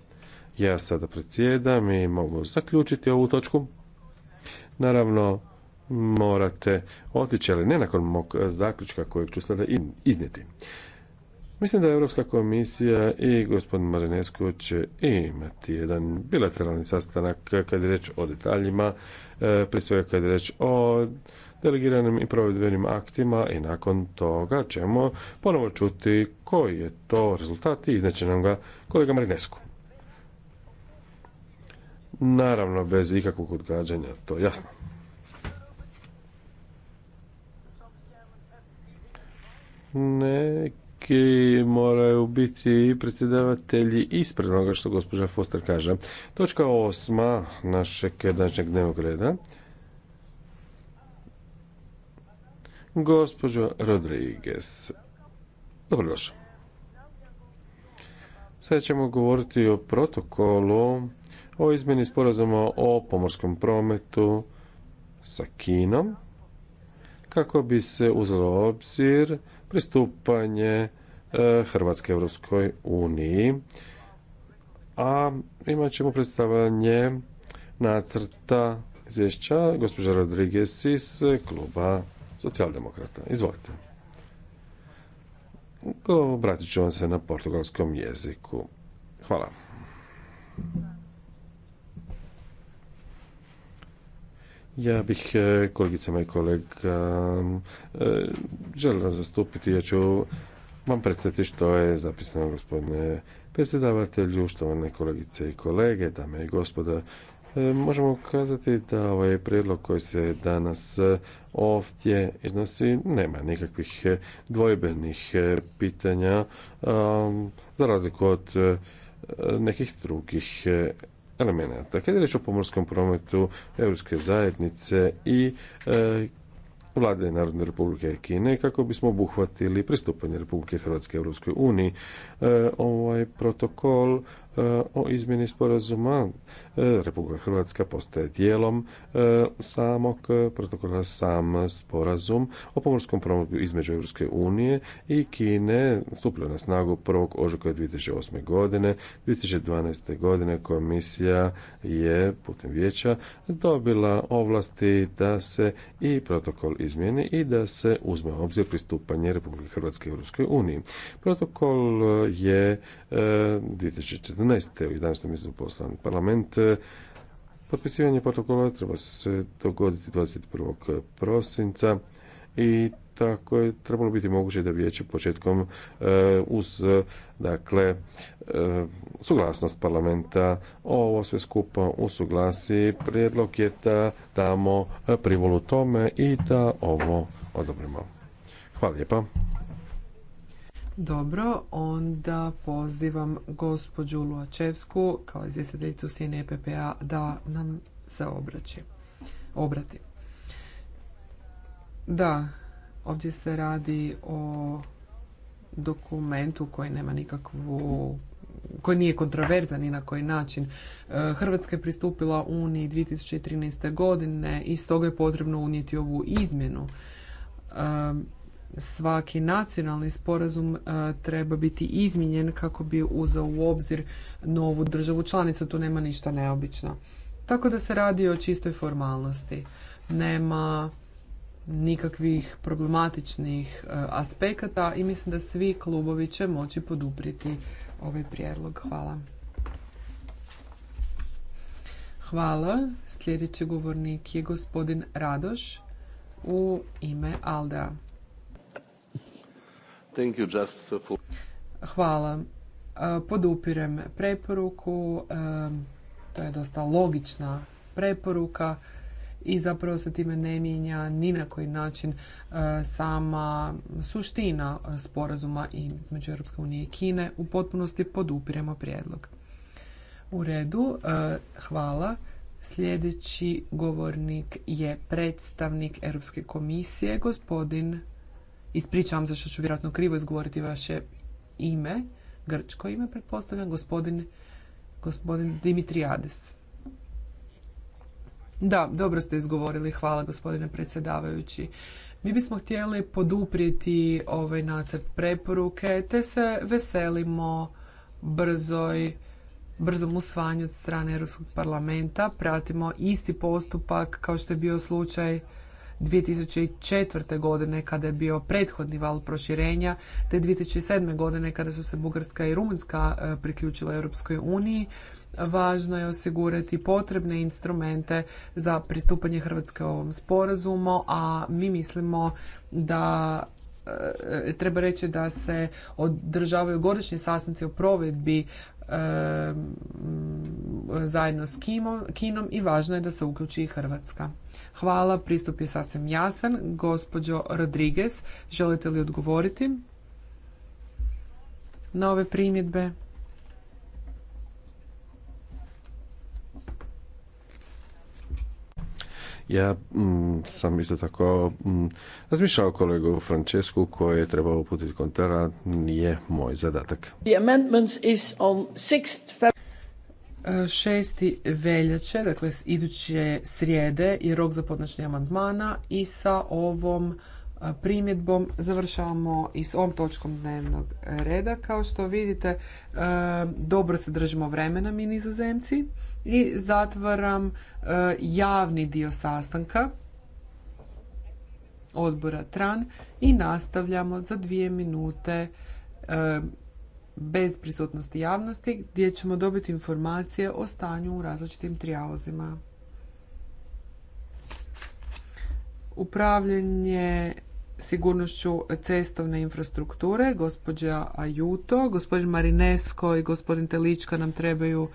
Ja sada predsjedam i mogu zaključiti ovu točku. Naravno, morate otići, ali ne nakon mog zaključka kojeg ću sada iznijeti. Mislim da Europska komisija i gospodin Marinesko će imati jedan bilateralni sastanak kad je reč o detaljima, e, prije svega kad je reč o delegiranim i provedbenim aktima i nakon toga ćemo ponovo čuti koji je to rezultat i nam ga kolega Marinesku. Naravno, bez ikakvog odgađanja, to je jasno. neki moraju biti i predsjedavatelji ispred onoga što gospođa Foster kaže. Točka osma našeg današnjeg dnevnog reda. Gospođo Rodriguez, Dobrodošao. Sada ćemo govoriti o protokolu o izmjeni sporazuma o pomorskom prometu sa Kinom kako bi se uzelo obzir pristupanje e, Hrvatske Europskoj uniji, a imat ćemo predstavljanje nacrta izvješća gospođa Rodriguez iz kluba socijaldemokrata. Izvolite. Obratit ću vam se na portugalskom jeziku. Hvala. Ja bih e, kolegice i kolega e, želim zastupiti, ja ću vam predstaviti što je zapisano gospodine predsjedavatelju, štovane kolegice i kolege, dame i gospoda. E, možemo kazati da ovaj prijedlog koji se danas ovdje iznosi nema nikakvih dvojbenih pitanja za razliku od nekih drugih elemenata. Kad je reč o pomorskom prometu Europske zajednice i e, vlade Narodne republike Kine kako bismo obuhvatili pristupanje Republike Hrvatske Europskoj uniji. E, ovaj protokol e, o izmjeni sporazuma E, Republika Hrvatska postaje dijelom e, samog e, protokola sam sporazum o pomorskom prometu između Europske unije i Kine stupila na snagu 1. ožujka 2008. godine. 2012. godine komisija je putem vijeća dobila ovlasti da se i protokol izmijeni i da se uzme u obzir pristupanje Republike Hrvatske Europskoj uniji. Protokol je 2014. u 11. mjesecu poslan parlament Potpisivanje protokola treba se dogoditi 21. prosinca i tako je trebalo biti moguće da vijeće početkom eh, uz dakle eh, suglasnost parlamenta ovo sve skupa usuglasi prijedlog je da damo privolu tome i da ovo odobrimo. Hvala lijepa. Dobro, onda pozivam gospođu Luačevsku kao izvjestiteljicu Sine epp da nam se obraći. obrati. Da, ovdje se radi o dokumentu koji nema nikakvu koji nije kontroverzan ni na koji način. E, Hrvatska je pristupila Uniji 2013. godine i stoga je potrebno unijeti ovu izmjenu. E, svaki nacionalni sporazum e, treba biti izmijenjen kako bi uzeo u obzir novu državu članicu. Tu nema ništa neobično. Tako da se radi o čistoj formalnosti. Nema nikakvih problematičnih e, aspekata i mislim da svi klubovi će moći poduprijeti ovaj prijedlog. Hvala. Hvala. Sljedeći govornik je gospodin Radoš u ime Aldea. Hvala. E, podupirem preporuku, e, to je dosta logična preporuka i zapravo se time ne mijenja ni na koji način e, sama suština sporazuma između Europske unije i Kine. U potpunosti podupiremo prijedlog. U redu, hvala. Sljedeći govornik je predstavnik Europske komisije, gospodin Ispričavam se što ću vjerojatno krivo izgovoriti vaše ime, grčko ime pretpostavljam, gospodin, gospodin Dimitriades. Da, dobro ste izgovorili, hvala gospodine predsjedavajući. Mi bismo htjeli poduprijeti ovaj nacrt preporuke te se veselimo brzoj brzom usvajanju od strane Europskog parlamenta. Pratimo isti postupak kao što je bio slučaj 2004. godine kada je bio prethodni val proširenja te 2007. godine kada su se Bugarska i Rumunjska e, priključila Europskoj uniji važno je osigurati potrebne instrumente za pristupanje Hrvatske ovom sporazumu, a mi mislimo da e, treba reći da se održavaju godišnji sastanci o provedbi E, zajedno s Kinom i važno je da se uključi i Hrvatska. Hvala, pristup je sasvim jasan. Gospođo Rodriguez, želite li odgovoriti na ove primjedbe? Ja mm, sam isto tako mm, razmišljao kolegu Francesku koji je trebao uputiti kontara, nije moj zadatak. The amendments is on veljače, dakle iduće srijede je rok za podnošenje amandmana i sa ovom primjedbom završavamo i s ovom točkom dnevnog reda. Kao što vidite, dobro se držimo vremena mi nizozemci i zatvaram javni dio sastanka odbora TRAN i nastavljamo za dvije minute bez prisutnosti javnosti gdje ćemo dobiti informacije o stanju u različitim trijalozima. Upravljanje sigurnošću cestovne infrastrukture, gospođa Ajuto, gospodin Marinesko i gospodin Telička nam trebaju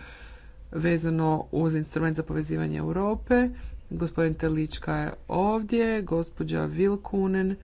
vezano uz instrument za povezivanje Europe. Gospodin Telička je ovdje, gospođa Vilkunen